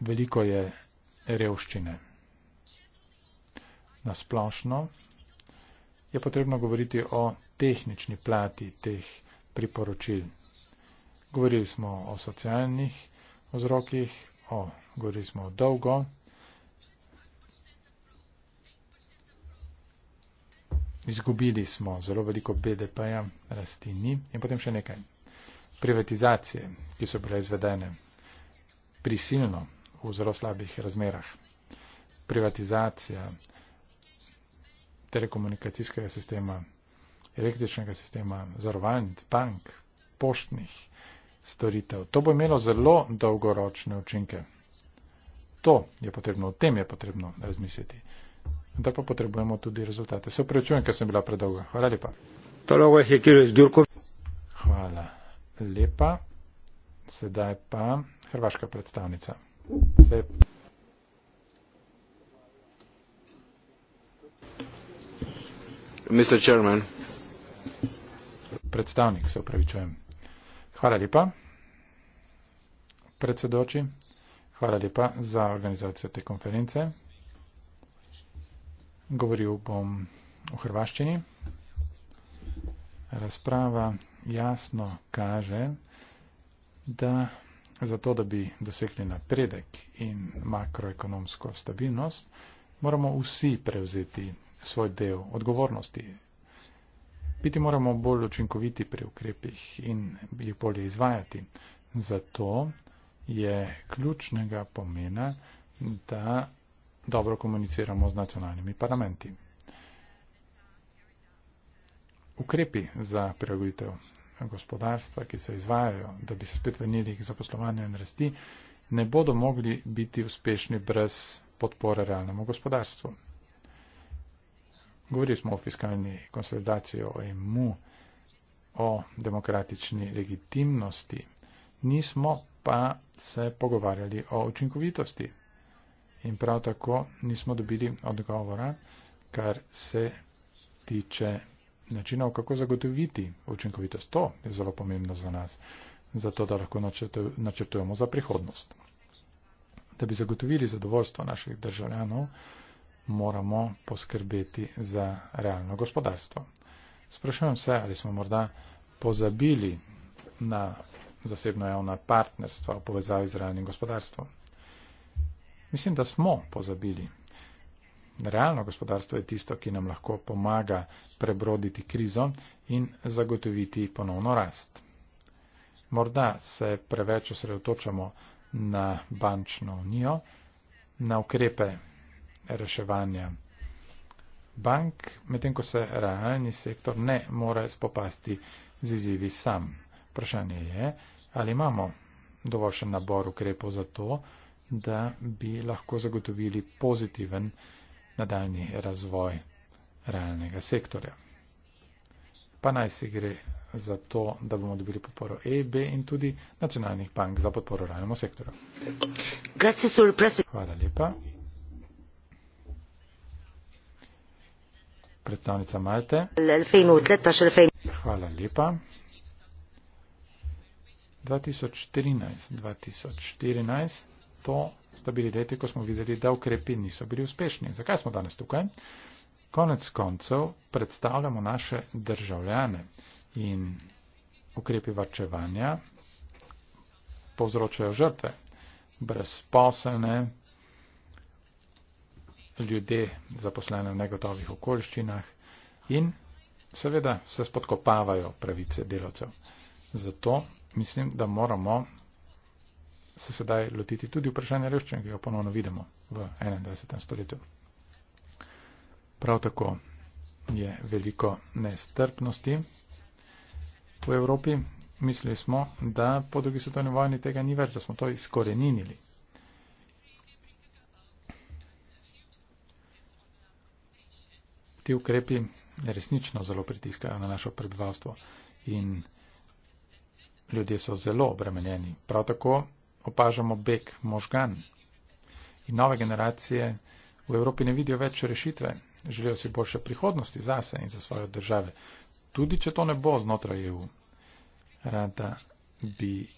Veliko je revščine. Nasplošno je potrebno govoriti o tehnični plati teh priporočil. Govorili smo o socialnih vzrokih, o, govorili smo o dolgo, Izgubili smo zelo veliko BDP-ja, rasti ni in potem še nekaj. Privatizacije, ki so bile izvedene prisilno v zelo slabih razmerah. Privatizacija telekomunikacijskega sistema, električnega sistema, zarovalnic, bank, poštnih storitev. To bo imelo zelo dolgoročne učinke. To je potrebno, o tem je potrebno razmisliti in da pa potrebujemo tudi rezultate. Se upravičujem, ker sem bila predolga. Hvala lepa. Hvala lepa. Sedaj pa hrvaška predstavnica. Se... Predstavnik, se upravičujem. Hvala lepa, predsedoči. Hvala lepa za organizacijo te konference. Govoril bom v hrvaščini. Razprava jasno kaže, da zato, da bi dosegli napredek in makroekonomsko stabilnost, moramo vsi prevzeti svoj del odgovornosti. Biti moramo bolj učinkoviti pri ukrepih in jih bolje izvajati. Zato je ključnega pomena, da dobro komuniciramo z nacionalnimi parlamenti. Ukrepi za prilagoditev gospodarstva, ki se izvajajo, da bi se spet vrnili k zaposlovanju in rasti, ne bodo mogli biti uspešni brez podpore realnemu gospodarstvu. Govorili smo o fiskalni konsolidaciji, o EMU, o demokratični legitimnosti, nismo pa se pogovarjali o učinkovitosti in prav tako nismo dobili odgovora, kar se tiče načinov, kako zagotoviti učinkovitost. To je zelo pomembno za nas, zato da lahko načrtujemo za prihodnost. Da bi zagotovili zadovoljstvo naših državljanov, moramo poskrbeti za realno gospodarstvo. Sprašujem se, ali smo morda pozabili na zasebno javna partnerstva v povezavi z realnim gospodarstvom. Mislim, da smo pozabili. Realno gospodarstvo je tisto, ki nam lahko pomaga prebroditi krizo in zagotoviti ponovno rast. Morda se preveč osredotočamo na bančno unijo, na ukrepe reševanja bank, medtem ko se realni sektor ne more spopasti z izzivi sam. Vprašanje je, ali imamo dovoljšen nabor ukrepov za to, da bi lahko zagotovili pozitiven nadaljni razvoj realnega sektorja. Pa naj se gre za to, da bomo dobili podporo EIB in tudi nacionalnih bank za podporo realnemu sektorju. Hvala lepa. Predstavnica Malte. Hvala lepa. 2013, 2014. To sta bili leti, ko smo videli, da ukrepi niso bili uspešni. Zakaj smo danes tukaj? Konec koncev predstavljamo naše državljane in ukrepi varčevanja povzročajo žrtve. Brezposelne, ljudje zaposlene v negotovih okoliščinah in seveda se spodkopavajo pravice delavcev. Zato mislim, da moramo se sedaj lotiti tudi vprašanja revščine, ki ga ponovno vidimo v 21. stoletju. Prav tako je veliko nestrpnosti v Evropi. Mislili smo, da po drugi svetovni vojni tega ni več, da smo to izkoreninili. Ti ukrepi resnično zelo pritiskajo na našo prebivalstvo in ljudje so zelo obremenjeni. Prav tako opažamo beg možgan. In nove generacije v Evropi ne vidijo več rešitve, želijo si boljše prihodnosti zase in za svojo države, tudi če to ne bo znotraj EU. Rada bi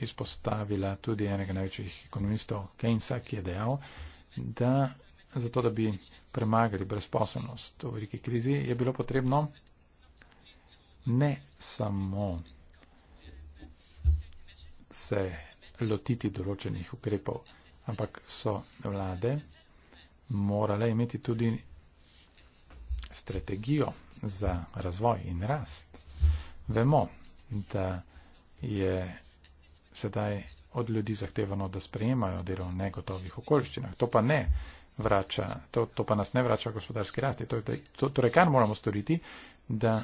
izpostavila tudi enega največjih ekonomistov Keynesa, ki je dejal, da zato, da bi premagali brezposobnost v veliki krizi, je bilo potrebno ne samo se lotiti določenih ukrepov, ampak so vlade morale imeti tudi strategijo za razvoj in rast. Vemo, da je sedaj od ljudi zahtevano, da sprejemajo delo v negotovih okoliščinah. To pa ne vrača, to, to pa nas ne vrača gospodarski rasti. To, to, torej, kar moramo storiti, da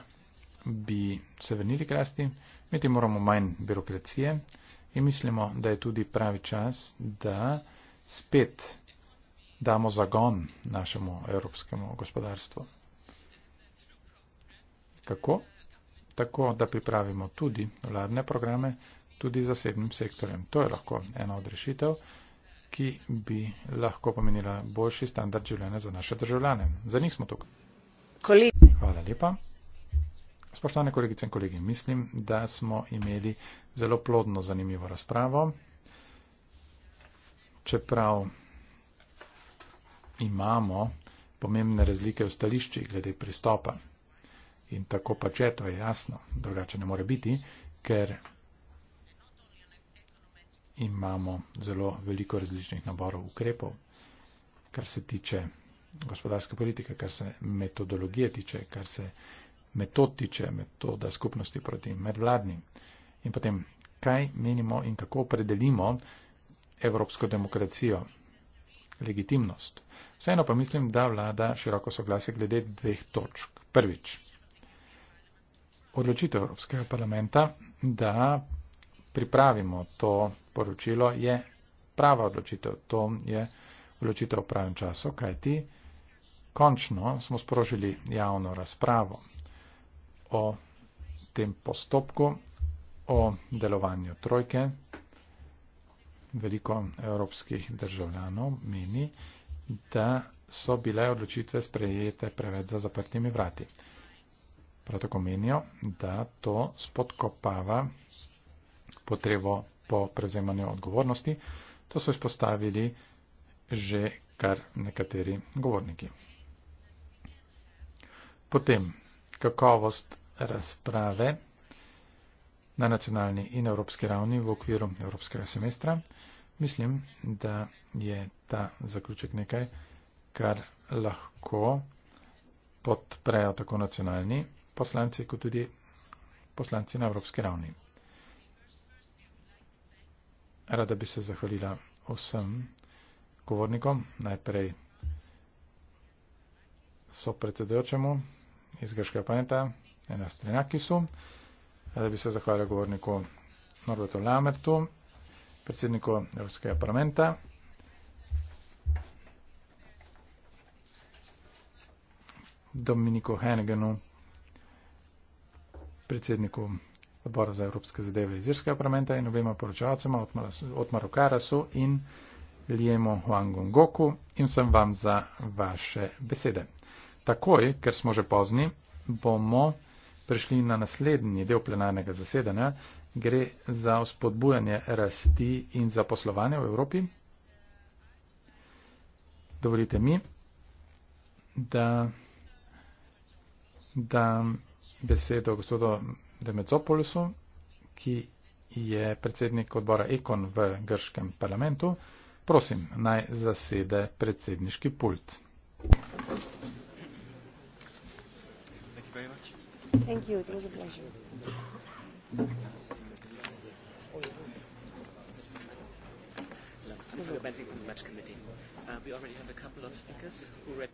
bi se vrnili k rasti, imeti moramo manj birokracije, in mislimo, da je tudi pravi čas, da spet damo zagon našemu evropskemu gospodarstvu. Kako? Tako, da pripravimo tudi vladne programe, tudi zasebnim sektorjem. To je lahko ena od rešitev, ki bi lahko pomenila boljši standard življenja za naše državljane. Za njih smo tukaj. Hvala lepa. Spoštovane kolegice in kolegi, mislim, da smo imeli zelo plodno zanimivo razpravo. Čeprav imamo pomembne razlike v stališči glede pristopa. In tako pač je, to je jasno, drugače ne more biti, ker imamo zelo veliko različnih naborov ukrepov, kar se tiče gospodarske politike, kar se metodologije tiče, kar se metod tiče, metoda skupnosti proti medvladnim. In potem, kaj menimo in kako predelimo evropsko demokracijo, legitimnost. Vseeno pa mislim, da vlada široko soglasje glede dveh točk. Prvič, odločitev Evropskega parlamenta, da pripravimo to poročilo, je prava odločitev. To je odločitev v pravem času, kajti končno smo sprožili javno razpravo o tem postopku, o delovanju trojke. Veliko evropskih državljanov meni, da so bile odločitve sprejete preveč za zaprtimi vrati. Prav tako menijo, da to spodkopava potrebo po prevzemanju odgovornosti. To so izpostavili že kar nekateri govorniki. Potem kakovost razprave na nacionalni in evropski ravni v okviru evropskega semestra. Mislim, da je ta zaključek nekaj, kar lahko podprejo tako nacionalni poslanci, kot tudi poslanci na evropski ravni. Rada bi se zahvalila vsem govornikom, najprej so predsedujočemu iz Grškega planeta, ena strenakisu, da bi se zahvalil govorniku Norbertu Lamertu, predsedniku Evropskega parlamenta. Dominiku Hengenu, predsedniku odbora za evropske zadeve iz Irskega parlamenta in obema poročavcema Otmaru Karasu in Lijemu Huangongoku in vsem vam za vaše besede takoj, ker smo že pozni, bomo prišli na naslednji del plenarnega zasedanja. Gre za spodbujanje rasti in zaposlovanja v Evropi. Dovolite mi, da dam besedo gospodu Demetzopolisu, ki je predsednik odbora Ekon v Grškem parlamentu. Prosim, naj zasede predsedniški pult. Thank you. It was a pleasure. We already have a couple of speakers who read.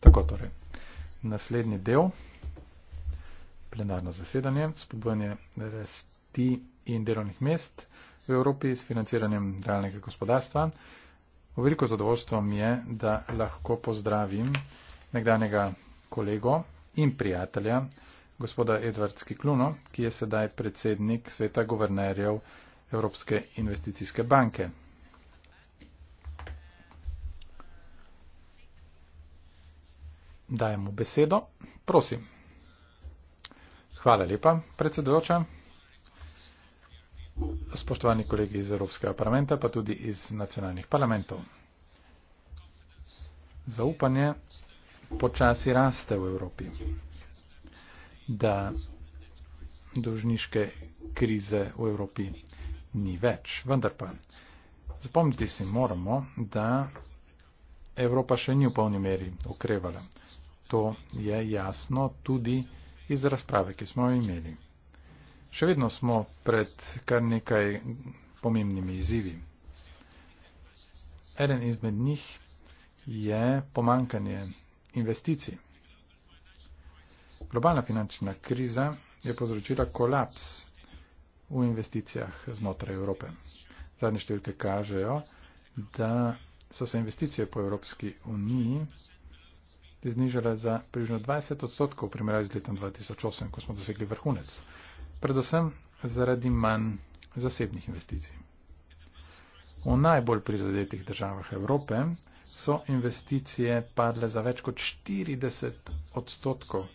Tako torej. Naslednji del, plenarno zasedanje, spodbojanje rasti in delovnih mest v Evropi s financiranjem realnega gospodarstva. V veliko zadovoljstvo mi je, da lahko pozdravim nekdanjega kolego in prijatelja, gospoda Edward Skikluno, ki je sedaj predsednik sveta guvernerjev Evropske investicijske banke. dajem mu besedo. Prosim. Hvala lepa, predsedujoča. Spoštovani kolegi iz Evropskega parlamenta, pa tudi iz nacionalnih parlamentov. Zaupanje počasi raste v Evropi, da dolžniške krize v Evropi ni več. Vendar pa zapomniti si moramo, da Evropa še ni v polni meri okrevala to je jasno tudi iz razprave, ki smo jo imeli. Še vedno smo pred kar nekaj pomembnimi izzivi. Eden izmed njih je pomankanje investicij. Globalna finančna kriza je povzročila kolaps v investicijah znotraj Evrope. Zadnje številke kažejo, da so se investicije po Evropski uniji znižala za približno 20 odstotkov v primerjavi z letom 2008, ko smo dosegli vrhunec. Predvsem zaradi manj zasebnih investicij. V najbolj prizadetih državah Evrope so investicije padle za več kot 40 odstotkov.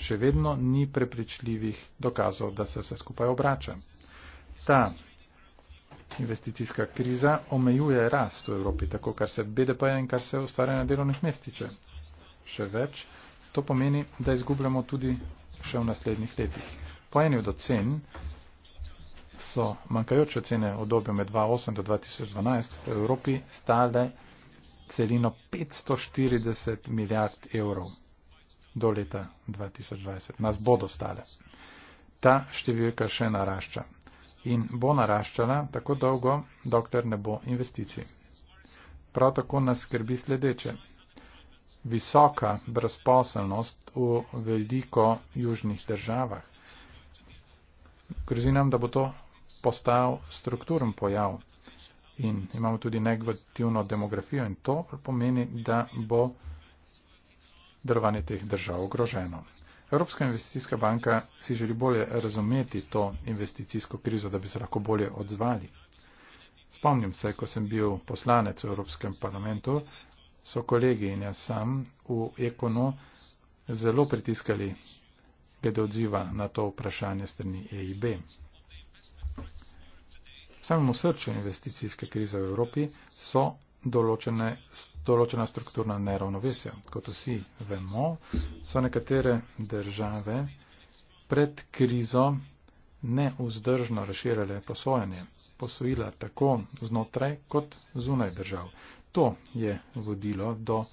Še vedno ni prepričljivih dokazov, da se vse skupaj obrača. Ta investicijska kriza omejuje rast v Evropi, tako kar se BDP-ja in kar se ustvarjanja delovnih mest tiče še več, to pomeni, da izgubljamo tudi še v naslednjih letih. Po eni od ocen so manjkajoče ocene v dobju med 2008 do 2012 v Evropi stale celino 540 milijard evrov do leta 2020. Nas bodo stale. Ta številka še narašča. In bo naraščala tako dolgo, dokler ne bo investicij. Prav tako nas skrbi sledeče visoka brezposelnost v veliko južnih državah. Grozi nam, da bo to postal strukturen pojav in imamo tudi negativno demografijo in to pomeni, da bo drvanje teh držav ogroženo. Evropska investicijska banka si želi bolje razumeti to investicijsko krizo, da bi se lahko bolje odzvali. Spomnim se, ko sem bil poslanec v Evropskem parlamentu, so kolegi in jaz sam v Ekonu zelo pritiskali glede odziva na to vprašanje strani EIB. V samem srcu investicijske krize v Evropi so določene, določena strukturna neravnovesja. Kot vsi vemo, so nekatere države pred krizo neuzdržno razširjale posojanje, posojila tako znotraj kot zunaj držav. To je vodilo do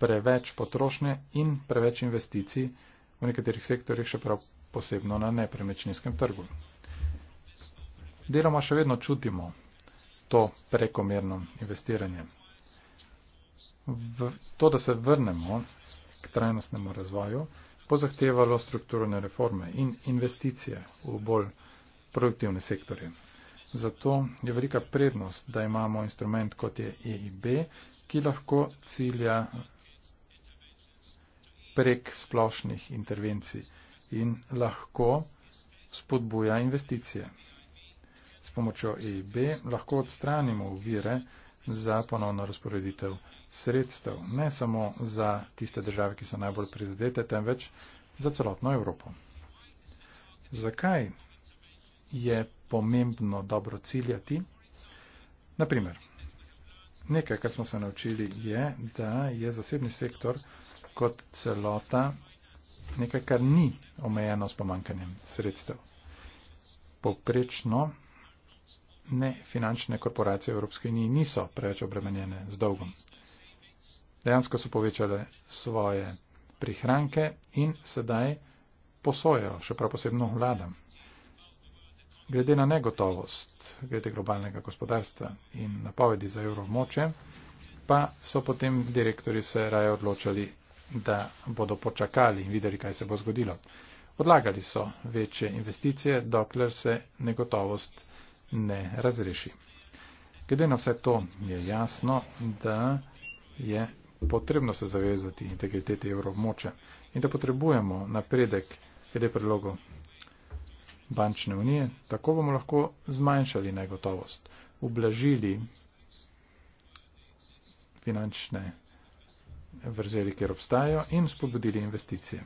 preveč potrošnje in preveč investicij v nekaterih sektorjih, še prav posebno na nepremičninskem trgu. Deloma še vedno čutimo to prekomerno investiranje. V to, da se vrnemo k trajnostnemu razvoju, bo zahtevalo strukturne reforme in investicije v bolj produktivne sektorje. Zato je velika prednost, da imamo instrument kot je EIB, ki lahko cilja prek splošnih intervencij in lahko spodbuja investicije. S pomočjo EIB lahko odstranimo uvire za ponovno razporeditev sredstev, ne samo za tiste države, ki so najbolj prizadete, temveč za celotno Evropo. Zakaj je pomembno dobro ciljati. Naprimer, nekaj, kar smo se naučili, je, da je zasebni sektor kot celota nekaj, kar ni omejeno s pomankanjem sredstev. Poprečno ne finančne korporacije Evropske unije niso preveč obremenjene z dolgom. Dejansko so povečale svoje prihranke in sedaj posojajo, še prav posebno vladam. Glede na negotovost, glede globalnega gospodarstva in napovedi za evromoče, pa so potem direktori se raje odločali, da bodo počakali in videli, kaj se bo zgodilo. Odlagali so večje investicije, dokler se negotovost ne razreši. Glede na vse to je jasno, da je potrebno se zavezati integriteti evromoče in da potrebujemo napredek glede predlogov bančne unije, tako bomo lahko zmanjšali negotovost, ublažili finančne vrzeli, kjer obstajajo in spodbudili investicije.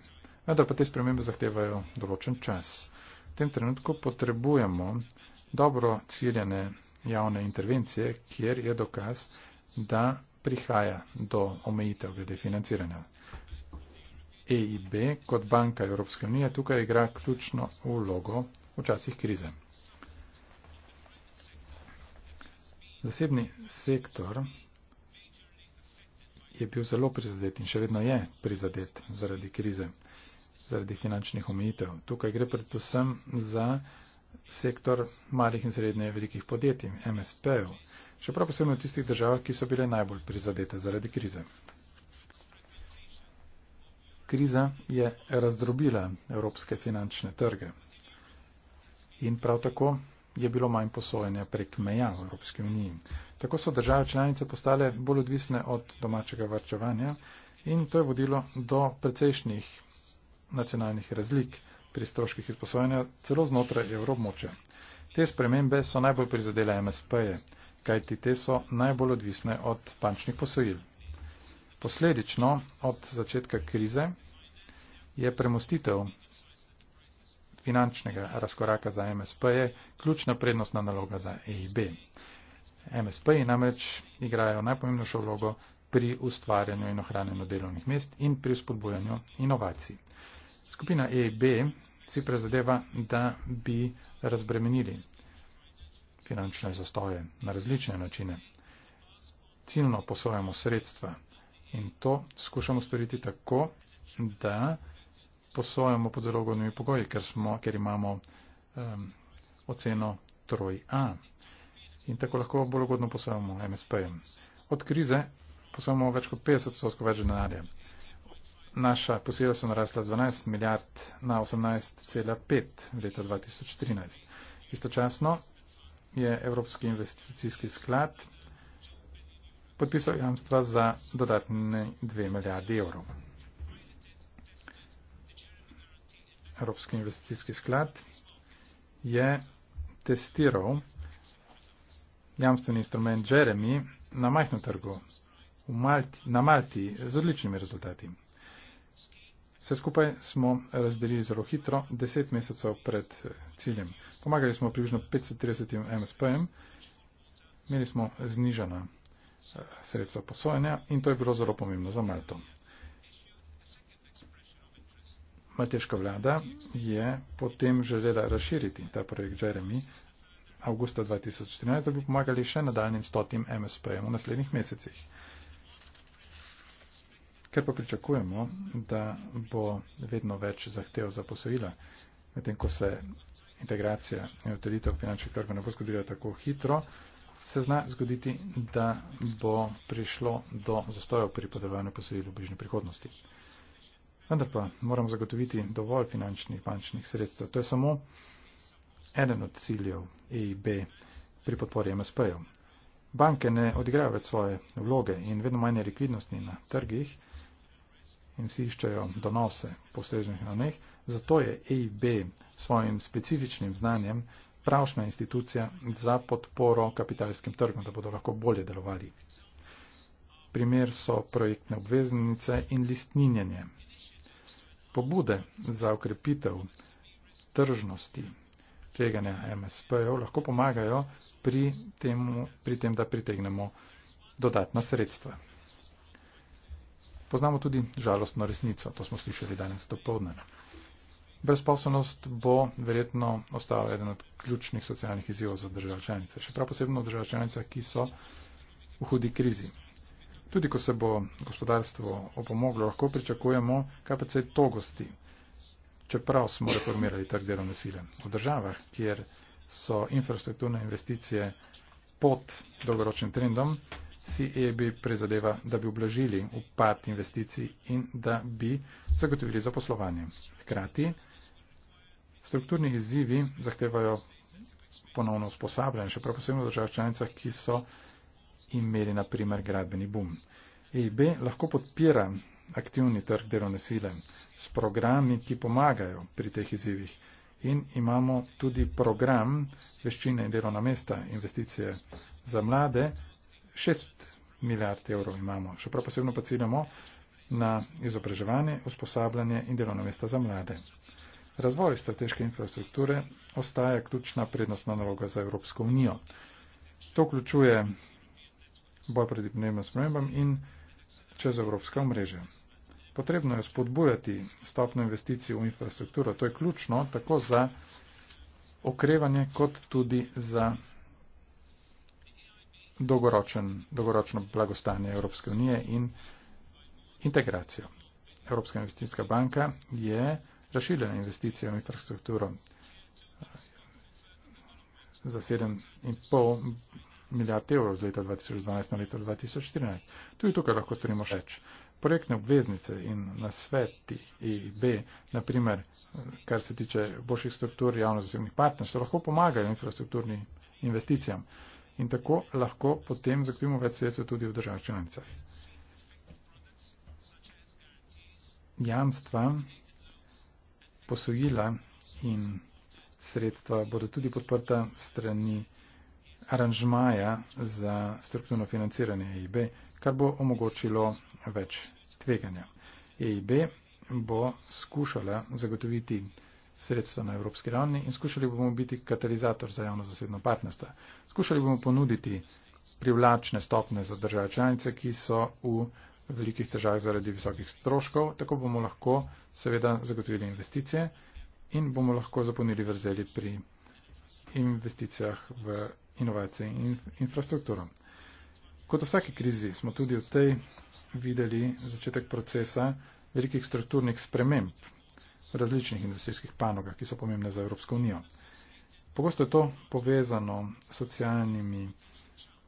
Vendar pa te spremembe zahtevajo določen čas. V tem trenutku potrebujemo dobro ciljene javne intervencije, kjer je dokaz, da prihaja do omejitev glede financiranja. EIB kot banka Evropske unije tukaj igra ključno vlogo v časih krize. Zasebni sektor je bil zelo prizadet in še vedno je prizadet zaradi krize, zaradi finančnih omejitev. Tukaj gre predvsem za sektor malih in srednje velikih podjetij, MSP-ev, še prav posebno v tistih državah, ki so bile najbolj prizadete zaradi krize. Kriza je razdrobila evropske finančne trge in prav tako je bilo manj posojanja prek meja v Evropski uniji. Tako so države članice postale bolj odvisne od domačega varčevanja in to je vodilo do precejšnjih nacionalnih razlik pri stroških izposojanja celo znotraj evroobmoče. Te spremembe so najbolj prizadele MSP-je, kajti te so najbolj odvisne od bančnih posojil. Posledično od začetka krize je premustitev finančnega razkoraka za MSP je ključna prednostna naloga za EIB. MSP namreč igrajo najpomembnejšo vlogo pri ustvarjanju in ohranjanju delovnih mest in pri spodbujanju inovacij. Skupina EIB si prezadeva, da bi razbremenili finančne zastoje na različne načine. Ciljno posojamo sredstva In to skušamo storiti tako, da posojamo pod zelo ugodnimi pogoji, ker, smo, ker imamo um, oceno 3A. In tako lahko bolj ugodno posojamo MSP-jem. Od krize posojamo več kot 50 odstotkov več denarja. Naša posojila so narasla 12 milijard na 18,5 leta 2013. Istočasno je Evropski investicijski sklad podpisal jamstva za dodatne 2 milijarde evrov. Evropski investicijski sklad je testiral jamstveni instrument Jeremy na majhnem trgu v Malti, na Malti z odličnimi rezultati. Vse skupaj smo razdelili zelo hitro, 10 mesecev pred ciljem. Pomagali smo približno 530 MSP-jem, imeli smo znižana sredstva posojanja in to je bilo zelo pomembno za Malto. Malteška vlada je potem želela razširiti ta projekt Jeremy avgusta 2013, da bi pomagali še nadaljnim stotim MSP-jem v naslednjih mesecih. Ker pa pričakujemo, da bo vedno več zahtev za posojila, medtem ko se integracija in utelitev finančnih trgov ne bo zgodila tako hitro, se zna zgoditi, da bo prišlo do zastojev pri podajanju posojil v bližnji prihodnosti. Vendar pa moramo zagotoviti dovolj finančnih bančnih sredstev. To je samo eden od ciljev EIB pri podpori MSP-jev. Banke ne odigrajo več svoje vloge in vedno manje likvidnosti na trgih in vsi iščejo donose po srežnih ravneh. Zato je EIB svojim specifičnim znanjem pravšna institucija za podporo kapitalskim trgom, da bodo lahko bolje delovali. Primer so projektne obveznice in listninjenje. Pobude za okrepitev tržnosti tveganja MSP-jev lahko pomagajo pri tem, pri tem, da pritegnemo dodatna sredstva. Poznamo tudi žalostno resnico, to smo slišali danes dopolnjeno. Brezposobnost bo verjetno ostala eden od ključnih socialnih izzivov za države članice, še prav posebno države članice, ki so v hudi krizi. Tudi, ko se bo gospodarstvo opomoglo, lahko pričakujemo kar precej togosti, čeprav smo reformirali trg delovne sile. V državah, kjer so infrastrukturne investicije pod dolgoročnim trendom, si EB prizadeva, da bi oblažili upad investicij in da bi zagotovili zaposlovanje. Hkrati, Strukturni izzivi zahtevajo ponovno usposabljanje, še prav posebno v državah članicah, ki so imeli na primer gradbeni boom. EIB lahko podpira aktivni trg delovne sile s programi, ki pomagajo pri teh izzivih. In imamo tudi program veščine in delovna mesta, investicije za mlade, 6 milijard evrov imamo. Še prav posebno pa ciljamo na izobraževanje, usposabljanje in delovna mesta za mlade. Razvoj strateške infrastrukture ostaja ključna prednostna naloga za Evropsko unijo. To vključuje boj proti podnebnim spremembam in čez evropska omrežja. Potrebno je spodbujati stopno investicij v infrastrukturo. To je ključno tako za okrevanje kot tudi za dolgoročen, dolgoročno blagostanje Evropske unije in integracijo. Evropska investicijska banka je razširjena investicija v infrastrukturo za 7,5 milijard evrov z leta 2012 na leto 2014. Tudi tukaj lahko storimo še več. Projektne obveznice in nasveti e IB, naprimer, kar se tiče boljših struktur javno-zasebnih partnerstv, lahko pomagajo infrastrukturnim investicijam in tako lahko potem zakrivimo več sredstev tudi v državah članicah. Jamstva posojila in sredstva bodo tudi podprta strani aranžmaja za strukturno financiranje EIB, kar bo omogočilo več tveganja. EIB bo skušala zagotoviti sredstva na evropski ravni in skušali bomo biti katalizator za javno zasebno partnerstvo. Skušali bomo ponuditi privlačne stopne za države članice, ki so v velikih težav zaradi visokih stroškov, tako bomo lahko seveda zagotovili investicije in bomo lahko zapolnili vrzeli pri investicijah v inovacije in infrastrukturo. Kot v vsaki krizi smo tudi v tej videli začetek procesa velikih strukturnih sprememb v različnih industrijskih panogah, ki so pomembne za Evropsko unijo. Pogosto je to povezano s socialnimi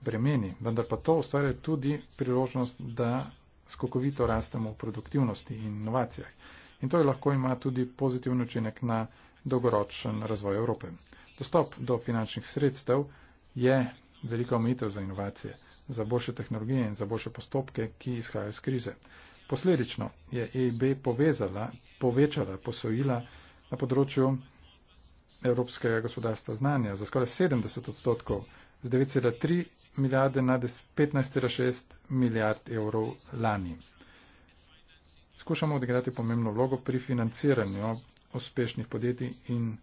bremeni, vendar pa to ustvarja tudi priložnost, da skokovito rastemo v produktivnosti in inovacijah. In to je lahko ima tudi pozitiven učinek na dolgoročen razvoj Evrope. Dostop do finančnih sredstev je velika omejitev za inovacije, za boljše tehnologije in za boljše postopke, ki izhajajo iz krize. Posledično je EIB povezala, povečala posojila na področju evropskega gospodarstva znanja za skoraj 70 odstotkov z 9,3 milijarde na 15,6 milijard evrov lani. Skušamo odigrati pomembno vlogo pri financiranju uspešnih podjetij in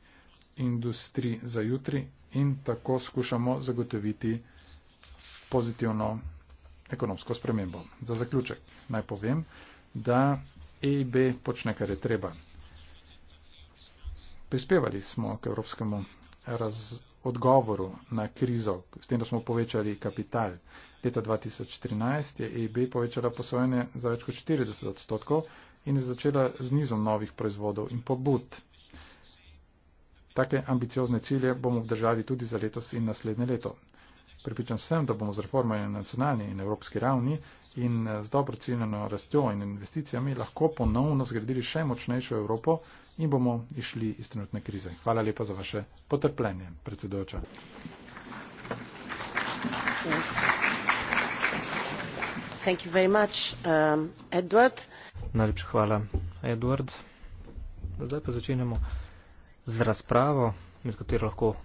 industrij za jutri in tako skušamo zagotoviti pozitivno ekonomsko spremembo. Za zaključek naj povem, da EIB počne, kar je treba. Prispevali smo k evropskemu raz, odgovoru na krizo, s tem, da smo povečali kapital. Leta 2013 je EIB povečala posojanje za več kot 40 odstotkov in je začela z nizom novih proizvodov in pobud. Take ambiciozne cilje bomo obdržali tudi za letos in naslednje leto. Pripričan sem, da bomo z reformami na nacionalni in evropski ravni in eh, z dobro ciljeno rastjo in investicijami lahko ponovno zgradili še močnejšo Evropo in bomo išli iz trenutne krize. Hvala lepa za vaše potrpljenje, predsedujoča. Um, Najlepša hvala, Edward. Zdaj pa začenjamo z razpravo, med katero lahko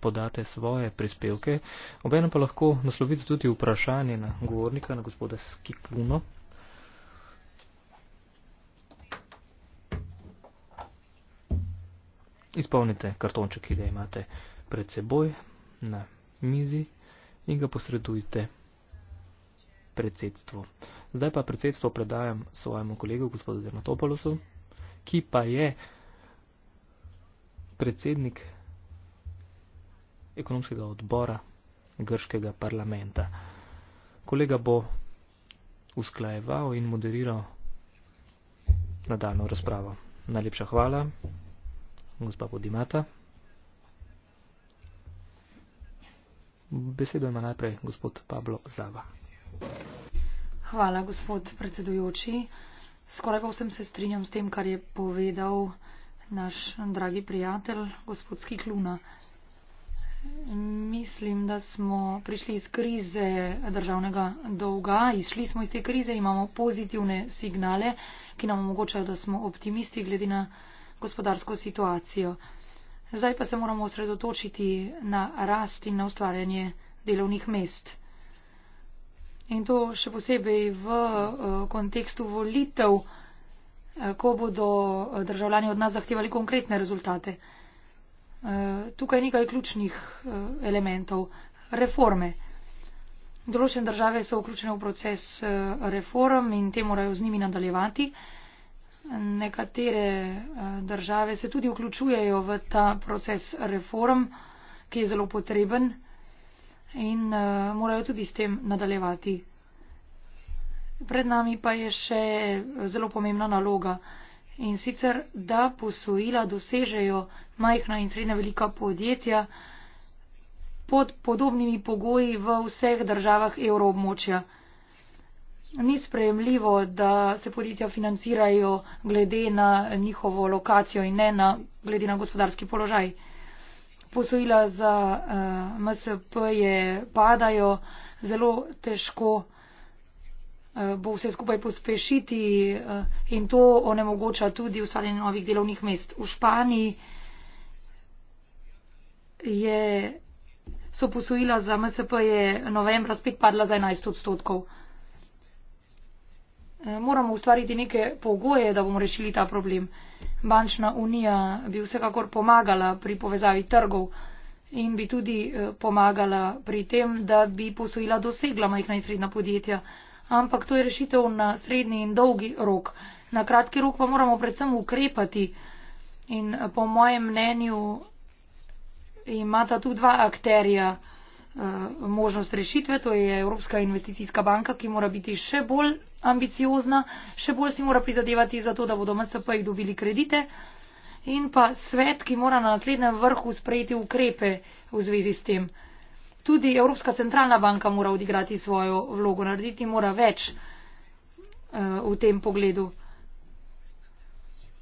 podate svoje prispevke. Obenem pa lahko naslovite tudi vprašanje na govornika, na gospoda Skikluno. Izpolnite kartonček, ki ga imate pred seboj na mizi in ga posredujte predsedstvu. Zdaj pa predsedstvo predajam svojemu kolegu, gospodu Dermatopolosu, ki pa je predsednik ekonomskega odbora grškega parlamenta. Kolega bo usklajeval in moderiral nadaljno razpravo. Najlepša hvala, gospa Podimata. Besedo ima najprej gospod Pablo Zava. Hvala, gospod predsedujoči. Skoraj pa vsem se strinjam s tem, kar je povedal naš dragi prijatelj, gospod Skikluna. Uh, Mislim, da smo prišli iz krize državnega dolga, izšli smo iz te krize, imamo pozitivne signale, ki nam omogočajo, da smo optimisti glede na gospodarsko situacijo. Zdaj pa se moramo osredotočiti na rast in na ustvarjanje delovnih mest. In to še posebej v eh, kontekstu volitev, eh, ko bodo eh, državljani od nas zahtevali konkretne rezultate tukaj nekaj ključnih eh, elementov. Reforme. Določene države so vključene v proces eh, reform in te morajo z njimi nadaljevati. Nekatere eh, države se tudi vključujejo v ta proces reform, ki je zelo potreben in morajo tudi s tem nadaljevati. Pred nami pa je še zelo pomembna naloga in sicer, da posojila dosežejo majhna in srednja velika podjetja pod podobnimi pogoji v vseh državah evroobmočja. Ni sprejemljivo, da se podjetja financirajo glede na njihovo lokacijo in ne na, glede na gospodarski položaj. Posojila za uh, eh, MSP je padajo, zelo težko. Eh, bo vse skupaj pospešiti eh, in to onemogoča tudi ustvarjanje novih delovnih mest. V Španiji je, so posojila za MSP je novembra spet padla za 11 odstotkov. Eh, moramo ustvariti neke pogoje, da bomo rešili ta problem. Bančna unija bi vsekakor pomagala pri povezavi trgov in bi tudi pomagala pri tem, da bi posojila dosegla majhna in srednja podjetja ampak to je rešitev na srednji in dolgi rok. Na kratki rok pa moramo predvsem ukrepati in eh, po mojem mnenju imata tu dva akterja eh, možnost rešitve, to je Evropska investicijska banka, ki mora biti še bolj ambiciozna, še bolj si mora prizadevati za to, da bodo MSP-ji dobili kredite in pa svet, ki mora na naslednjem vrhu sprejeti ukrepe v zvezi s tem tudi Evropska centralna banka mora odigrati svojo vlogo, narediti mora več eh, v tem pogledu.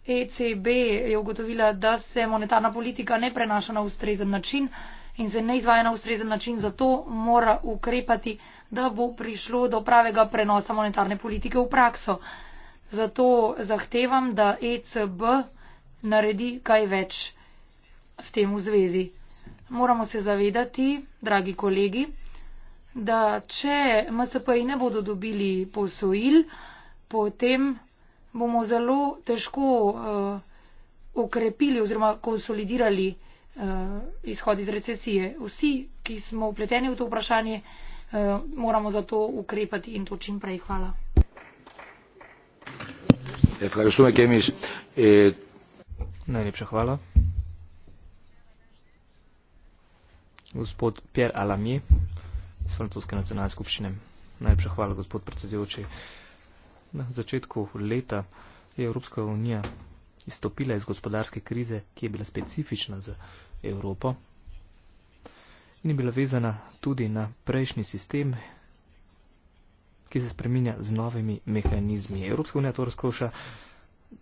ECB je ugotovila, da se monetarna politika ne prenaša na ustrezen način in se ne izvaja na ustrezen način, zato mora ukrepati, da bo prišlo do pravega prenosa monetarne politike v prakso. Zato zahtevam, da ECB naredi kaj več s tem v zvezi. Moramo se zavedati, dragi kolegi, da če MSP-ji ne bodo dobili posojil, potem bomo zelo težko uh, okrepili oziroma konsolidirali uh, izhod iz recesije. Vsi, ki smo upleteni v to vprašanje, uh, moramo za to ukrepati in to čim prej. Hvala. Najlepša hvala. gospod Pierre Alami iz francoske nacionalne skupščine. Najprej hvala, gospod predsedujoči. Na začetku leta je Evropska unija izstopila iz gospodarske krize, ki je bila specifična za Evropo in je bila vezana tudi na prejšnji sistem, ki se spreminja z novimi mehanizmi. Evropska unija to razkoša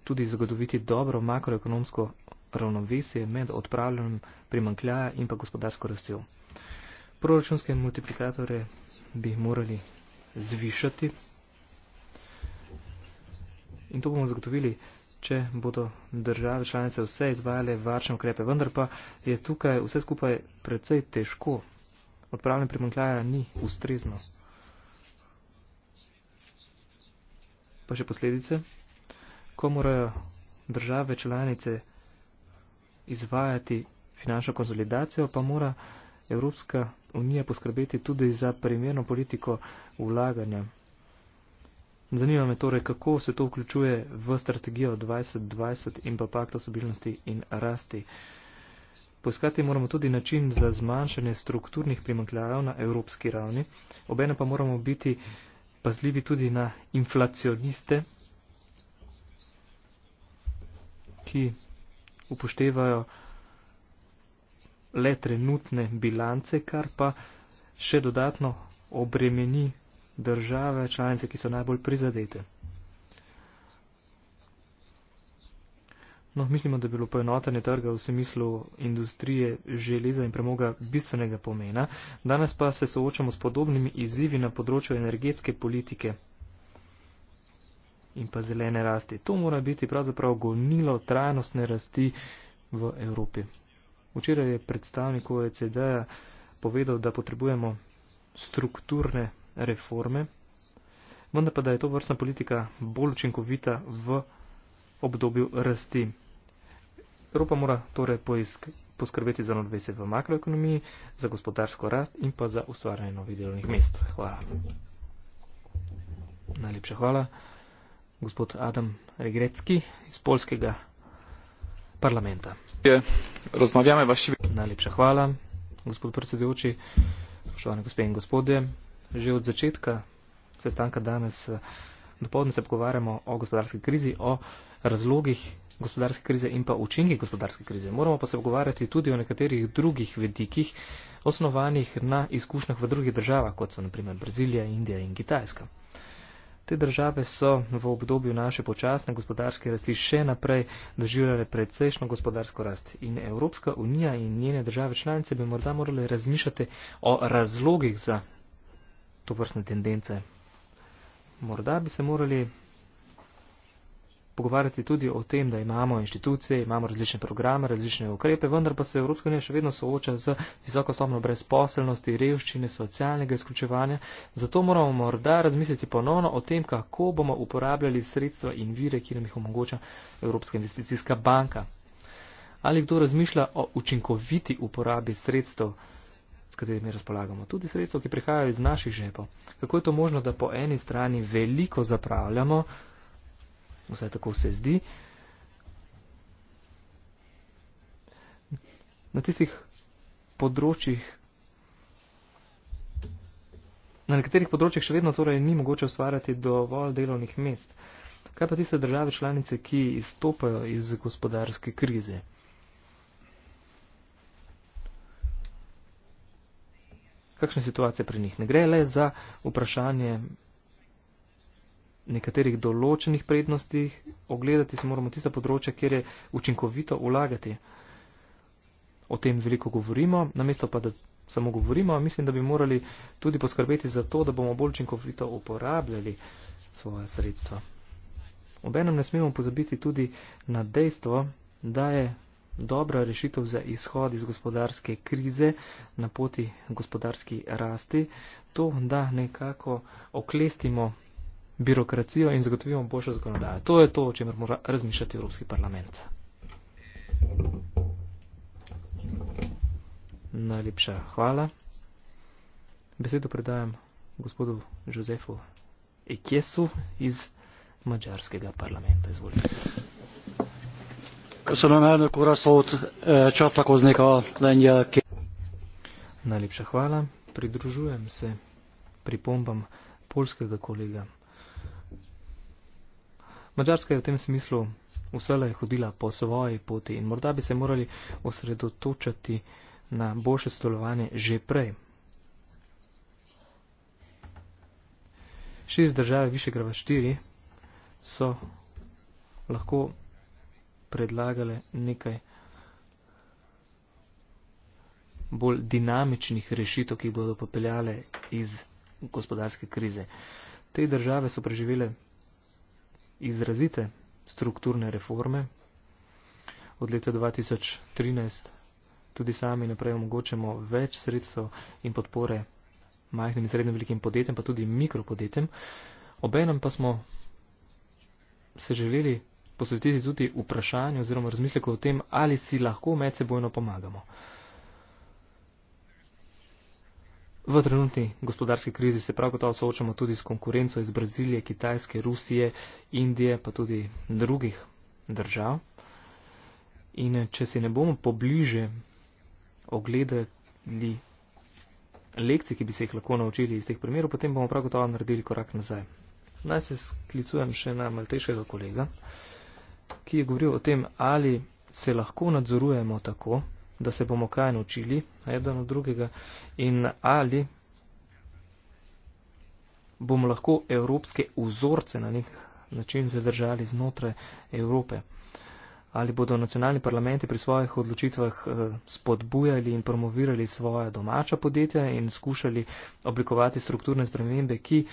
tudi zagotoviti dobro makroekonomsko ravnovesje med odpravljanjem primankljaja in pa gospodarsko rastjo. Proračunske multiplikatore bi morali zvišati in to bomo zagotovili, če bodo države članice vse izvajale varčne ukrepe. Vendar pa je tukaj vse skupaj precej težko. Odpravljanje primankljaja ni ustrezno. Pa še posledice, ko morajo države članice izvajati finančno konsolidacijo, pa mora Evropska unija poskrbeti tudi za primerno politiko vlaganja. Zanima me torej, kako se to vključuje v strategijo 2020 in pa pakt o stabilnosti in rasti. Poiskati moramo tudi način za zmanjšanje strukturnih primankljajev na evropski ravni, obene pa moramo biti pazljivi tudi na inflacioniste, ki upoštevajo le trenutne bilance, kar pa še dodatno obremeni države članice, ki so najbolj prizadete. No, mislimo, da bi bilo poenotenje trga v smislu industrije železa in premoga bistvenega pomena. Danes pa se soočamo s podobnimi izzivi na področju energetske politike in pa zelene rasti. To mora biti pravzaprav gonilo trajnostne rasti v Evropi. Včeraj je predstavnik OECD-ja povedal, da potrebujemo strukturne reforme, vendar pa da je to vrstna politika bolj učinkovita v obdobju rasti. Evropa mora torej poisk, poskrbeti za nadvese v makroekonomiji, za gospodarsko rast in pa za ustvarjanje novih delovnih mest. Hvala. Najlepša hvala gospod Adam Regrecki iz Polskega parlamenta. Razmavljame vaši... Najlepša hvala, gospod predsedujoči, spoštovane gospe in gospodje. Že od začetka sestanka danes eh, dopoledne se pogovarjamo o gospodarski krizi, o razlogih gospodarske krize in pa učinki gospodarske krize. Moramo pa se pogovarjati tudi o nekaterih drugih vedikih, osnovanih na izkušnjah v drugih državah, kot so naprimer Brazilija, Indija in Kitajska. Te države so v obdobju naše počasne gospodarske rasti še naprej doživljale precejšno gospodarsko rast in Evropska unija in njene države članice bi morda morale razmišljati o razlogih za to vrstne tendence. Morda bi se morali pogovarjati tudi o tem, da imamo inštitucije, imamo različne programe, različne ukrepe, vendar pa se Evropska unija še vedno sooča z visoko stopno brezposelnosti, revščine, socialnega izključevanja. Zato moramo morda razmisliti ponovno o tem, kako bomo uporabljali sredstva in vire, ki nam jih omogoča Evropska investicijska banka. Ali kdo razmišlja o učinkoviti uporabi sredstev, s katerimi razpolagamo, tudi sredstev, ki prihajajo iz naših žepov? Kako je to možno, da po eni strani veliko zapravljamo, vsaj tako se zdi. Na tistih področjih, na nekaterih področjih še vedno torej ni mogoče ustvarjati dovolj delovnih mest. Kaj pa tiste države članice, ki izstopajo iz gospodarske krize? Kakšne situacije pri njih? Ne gre le za vprašanje nekaterih določenih prednostih, ogledati se moramo tista področja, kjer je učinkovito ulagati. O tem veliko govorimo, namesto pa, da samo govorimo, mislim, da bi morali tudi poskrbeti za to, da bomo bolj učinkovito uporabljali svoje sredstva. Obenem ne smemo pozabiti tudi na dejstvo, da je dobra rešitev za izhod iz gospodarske krize na poti gospodarski rasti, to, da nekako oklestimo birokracijo in zagotovimo boljšo zakonodajo. To je to, o čemer mora razmišljati Evropski parlament. Najlepša hvala. Besedo predajam gospodu Žozefu Ekjesu iz Mađarskega parlamenta. Izvolite. E, Najlepša hvala. Pridružujem se pripombam polskega kolega. Mačarska je v tem smislu vsele hodila po svoji poti in morda bi se morali osredotočati na boljše sodelovanje že prej. Širi države Višegrava 4 so lahko predlagale nekaj bolj dinamičnih rešitev, ki bodo popeljale iz gospodarske krize. Te države so preživele izrazite strukturne reforme. Od leta 2013 tudi sami naprej omogočamo več sredstev in podpore majhnim in srednjim velikim podjetjem, pa tudi mikropodjetjem. Obenem pa smo se želeli posvetiti tudi vprašanju oziroma razmisleku o tem, ali si lahko medsebojno pomagamo. V trenutni gospodarski krizi se prav gotovo soočamo tudi s konkurenco iz Brazilije, Kitajske, Rusije, Indije, pa tudi drugih držav. In eh, če si ne bomo pobliže ogledali lekcij, ki bi se jih lahko naučili iz teh primerov, potem bomo prav gotovo naredili korak nazaj. Naj se sklicujem še na maltejšega kolega, ki je govoril o tem, ali se lahko nadzorujemo tako, da se bomo kaj naučili, eden od drugega, in ali bomo lahko evropske vzorce na nek način zadržali znotraj Evrope. Ali bodo nacionalni parlamenti pri svojih odločitvah eh, spodbujali in promovirali svoje domača podjetja in skušali oblikovati strukturne spremembe, ki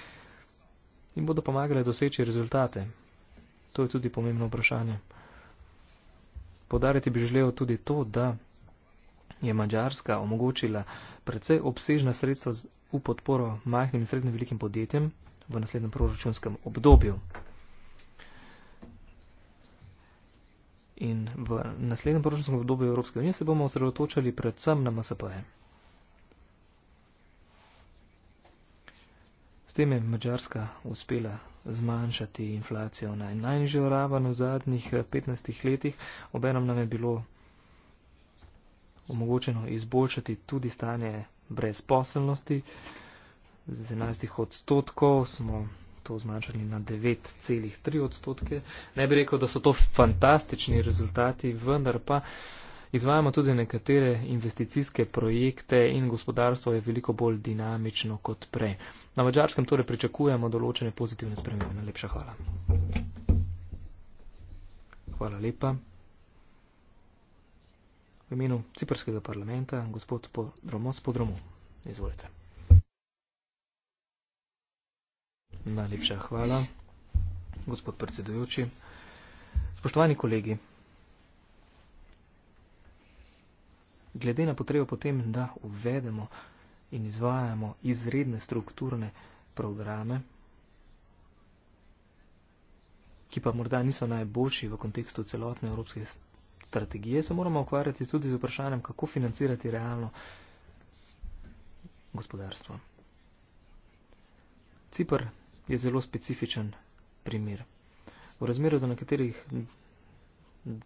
jim bodo pomagali doseči rezultate. To je tudi pomembno vprašanje. Podariti bi želel tudi to, da je Mačarska omogočila precej obsežna sredstva v podporo majhnim in srednjim velikim podjetjem v naslednjem proračunskem obdobju. In v naslednjem proračunskem obdobju Evropske unije se bomo osredotočali predvsem na MSP-je. S tem je Mačarska uspela zmanjšati inflacijo na najnižjo raven v zadnjih 15 letih, obenem nam je bilo omogočeno izboljšati tudi stanje brezposelnosti. Z 11 odstotkov smo to zmanjšali na 9,3 odstotke. Ne bi rekel, da so to fantastični rezultati, vendar pa izvajamo tudi nekatere investicijske projekte in gospodarstvo je veliko bolj dinamično kot prej. Na mačarskem torej pričakujemo določene pozitivne spremembe. Najlepša hvala. Hvala lepa v imenu ciprskega parlamenta, gospod Podromos Podromu. Izvolite. Najlepša hvala, gospod predsedujoči. Spoštovani kolegi, glede na potrebo potem, da uvedemo in izvajamo izredne strukturne programe, ki pa morda niso najboljši v kontekstu celotne evropske strategije, se moramo ukvarjati tudi z vprašanjem, kako financirati realno gospodarstvo. Cipr je zelo specifičen primer. V razmeru do nekaterih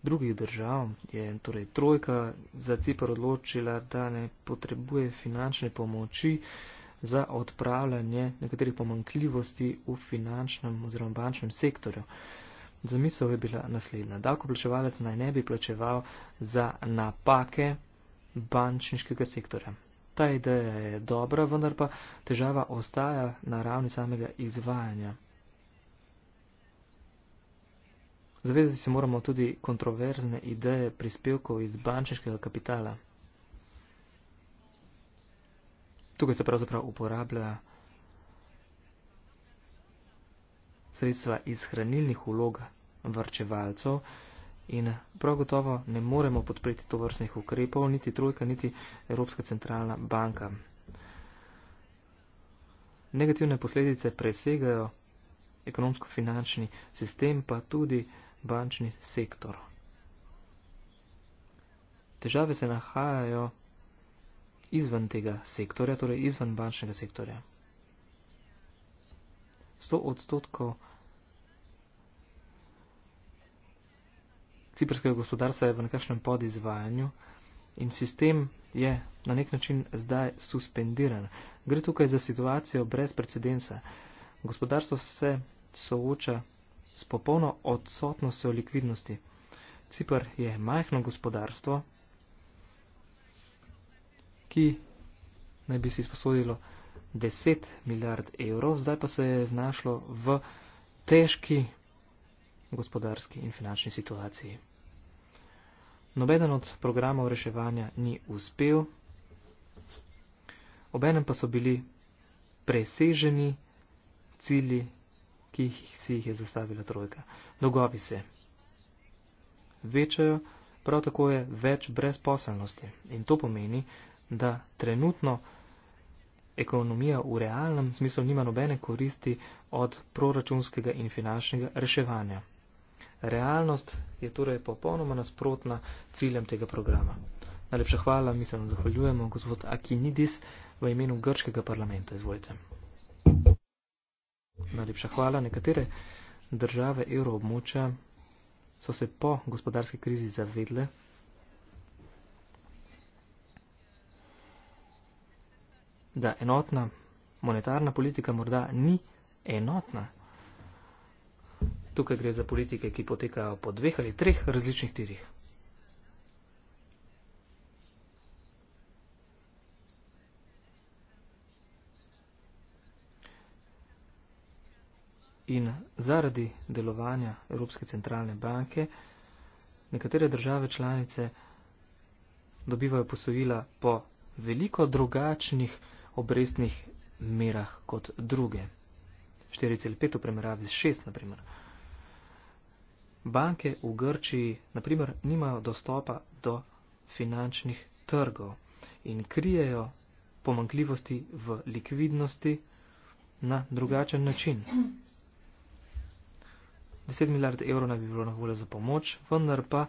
drugih držav je torej trojka za Cipr odločila, da ne potrebuje finančne pomoči za odpravljanje nekaterih pomankljivosti v finančnem oziroma bančnem sektorju. Uh, Zamisel je bila naslednja. Davkoplačevalec naj ne bi plačeval za napake bančniškega sektorja. Ta ideja je dobra, vendar pa težava ostaja na ravni samega izvajanja. Zavezati se moramo tudi kontroverzne ideje prispevkov iz bančniškega kapitala. Tukaj se pravzaprav uporabljajo. sredstva iz hranilnih ulog vrčevalcev in prav gotovo ne moremo podpreti to vrstnih ukrepov, niti Trojka, niti Evropska centralna banka. Negativne posledice presegajo ekonomsko-finančni sistem, pa tudi bančni sektor. Težave se nahajajo izven tega sektorja, torej izven bančnega sektorja. 100 odstotkov ciprskega gospodarstva je v nekakšnem podizvajanju in sistem je na nek način zdaj suspendiran. Gre tukaj za situacijo brez precedensa. Gospodarstvo se sooča s popolno odsotnostjo likvidnosti. Cipr je majhno gospodarstvo, ki naj bi si sposodilo 10 milijard evrov, zdaj pa se je znašlo v težki gospodarski in finančni situaciji. Nobeden od programov reševanja ni uspel, obenem pa so bili preseženi cilji, ki si jih je zastavila trojka. Dolgovi se večajo, prav tako je več brezposelnosti in to pomeni, da trenutno ekonomija v realnem smislu nima nobene koristi od proračunskega in finančnega reševanja. Realnost je torej popolnoma nasprotna ciljem tega programa. Najlepša hvala, mi se vam zahvaljujemo, gospod Akinidis, v imenu grškega parlamenta, izvolite. Najlepša hvala, nekatere države evroobmočja so se po gospodarski krizi zavedle, da enotna monetarna politika morda ni enotna. Tukaj gre za politike, ki potekajo po dveh ali treh različnih tirih. In zaradi delovanja Evropske centralne banke nekatere države članice dobivajo posojila po veliko drugačnih eh, obrestnih merah kot druge. 4,5 v primeravi z 6, naprimer. Banke v Grčiji, naprimer, nimajo dostopa do finančnih trgov in krijejo pomankljivosti v likvidnosti na drugačen način. 10 milijard evrov naj bi bilo na voljo za pomoč, vendar pa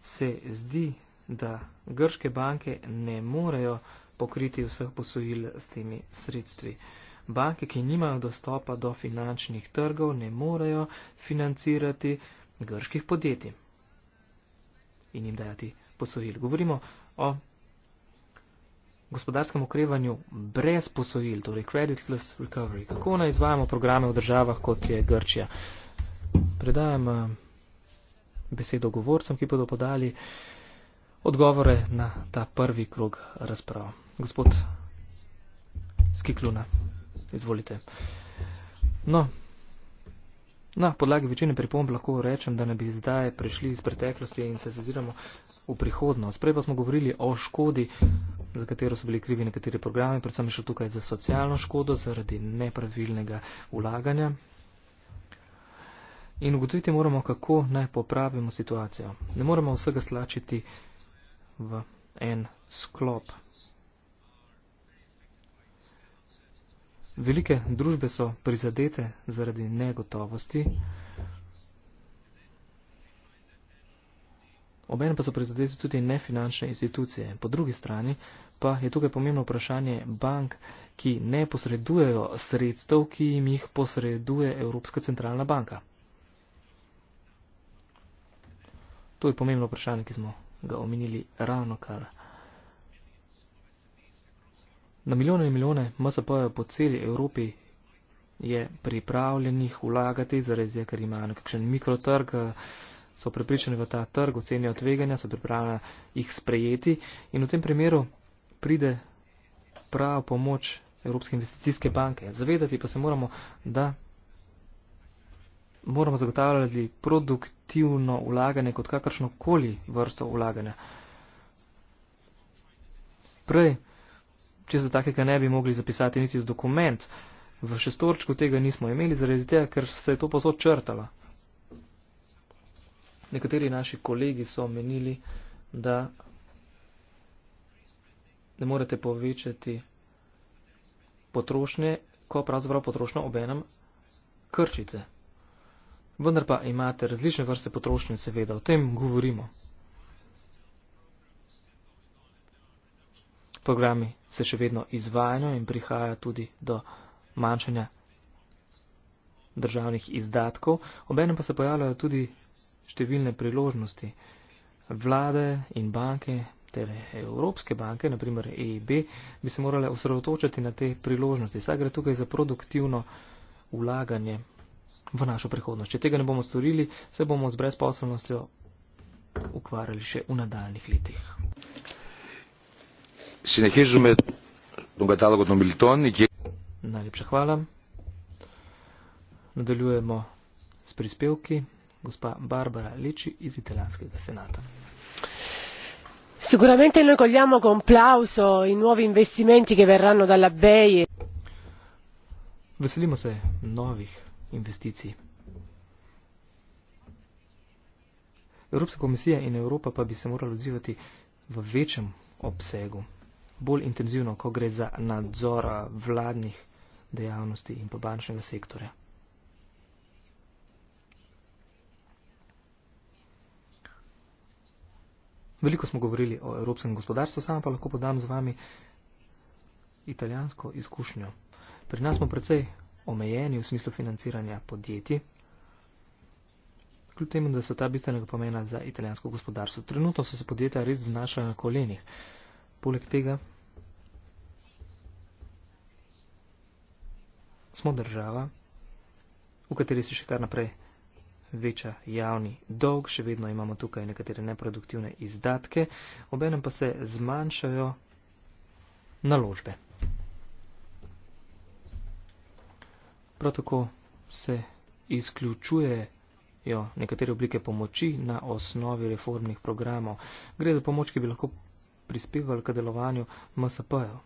se zdi, da grške banke ne morejo pokriti vseh posojil s temi sredstvi. Banke, ki nimajo dostopa do finančnih trgov, ne morejo financirati grških podjetij in jim dajati posojil. Govorimo o gospodarskem okrevanju brez posojil, torej creditless recovery. Kako naj izvajamo programe v državah, kot je Grčija? Predajam eh, besedo govorcem, ki bodo podali odgovore na ta prvi krog razprav. Gospod Skikluna, izvolite. No, na podlagi večine pripomb lahko rečem, da ne bi zdaj prišli iz preteklosti in se zaziramo v prihodnost. Prej pa smo govorili o škodi, za katero so bili krivi nekateri programi, predvsem še tukaj za socialno škodo, zaradi nepravilnega ulaganja. In ugotoviti moramo, kako naj popravimo situacijo. Ne moramo vsega slačiti v en sklop. Velike družbe so prizadete zaradi negotovosti, obene pa so prizadete tudi nefinančne institucije. Po drugi strani pa je tukaj pomembno vprašanje bank, ki ne posredujejo sredstev, ki jim jih posreduje Evropska centralna banka. To je pomembno vprašanje, ki smo ga omenili ravno kar. Na milijone in milijone MSP-jev po celi Evropi je pripravljenih vlagati, zaradi tega, ker imajo nekakšen mikrotrg, so pripričani v ta trg, ocenijo tveganja, so pripravljeni jih sprejeti in v tem primeru pride prava pomoč Evropske investicijske banke. Zavedati pa se moramo, da moramo zagotavljati produktivno vlaganje kot kakršno koli vrsto vlaganja. Prej, če za takega ne bi mogli zapisati niti dokument, v šestorčku tega nismo imeli, zaradi tega, ker se je to posod črtalo. Nekateri naši kolegi so menili, da ne morete povečati potrošnje, ko pravzaprav potrošnjo obenem krčite vendar pa imate različne vrste potrošnje, seveda, o tem govorimo. Programi se še vedno izvajajo in prihaja tudi do manjšanja državnih izdatkov, obenem pa se pojavljajo tudi številne priložnosti. Vlade in banke, tere evropske banke, naprimer EIB, bi se morale osredotočiti na te priložnosti. Saj gre tukaj za produktivno vlaganje, v našo prihodnost. Če tega ne bomo storili, se bomo z brezposobnostjo ukvarjali še v nadaljnih letih. Najlepša hvala. Nadaljujemo s prispevki. Gospa Barbara Leči iz italijanskega senata. Sicuramente noi cogliamo con plauso i nuovi investimenti che verranno dalla BEI. Veselimo se novih investicij. Evropska komisija in Evropa pa bi se morali odzivati v večjem obsegu, bolj intenzivno, ko gre za nadzor vladnih dejavnosti in pa bančnega sektorja. Veliko smo govorili o evropskem gospodarstvu, sama pa lahko podam z vami italijansko izkušnjo. Pri nas smo precej omejeni v smislu financiranja podjetij, kljub temu, da so ta bistvenega pomena za italijansko gospodarstvo. Trenutno so se podjetja res znašla na kolenih. Poleg tega smo država, v kateri se še kar naprej veča javni dolg, še vedno imamo tukaj nekatere neproduktivne izdatke, obenem pa se zmanjšajo naložbe. Prav tako se izključujejo nekatere oblike pomoči na osnovi reformnih programov. Gre za pomoč, ki bi lahko prispevali k delovanju MSP-jev.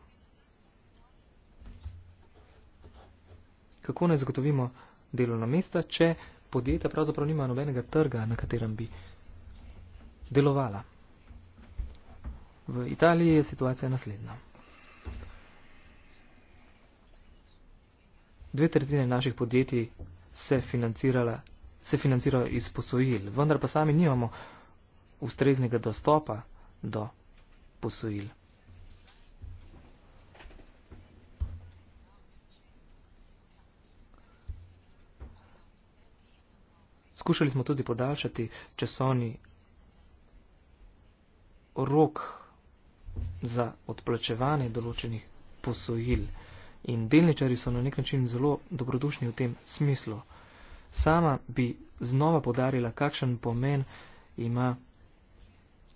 Kako naj zagotovimo delovna mesta, če podjetja pravzaprav nima nobenega trga, na katerem bi delovala? V Italiji je situacija naslednja. dve tretjine naših podjetij se, se financirajo iz posojil, vendar pa sami nimamo ustreznega dostopa do posojil. Skušali smo tudi podaljšati časovni rok za odplačevanje določenih posojil in delničari so na nek način zelo dobrodušni v tem smislu. Sama bi znova podarila, kakšen pomen ima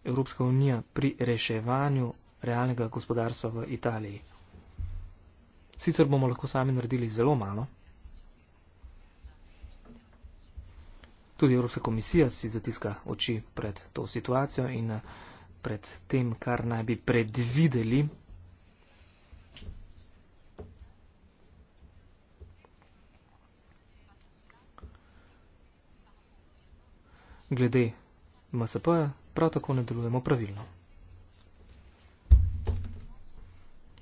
Evropska unija pri reševanju realnega gospodarstva v Italiji. Sicer bomo lahko sami naredili zelo malo. Tudi Evropska komisija si zatiska oči pred to situacijo in eh, pred tem, kar naj bi predvideli glede MSP prav tako ne delujemo pravilno.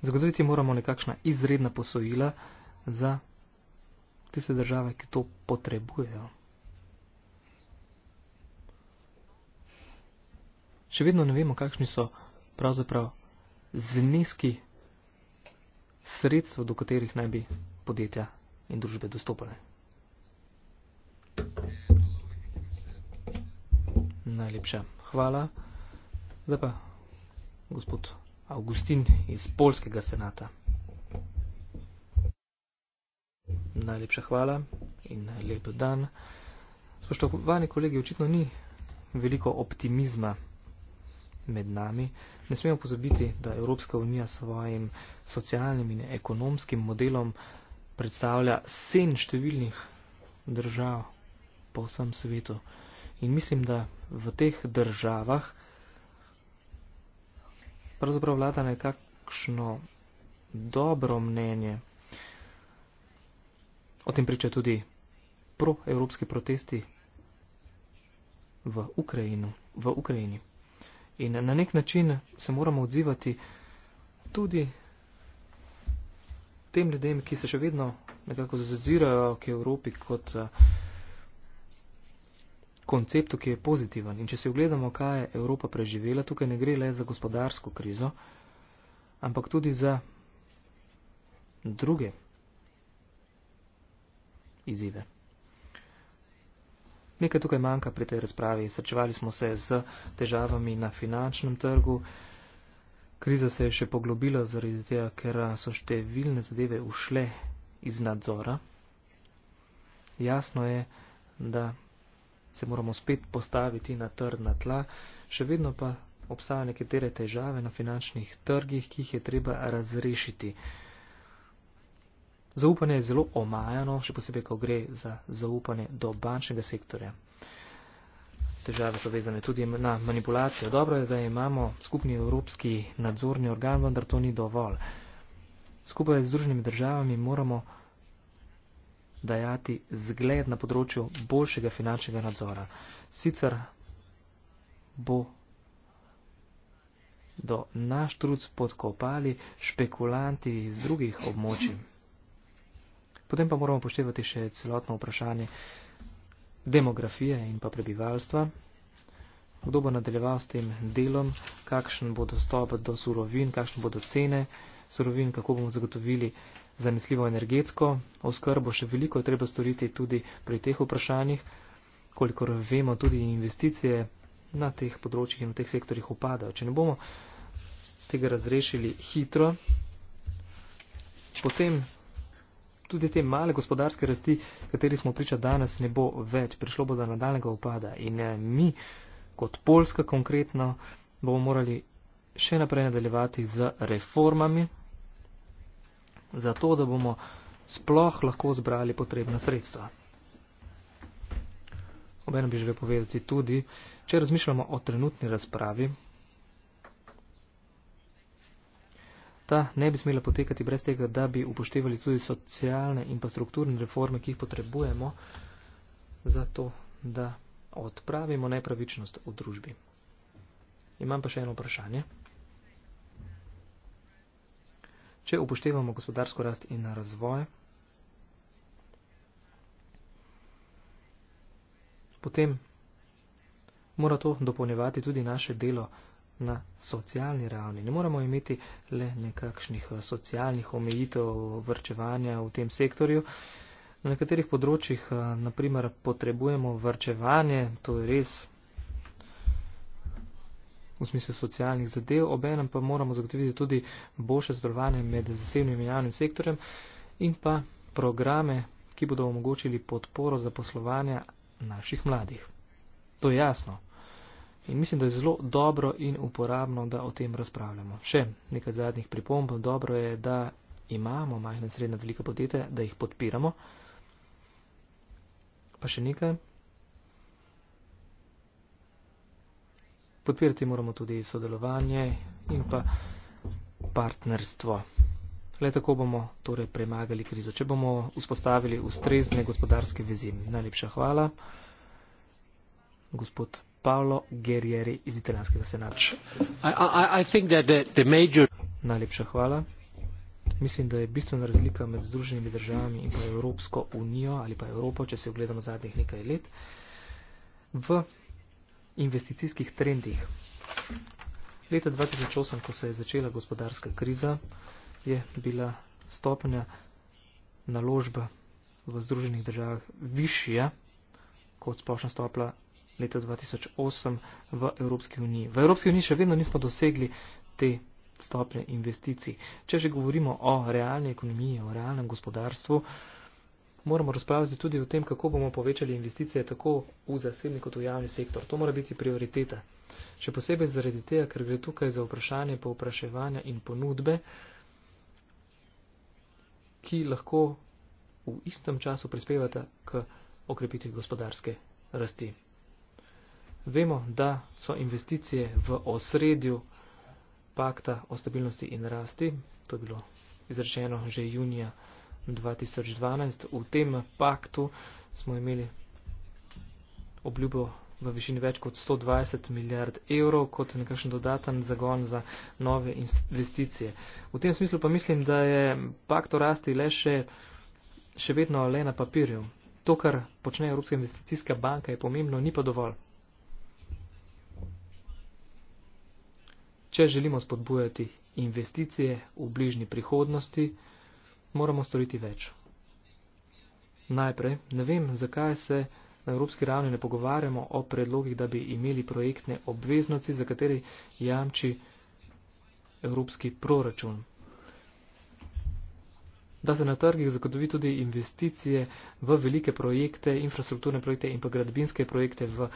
Zagotoviti moramo nekakšna izredna posojila za tiste države, ki to potrebujejo. Še vedno ne vemo, kakšni so pravzaprav zneski sredstv, do katerih naj bi podjetja in družbe dostopale. Najlepša hvala. Zdaj pa gospod Augustin iz Polskega senata. Najlepša hvala in lep dan. Spoštovani kolegi, očitno ni veliko optimizma med nami. Ne smemo pozabiti, da Evropska unija svojim socialnim in ekonomskim modelom predstavlja sen številnih držav po vsem svetu. In mislim, da v teh državah pravzaprav vlada nekakšno dobro mnenje. O tem priča tudi proevropski protesti v, Ukrajinu, v Ukrajini. In na nek način se moramo odzivati tudi tem ljudem, ki se še vedno nekako zazirajo k Evropi kot uh, konceptu, ki je pozitiven. In če si ogledamo, kaj je Evropa preživela, tukaj ne gre le za gospodarsko krizo, ampak tudi za druge izzive. Nekaj tukaj manjka pri tej razpravi. Srečevali smo se z težavami na finančnem trgu. Kriza se je še poglobila zaradi tega, ker so številne zadeve ušle iz nadzora. Jasno je, da se moramo spet postaviti na trdna tla, še vedno pa obstajajo nekatere težave na finančnih trgih, ki jih je treba razrešiti. Zaupanje je zelo omajano, še posebej, ko gre za zaupanje do bančnega sektorja. Težave so vezane tudi na manipulacijo. Dobro je, da imamo skupni evropski nadzorni organ, vendar to ni dovolj. Skupaj z Združenimi državami moramo dajati zgled na področju boljšega finančnega nadzora. Sicer bo do naš truc podkopali špekulanti iz drugih območij. Potem pa moramo poštevati še celotno vprašanje demografije in pa prebivalstva. Kdo bo nadaljeval s tem delom, kakšen bo dostop do surovin, kakšne bodo cene surovin, kako bomo zagotovili zanesljivo energetsko oskrbo. Še veliko je treba storiti tudi pri teh vprašanjih, kolikor vemo, tudi investicije na teh področjih in v teh sektorjih upadajo. Če ne bomo tega razrešili hitro, potem tudi te male gospodarske rasti, kateri smo priča danes, ne bo več. Prišlo bo do nadaljnega upada in eh, mi kot Polska konkretno bomo morali še naprej nadaljevati z reformami, zato da bomo sploh lahko zbrali potrebna sredstva. Obeno bi želel povedati tudi, če razmišljamo o trenutni razpravi, ta ne bi smela potekati brez tega, da bi upoštevali tudi socialne in pa strukturne reforme, ki jih potrebujemo, zato da odpravimo nepravičnost v družbi. Imam pa še eno vprašanje. Če upoštevamo gospodarsko rast in razvoj, potem mora to dopolnjevati tudi naše delo na socialni ravni. Ne moramo imeti le nekakšnih eh, socialnih omejitev vrčevanja v tem sektorju. Na nekaterih področjih, eh, naprimer, potrebujemo vrčevanje, to je res v smislu socialnih zadev, obenem pa moramo zagotoviti tudi boljše zdrovanje med zasebnim in javnim sektorjem in pa programe, ki bodo omogočili podporo zaposlovanja naših mladih. To je jasno. In mislim, da je zelo dobro in uporabno, da o tem razpravljamo. Še nekaj zadnjih pripomb. Dobro je, da imamo majhne in srednje velike podjetja, da jih podpiramo. Pa še nekaj. podpirati moramo tudi sodelovanje in pa partnerstvo. Le tako bomo torej premagali krizo, če bomo vzpostavili ustrezne gospodarske vezi. Najlepša hvala, gospod Paolo Gerjeri iz italijanskega senata. Najlepša hvala. Mislim, da je bistvena razlika med Združenimi državami in pa Evropsko unijo ali pa Evropo, če se ogledamo zadnjih nekaj let. V investicijskih trendih. Leta 2008, ko se je začela gospodarska kriza, je bila stopnja naložb v Združenih državah višja kot splošna stopla leta 2008 v Evropski uniji. V Evropski uniji še vedno nismo dosegli te stopnje investicij. Če že govorimo o realni ekonomiji, o realnem gospodarstvu, moramo razpravljati tudi o tem, kako bomo povečali investicije tako v zasebni kot v javni sektor. To mora biti prioriteta. Še posebej zaradi tega, ker gre tukaj za vprašanje povpraševanja in ponudbe, ki lahko v istem času prispevata k okrepitvi gospodarske rasti. Vemo, da so investicije v osredju pakta o stabilnosti in rasti, to je bilo izrečeno že junija 2012. V tem paktu smo imeli obljubo v višini več kot 120 milijard evrov kot nekakšen dodaten zagon za nove investicije. V tem smislu pa mislim, da je pakt o rasti le še, še vedno le na papirju. To, kar počne Evropska investicijska banka, je pomembno, ni pa dovolj. Če želimo spodbujati investicije v bližnji prihodnosti, moramo storiti več. Najprej, ne vem, zakaj se na evropski ravni ne pogovarjamo o predlogih, da bi imeli projektne obveznosti, za kateri jamči evropski proračun. Da se na trgih zagotovi tudi investicije v velike projekte, infrastrukturne projekte in pa gradbinske projekte v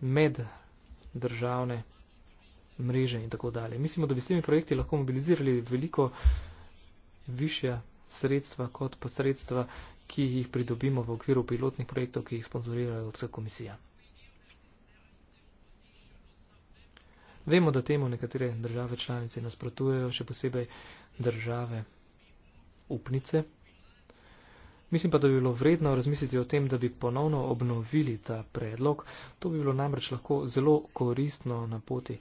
meddržavne državne mreže in tako dalje. Mislimo, da bi s temi projekti lahko mobilizirali veliko više sredstva kot pa sredstva, ki jih pridobimo v okviru pilotnih projektov, ki jih sponzorira Evropska komisija. Vemo, da temu nekatere države članice nasprotujejo, še posebej države upnice. Mislim pa, da bi bilo vredno razmisliti o tem, da bi ponovno obnovili ta predlog. To bi bilo namreč lahko zelo koristno na poti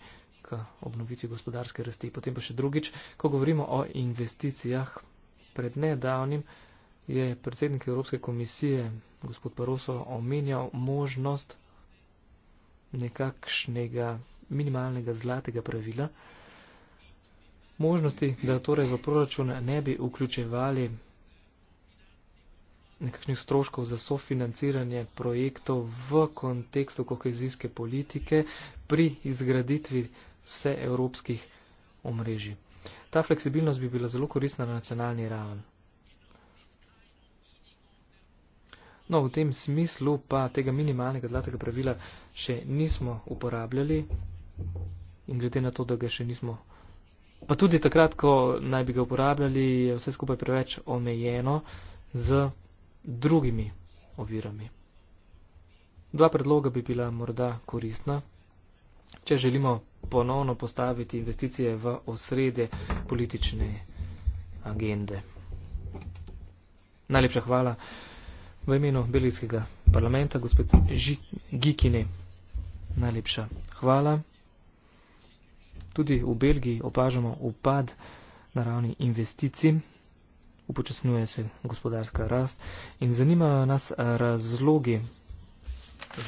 obnoviti gospodarske rasti. Potem pa še drugič, ko govorimo o investicijah, pred nedavnim je predsednik Evropske komisije, gospod Paroso, omenjal možnost nekakšnega minimalnega zlatega pravila, možnosti, da torej v proračun ne bi vključevali nekakšnih stroškov za sofinanciranje projektov v kontekstu kohezijske politike pri izgraditvi vseevropskih omrežij. Ta fleksibilnost bi bila zelo koristna na nacionalni raven. No, v tem smislu pa tega minimalnega zlatega pravila še nismo uporabljali in glede na to, da ga še nismo. Pa tudi takrat, ko naj bi ga uporabljali, je vse skupaj preveč omejeno z drugimi ovirami. Dva predloga bi bila morda koristna. Če želimo ponovno postaviti investicije v osredje politične agende. Najlepša hvala v imenu Belgijskega parlamenta, gospod Žikine. Najlepša hvala. Tudi v Belgiji opažamo upad na ravni investicij, upočasnjuje se gospodarska rast in zanimajo nas razlogi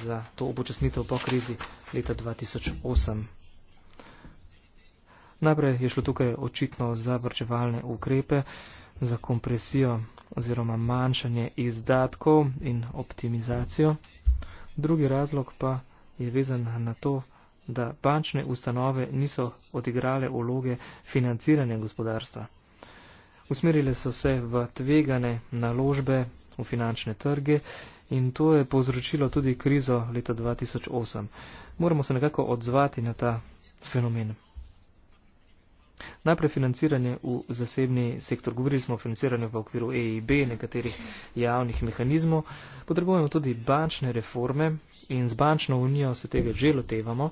za to upočasnitev po krizi leta 2008. Najprej je šlo tukaj očitno za vrčevalne ukrepe, za kompresijo oziroma manjšanje izdatkov in optimizacijo. Drugi razlog pa je vezan na to, da bančne ustanove niso odigrale vloge financiranja gospodarstva. Usmerile so se v tvegane naložbe v finančne trge in to je povzročilo tudi krizo leta 2008. Moramo se nekako odzvati na ta fenomen. Najprej financiranje v zasebni sektor. Govorili smo o financiranju v okviru EIB, nekaterih javnih mehanizmov. Potrebujemo tudi bančne reforme in z bančno unijo se tega že lotevamo.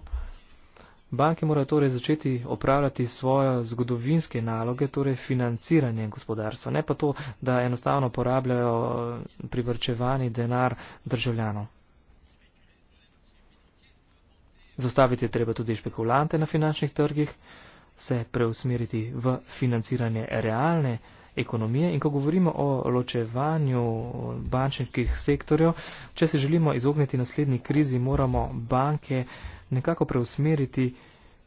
Banke morajo torej začeti opravljati svoje zgodovinske naloge, torej financiranje gospodarstva, ne pa to, da enostavno porabljajo eh, privrčevani denar državljanov. Zostaviti je treba tudi špekulante na finančnih trgih se preusmeriti v financiranje realne ekonomije. In ko govorimo o ločevanju bančnih sektorjev, če se želimo izogniti naslednji krizi, moramo banke nekako preusmeriti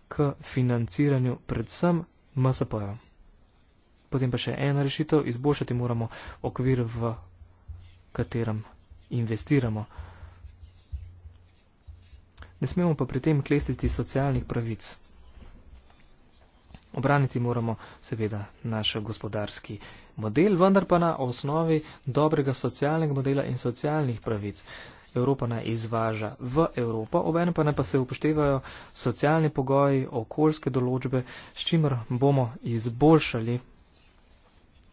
k financiranju predvsem MSP-ja. Potem pa še ena rešitev, izboljšati moramo okvir, v katerem investiramo. Ne smemo pa pri tem klestiti socialnih pravic. Obraniti moramo seveda naš gospodarski model, vendar pa na osnovi dobrega socialnega modela in socialnih pravic. Evropa naj izvaža v Evropo, obene pa naj pa se upoštevajo socialni pogoji, okoljske določbe, s čimer bomo izboljšali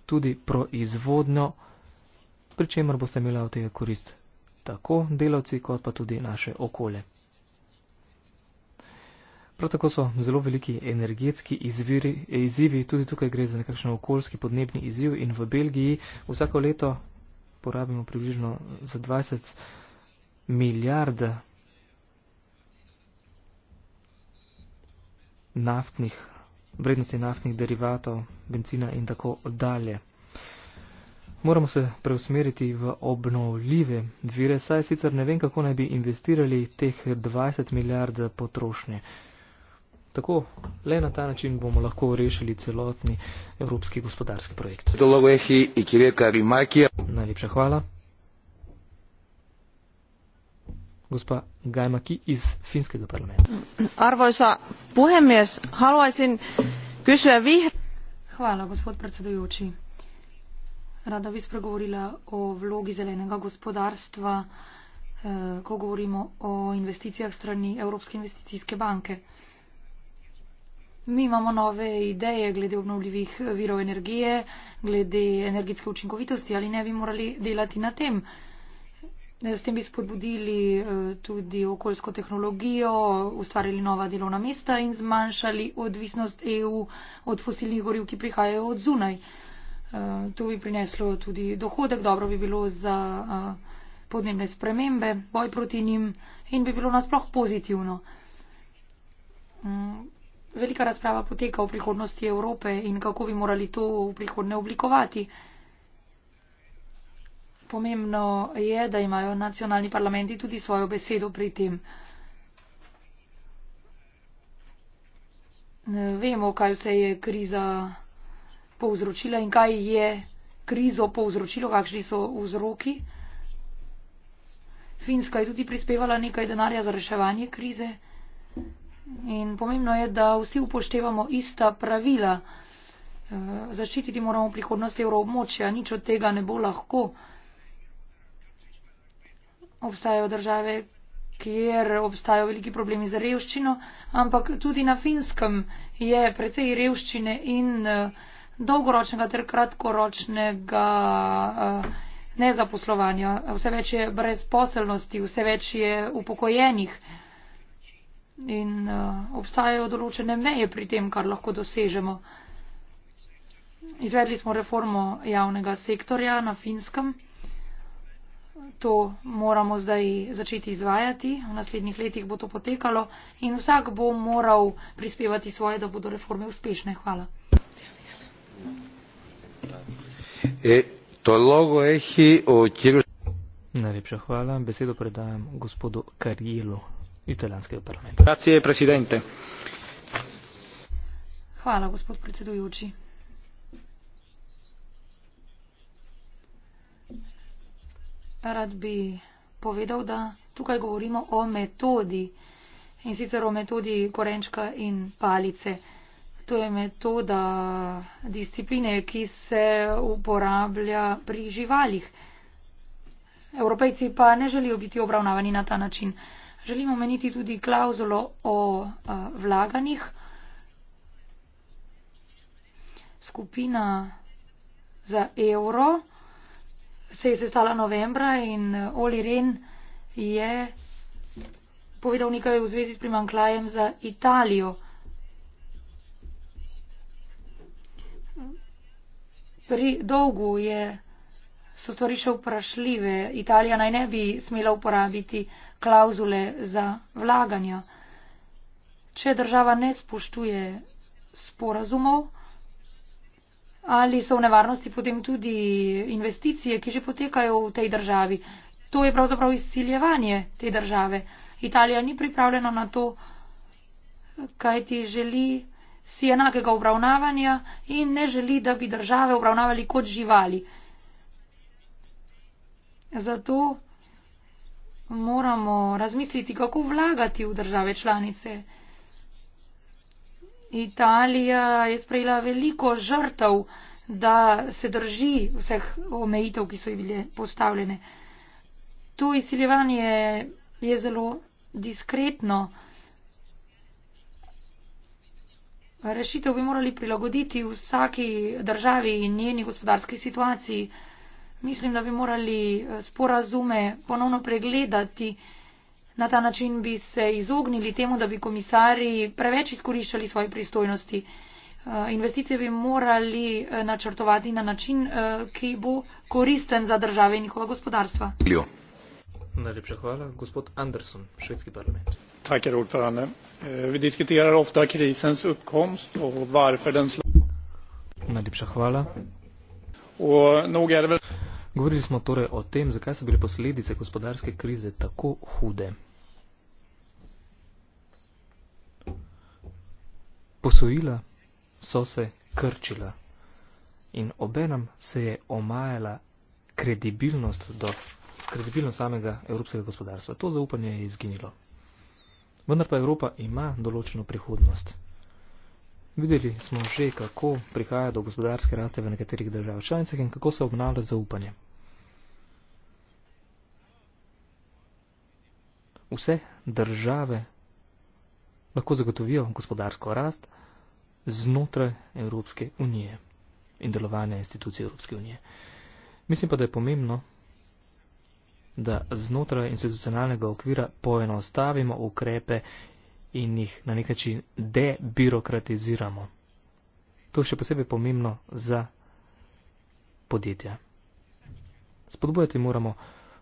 tudi proizvodnjo, pri čemer boste imela od tega korist tako delavci kot pa tudi naše okolje. Prav tako so zelo veliki energetski izviri, izzivi, tudi tukaj gre za nekakšen okoljski podnebni izziv in v Belgiji vsako leto porabimo približno za 20 milijard naftnih, vrednosti naftnih derivatov, benzina in tako dalje. Moramo se preusmeriti v obnovljive vire, saj sicer ne vem, kako naj bi investirali teh 20 milijard potrošnje. Tako, le na ta način bomo lahko rešili celotni evropski gospodarski projekt. Najlepša hvala. Gospa Gajmaki iz finskega parlamenta. Arvoisa puhemies, haluaisin kysyä vih... Hvala, gospod predsedujoči. Rada bi spregovorila o vlogi zelenega gospodarstva, eh, ko govorimo o investicijah strani Evropske investicijske banke. Mi imamo nove ideje glede obnovljivih virov energije, glede energetske učinkovitosti, ali ne bi morali delati na tem. S tem bi spodbudili eh, tudi okoljsko tehnologijo, ustvarili nova delovna mesta in zmanjšali odvisnost EU od fosilnih goriv, ki prihajajo od zunaj. Eh, to bi prineslo tudi dohodek, dobro bi bilo za eh, podnebne spremembe, boj proti njim in bi bilo nasploh pozitivno. Mm, velika razprava poteka o prihodnosti Evrope in kako bi morali to v prihodne oblikovati. Pomembno je, da imajo nacionalni parlamenti tudi svojo besedo pri tem. Vemo, kaj vse je kriza povzročila in kaj je krizo povzročilo, kakšni so vzroki. Finska je tudi prispevala nekaj denarja za reševanje krize. In pomembno je, da vsi upoštevamo ista pravila. E, zaščititi moramo prihodnost evroobmočja, nič od tega ne bo lahko. Obstajajo države, kjer obstajajo veliki problemi za revščino, ampak tudi na finskem je precej revščine in e, dolgoročnega ter kratkoročnega e, nezaposlovanja. Vse več je brezposelnosti, vse več je upokojenih in uh, obstajajo določene meje pri tem, kar lahko dosežemo. Izvedli smo reformo javnega sektorja na finskem. To moramo zdaj začeti izvajati. V naslednjih letih bo to potekalo in vsak bo moral prispevati svoje, da bodo reforme uspešne. Hvala. E, Najlepša hvala. Besedo predajam gospodu Karijelu italijanskega parlamenta. Grazie, presidente. Hvala, gospod predsedujoči. Rad bi povedal, da tukaj govorimo o metodi in sicer o metodi korenčka in palice. To je metoda discipline, ki se uporablja pri živalih. Evropejci pa ne želijo biti obravnavani na ta način. Želim omeniti tudi klauzulo o eh, vlaganjih. Skupina za evro se je sestala novembra in eh, Oli Ren je povedal nekaj v zvezi s primanklajem za Italijo. Pri dolgu je so stvari še vprašljive. Italija naj ne bi smela uporabiti klauzule za vlaganja. Če država ne spoštuje sporazumov, ali so v nevarnosti potem tudi investicije, ki že potekajo v tej državi. To je pravzaprav izsiljevanje te države. Italija ni pripravljena na to, kaj ti želi si enakega obravnavanja in ne želi, da bi države obravnavali kot živali. Zato moramo razmisliti, kako vlagati v države članice. Italija je sprejela veliko žrtev, da se drži vseh omejitev, ki so ji bile postavljene. To izsiljevanje je zelo diskretno. Rešitev bi morali prilagoditi vsaki državi in njeni gospodarski situaciji mislim, da bi morali eh, sporazume ponovno pregledati. Na ta način bi se izognili temu, da bi komisari preveč izkoriščali svoje pristojnosti. Eh, investicije bi morali eh, načrtovati na način, ki bo koristen za države in njihova gospodarstva. Jo. Najlepša hvala. Gospod Anderson, švedski parlament. Najlepša hvala. Govorili smo torej o tem, zakaj so bile posledice gospodarske krize tako hude. Posojila so se krčila in obenem se je omajala kredibilnost, do, kredibilnost samega evropskega gospodarstva. To zaupanje je izginilo. Vendar pa Evropa ima določeno prihodnost. Videli smo že, kako prihaja do gospodarske raste v nekaterih državah članicah in kako se obnavlja zaupanje. Vse države lahko zagotovijo gospodarsko rast znotraj Evropske unije in delovanja institucij Evropske unije. Mislim pa, da je pomembno, da znotraj institucionalnega okvira poenostavimo ukrepe in jih na nek način debirokratiziramo. To je še posebej pomembno za podjetja. Spodbujati moramo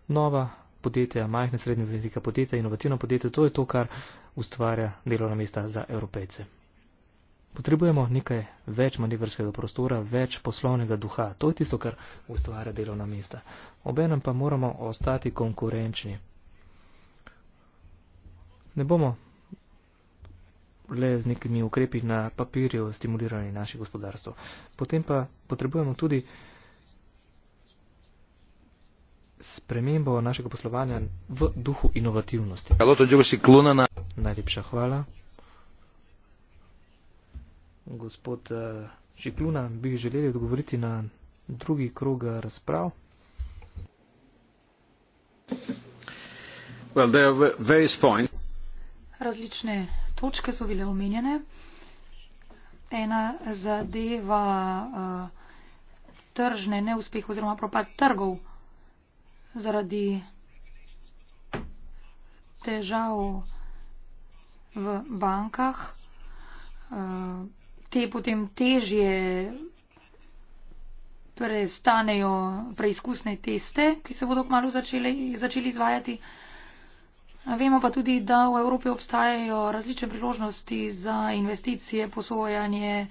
nova podjetja, majhne, srednje, velika podjetja, inovativna podjetja, to je to, kar ustvarja delovna mesta za evropejce. Potrebujemo nekaj več manevrskega prostora, več poslovnega duha, to je tisto, kar ustvarja delovna mesta. Obenem pa moramo ostati konkurenčni. Ne bomo le z nekimi ukrepi na papirju stimulirali naše gospodarstvo. Potem pa potrebujemo tudi spremembo našega poslovanja v duhu inovativnosti. Najlepša hvala. Gospod Žikluna, eh, bi želeli odgovoriti na drugi krog eh, razprav. Well, Različne točke so bile omenjene. Ena zadeva uh, tržne neuspeh oziroma propad trgov zaradi težav v bankah. Uh, te potem težje prestanejo preizkusne teste, ki se bodo kmalo začeli, začeli izvajati. Uh, Vemo pa tudi, da v Evropi obstajajo različne priložnosti za investicije, posojanje,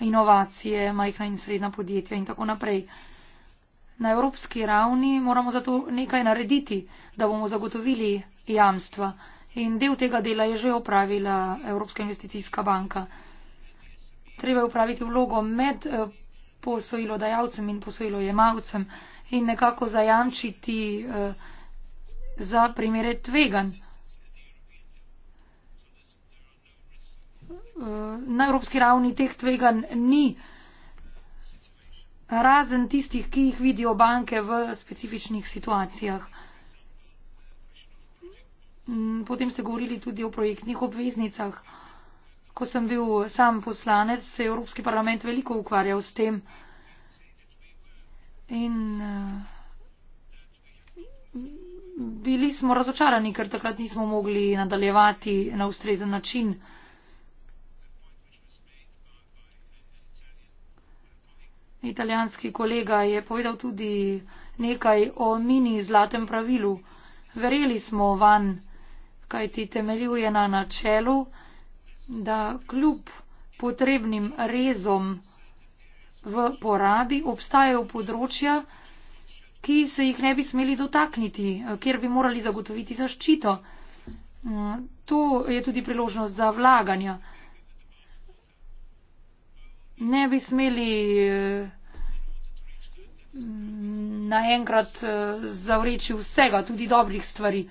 inovacije, majhna in srednja podjetja in tako naprej. Na evropski ravni moramo zato nekaj narediti, da bomo zagotovili jamstva. In del tega dela je že opravila Evropska investicijska banka. Treba je upraviti vlogo med eh, posojilodajalcem in posojilojemalcem in nekako zajamčiti. Eh, za primere tvegan. Na evropski ravni teh tvegan ni, razen tistih, ki jih vidijo banke v specifičnih situacijah. Mm, potem ste govorili tudi o projektnih obveznicah. Ko sem bil sam poslanec, se je Evropski parlament veliko ukvarjal s tem. In eh, bili smo razočarani, ker takrat nismo mogli nadaljevati na ustrezen način. Italijanski kolega je povedal tudi nekaj o mini zlatem pravilu. Verjeli smo van, kaj ti temeljuje na načelu, da kljub potrebnim rezom v porabi obstajajo področja, ki se jih ne bi smeli dotakniti, kjer bi morali zagotoviti zaščito. Mm, to je tudi priložnost za vlaganja. Ne bi smeli mm, naenkrat eh, zavreči vsega, tudi dobrih stvari.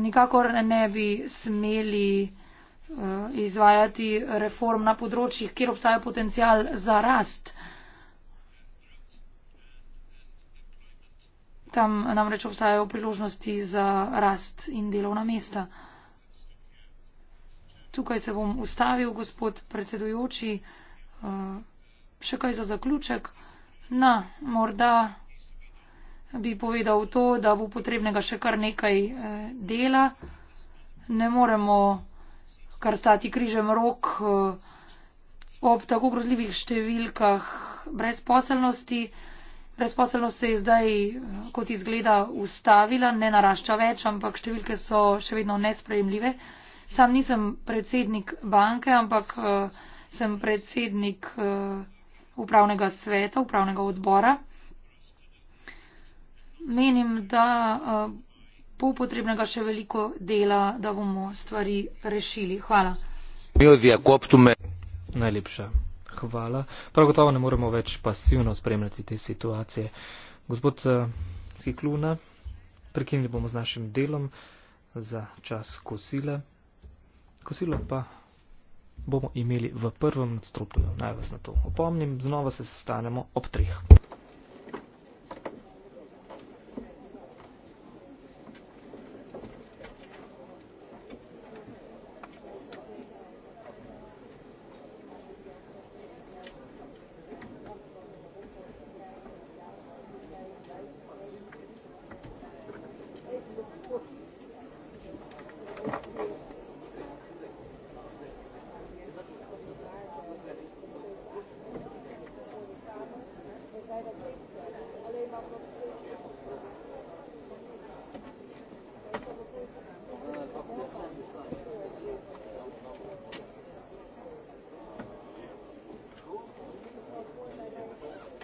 Nikakor ne bi smeli eh, izvajati reform na področjih, kjer obstaja potencial za rast. Tam namreč obstajajo priložnosti za rast in delovna mesta. Tukaj se bom ustavil, gospod predsedujoči. Eh, še kaj za zaključek? Na, morda bi povedal to, da bo potrebnega še kar nekaj eh, dela. Ne moremo kar stati križem rok eh, ob tako grozljivih številkah brezposelnosti. Brezposelnost se je zdaj, kot izgleda, ustavila, ne narašča več, ampak številke so še vedno nesprejemljive. Sam nisem predsednik banke, ampak uh, sem predsednik uh, upravnega sveta, upravnega odbora. Menim, da uh, bo potrebnega še veliko dela, da bomo stvari rešili. Hvala. Najlepša hvala. Prav gotovo ne moremo več pasivno spremljati te situacije. Gospod eh, Cikluna, prekinili bomo z našim delom za čas kosile. Kosilo pa bomo imeli v prvem nadstropju. Naj vas na to opomnim. Znova se sestanemo ob treh.